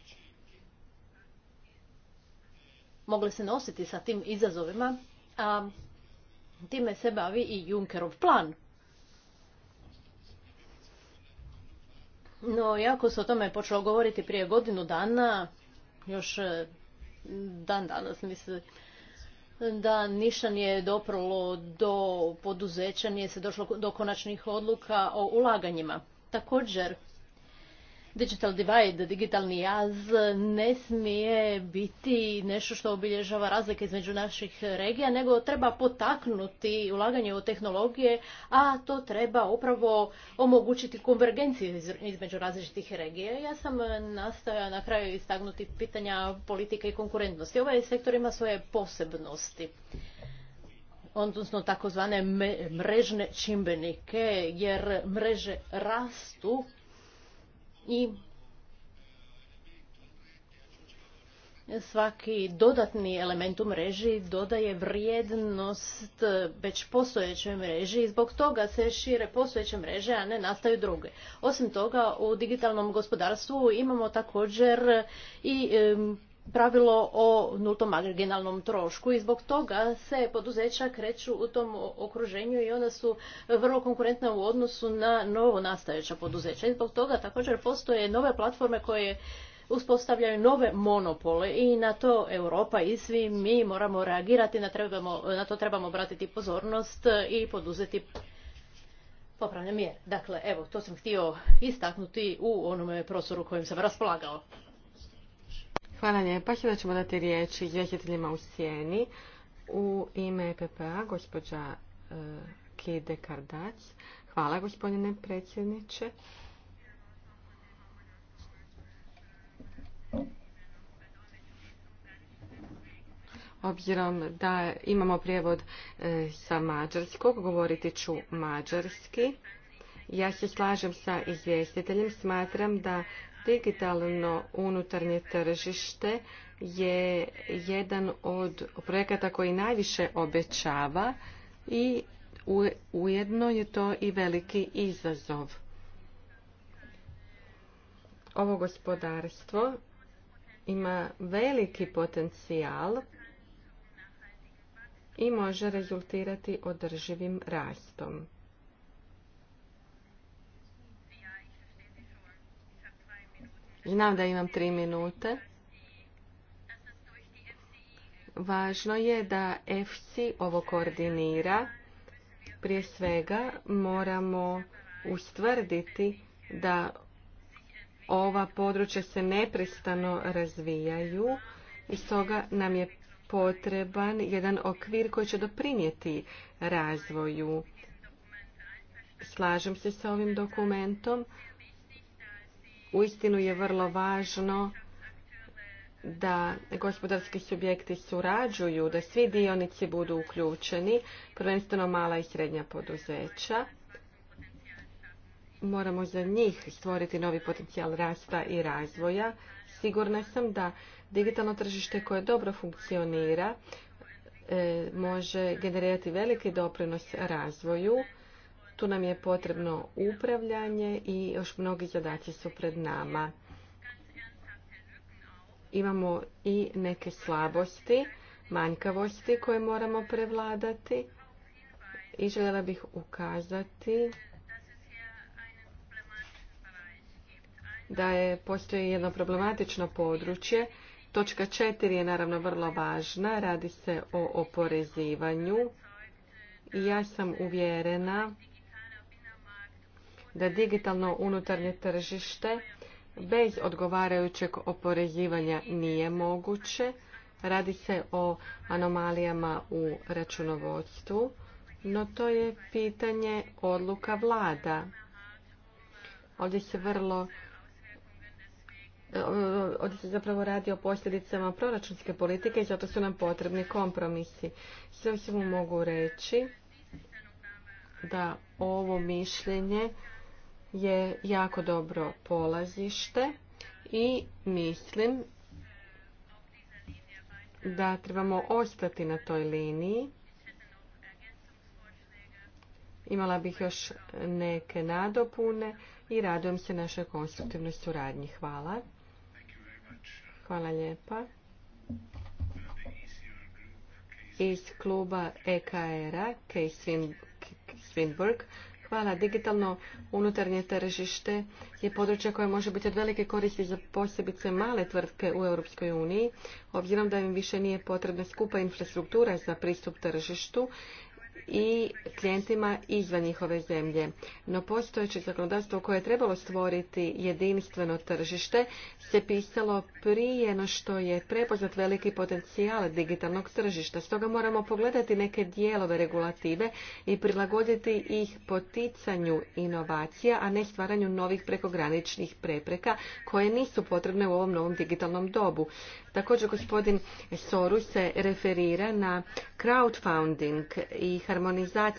mogle se nositi sa tim izazovima. A time se bavi i Junckerov plan No, jako se o tome počelo govoriti prije godinu dana, još e, dan danas mislim, da ništa nije doprlo do poduzeća, nije se došlo do konačnih odluka o ulaganjima. Također, digital divide, digitalni jaz, ne smije biti nešto što obilježava razlike između naših regija, nego treba potaknuti ulaganje u tehnologije, a to treba upravo omogućiti konvergenciju između različitih regija. Ja sam nastoja na kraju istagnuti pitanja politike i konkurentnosti. Ovaj sektor ima svoje posebnosti odnosno takozvane mrežne čimbenike, jer mreže rastu i svaki dodatni element u mreži dodaje vrijednost već postojećoj mreži i zbog toga se šire postojeće mreže, a ne nastaju druge. Osim toga, u digitalnom gospodarstvu imamo također i pravilo o nultom marginalnom trošku i zbog toga se poduzeća kreću u tom okruženju i ona su vrlo konkurentna u odnosu na novo nastajeća poduzeća. I zbog toga također postoje nove platforme koje uspostavljaju nove monopole i na to Europa i svi mi moramo reagirati, na, na to trebamo obratiti pozornost i poduzeti popravne mjere. Dakle, evo, to sam htio istaknuti u onome prostoru kojim sam raspolagao. Hvala lijepa. Sada ćemo dati riječ izvjestiteljima u sjeni. U ime EPP-a, gospođa e, Kide Kardac. Hvala, gospodine predsjedniče. Obzirom da imamo prijevod e, sa mađarskog, govoriti ću mađarski. Ja se slažem sa izvjestiteljem, smatram da digitalno unutarnje tržište je jedan od projekata koji najviše obećava i ujedno je to i veliki izazov. Ovo gospodarstvo ima veliki potencijal i može rezultirati održivim rastom. Znam da imam tri minute. Važno je da FC ovo koordinira. Prije svega moramo ustvrditi da ova područja se neprestano razvijaju i stoga nam je potreban jedan okvir koji će doprinijeti razvoju. Slažem se sa ovim dokumentom, Uistinu je vrlo važno da gospodarski subjekti surađuju, da svi dionici budu uključeni, prvenstveno mala i srednja poduzeća. Moramo za njih stvoriti novi potencijal rasta i razvoja. Sigurna sam da digitalno tržište koje dobro funkcionira e, može generirati veliki doprinos razvoju tu nam je potrebno upravljanje i još mnogi zadaci su pred nama. Imamo i neke slabosti, manjkavosti koje moramo prevladati i željela bih ukazati da je postoji jedno problematično područje. Točka četiri je naravno vrlo važna, radi se o oporezivanju. I ja sam uvjerena da digitalno unutarnje tržište bez odgovarajućeg oporezivanja nije moguće. Radi se o anomalijama u računovodstvu, no to je pitanje odluka vlada. Ovdje se vrlo e, ovdje se zapravo radi o posljedicama proračunske politike i zato su nam potrebni kompromisi. Sve mogu reći da ovo mišljenje je jako dobro polazište i mislim da trebamo ostati na toj liniji. Imala bih još neke nadopune i radujem se našoj konstruktivnoj suradnji. Hvala. Hvala lijepa. Iz kluba EKR-a, Case Hvala. Digitalno unutarnje tržište je područje koje može biti od velike koristi za posebice male tvrtke u Europskoj uniji, obzirom da im više nije potrebna skupa infrastruktura za pristup tržištu i klijentima izvan njihove zemlje. No postojeće zakonodavstvo koje je trebalo stvoriti jedinstveno tržište se pisalo prije no što je prepoznat veliki potencijal digitalnog tržišta. Stoga moramo pogledati neke dijelove regulative i prilagoditi ih poticanju inovacija, a ne stvaranju novih prekograničnih prepreka koje nisu potrebne u ovom novom digitalnom dobu. Također gospodin Soru se referira na crowdfunding i harmonizaciju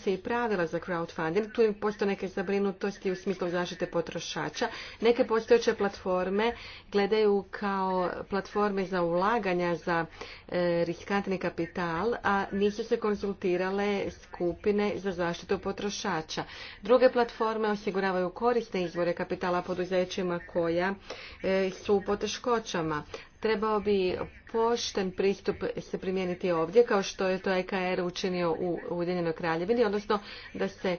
i pravila za crowdfunding. Tu postoje neke zabrinutosti u smislu zaštite potrošača. Neke postojeće platforme gledaju kao platforme za ulaganja za e, riskantni kapital, a nisu se konzultirale skupine za zaštitu potrošača. Druge platforme osiguravaju korisne izvore kapitala poduzećima koja e, su u poteškoćama. Trebao bi pošten pristup se primijeniti ovdje, kao što je to EKR učinio u Ujedinjenoj kraljevini, odnosno da se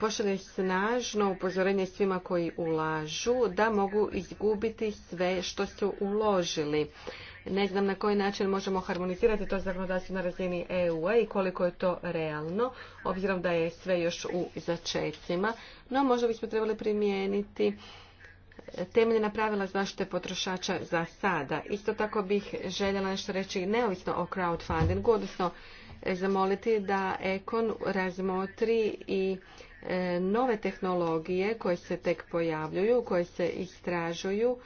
pošalje snažno upozorenje svima koji ulažu da mogu izgubiti sve što su uložili. Ne znam na koji način možemo harmonizirati to zakonodavstvo na razini EU-a i koliko je to realno, obzirom da je sve još u začecima. No, možda bismo trebali primijeniti temeljna pravila zaštite potrošača za sada. Isto tako bih željela nešto reći neovisno o crowdfundingu, odnosno e, zamoliti da Ekon razmotri i e, nove tehnologije koje se tek pojavljuju, koje se istražuju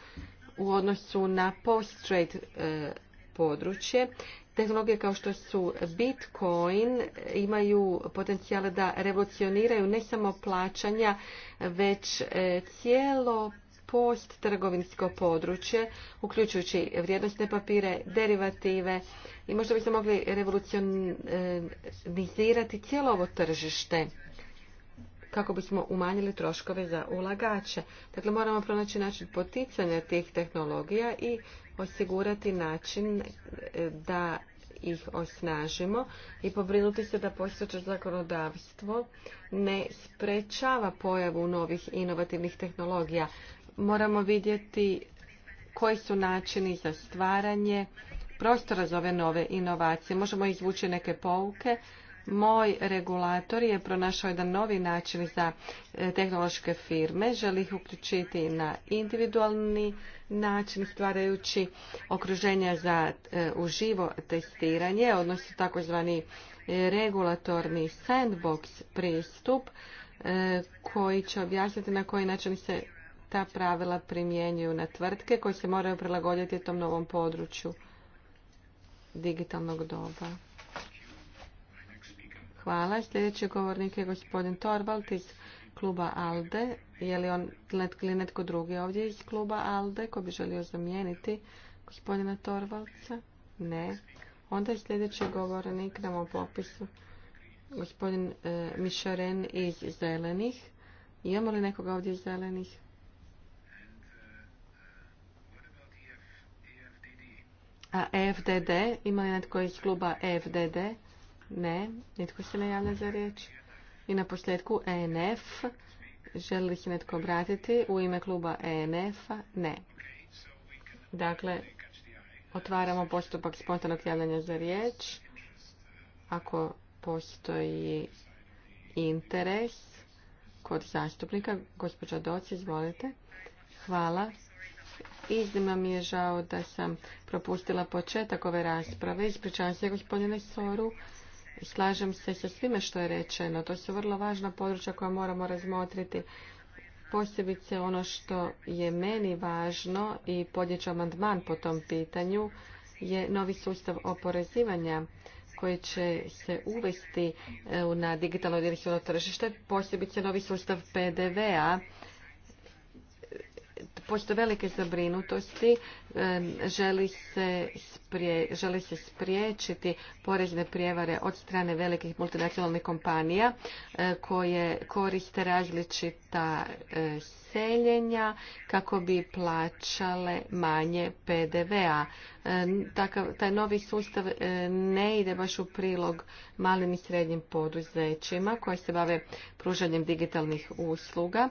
u odnosu na post-trade e, područje. Tehnologije kao što su Bitcoin imaju potencijale da revolucioniraju ne samo plaćanja, već cijelo posttrgovinsko područje, uključujući vrijednostne papire, derivative i možda se mogli revolucionizirati cijelo ovo tržište kako bismo umanjili troškove za ulagače. Dakle, moramo pronaći način poticanja tih tehnologija i osigurati način e, da ih osnažimo i pobrinuti se da postojeće zakonodavstvo ne sprečava pojavu novih inovativnih tehnologija moramo vidjeti koji su načini za stvaranje prostora za ove nove inovacije. Možemo izvući neke pouke. Moj regulator je pronašao jedan novi način za e, tehnološke firme. Želi ih uključiti na individualni način stvarajući okruženja za e, uživo testiranje, odnosno takozvani e, regulatorni sandbox pristup koji će objasniti na koji način se ta pravila primjenjuju na tvrtke koje se moraju prilagoditi tom novom području digitalnog doba. Hvala. Sljedeći govornik je gospodin Torvald iz kluba ALDE. Je li on ili netko drugi ovdje iz kluba ALDE koji bi želio zamijeniti gospodina Torvalca? Ne. Onda je sljedeći govornik na mom popisu gospodin e, Mišaren iz Zelenih. Imamo li nekoga ovdje iz Zelenih? A FDD, ima li netko iz kluba FDD? Ne, nitko se ne javlja za riječ. I na posljedku ENF, želi li se netko obratiti u ime kluba ENF-a? Ne. Dakle, otvaramo postupak spontanog javljanja za riječ. Ako postoji interes kod zastupnika, gospođa Doci, izvolite. Hvala. Iznimno mi je žao da sam propustila početak ove rasprave. Ispričavam se gospodine Soru. Slažem se sa svime što je rečeno. To su vrlo važna područja koja moramo razmotriti. Posebice ono što je meni važno i podjeću amandman po tom pitanju je novi sustav oporezivanja koji će se uvesti e, na digitalno direktivno tržište, posebice novi sustav PDV-a pošto velike zabrinutosti želi se, spriječiti porezne prijevare od strane velikih multinacionalnih kompanija e, koje koriste različita e, seljenja kako bi plaćale manje PDV-a. Taj novi sustav e, ne ide baš u prilog malim i srednjim poduzećima koji se bave pružanjem digitalnih usluga,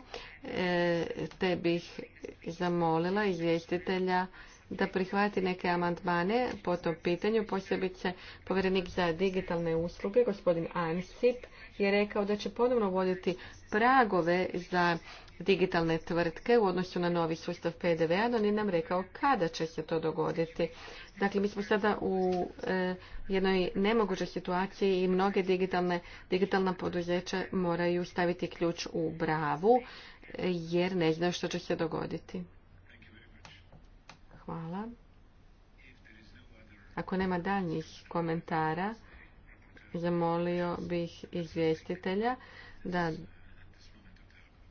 te bih zamolila izvjestitelja da prihvati neke amandmane po tom pitanju. Posebice povjerenik za digitalne usluge, gospodin Ansip, je rekao da će ponovno voditi pragove za digitalne tvrtke u odnosu na novi sustav PDV-a, no nije nam rekao kada će se to dogoditi. Dakle, mi smo sada u e, jednoj nemogućoj situaciji i mnoge digitalne, digitalna poduzeća moraju staviti ključ u bravu e, jer ne znaju što će se dogoditi. Hvala. Ako nema daljnjih komentara, zamolio bih izvjestitelja da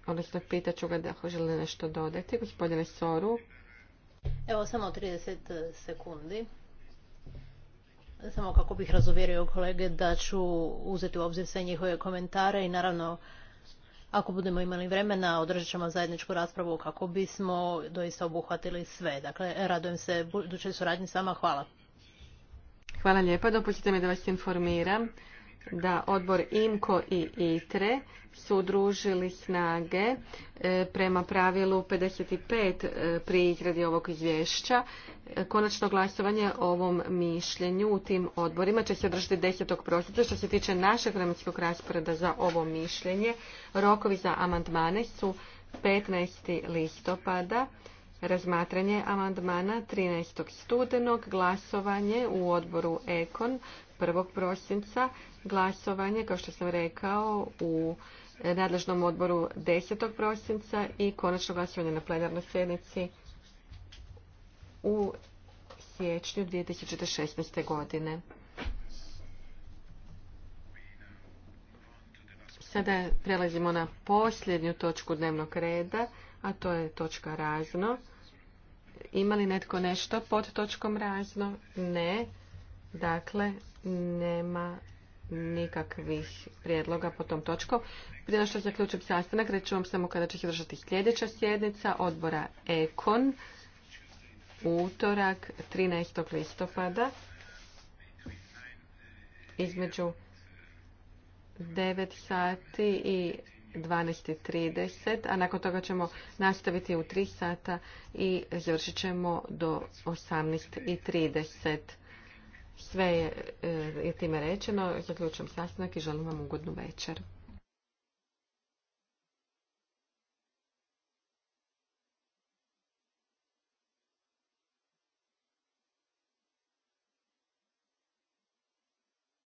odnosno pitaću ga da želi nešto dodati. Gospodine Soru. Evo samo 30 sekundi. Samo kako bih razuvjerio kolege da ću uzeti u obzir sve njihove komentare i naravno ako budemo imali vremena, održat ćemo zajedničku raspravu kako bismo doista obuhvatili sve. Dakle, radujem se budućoj suradnji s vama. Hvala. Hvala lijepa. Dopustite mi da vas informiram da odbor IMKO i ITRE su udružili snage e, prema pravilu 55 e, pri izradi ovog izvješća. E, konačno glasovanje o ovom mišljenju u tim odborima će se održati 10. prosinca. Što se tiče našeg vremenskog rasporeda za ovo mišljenje, rokovi za amandmane su 15. listopada, razmatranje amandmana 13. studenog, glasovanje u odboru Ekon 1. prosinca, glasovanje, kao što sam rekao, u nadležnom odboru 10. prosinca i konačno glasovanje na plenarnoj sjednici u siječnju 2016. godine. Sada prelazimo na posljednju točku dnevnog reda, a to je točka razno. Ima li netko nešto pod točkom razno? Ne. Dakle, nema nikakvih prijedloga po tom točkom. Prije što zaključim sastanak, reću vam samo kada će se držati sljedeća sjednica odbora EKON, utorak 13. listopada, između 9 sati i 12.30, a nakon toga ćemo nastaviti u 3 sata i završit ćemo do 18.30. Sve e, je time rečeno. Zaključujem sastanak i želim vam ugodnu večer.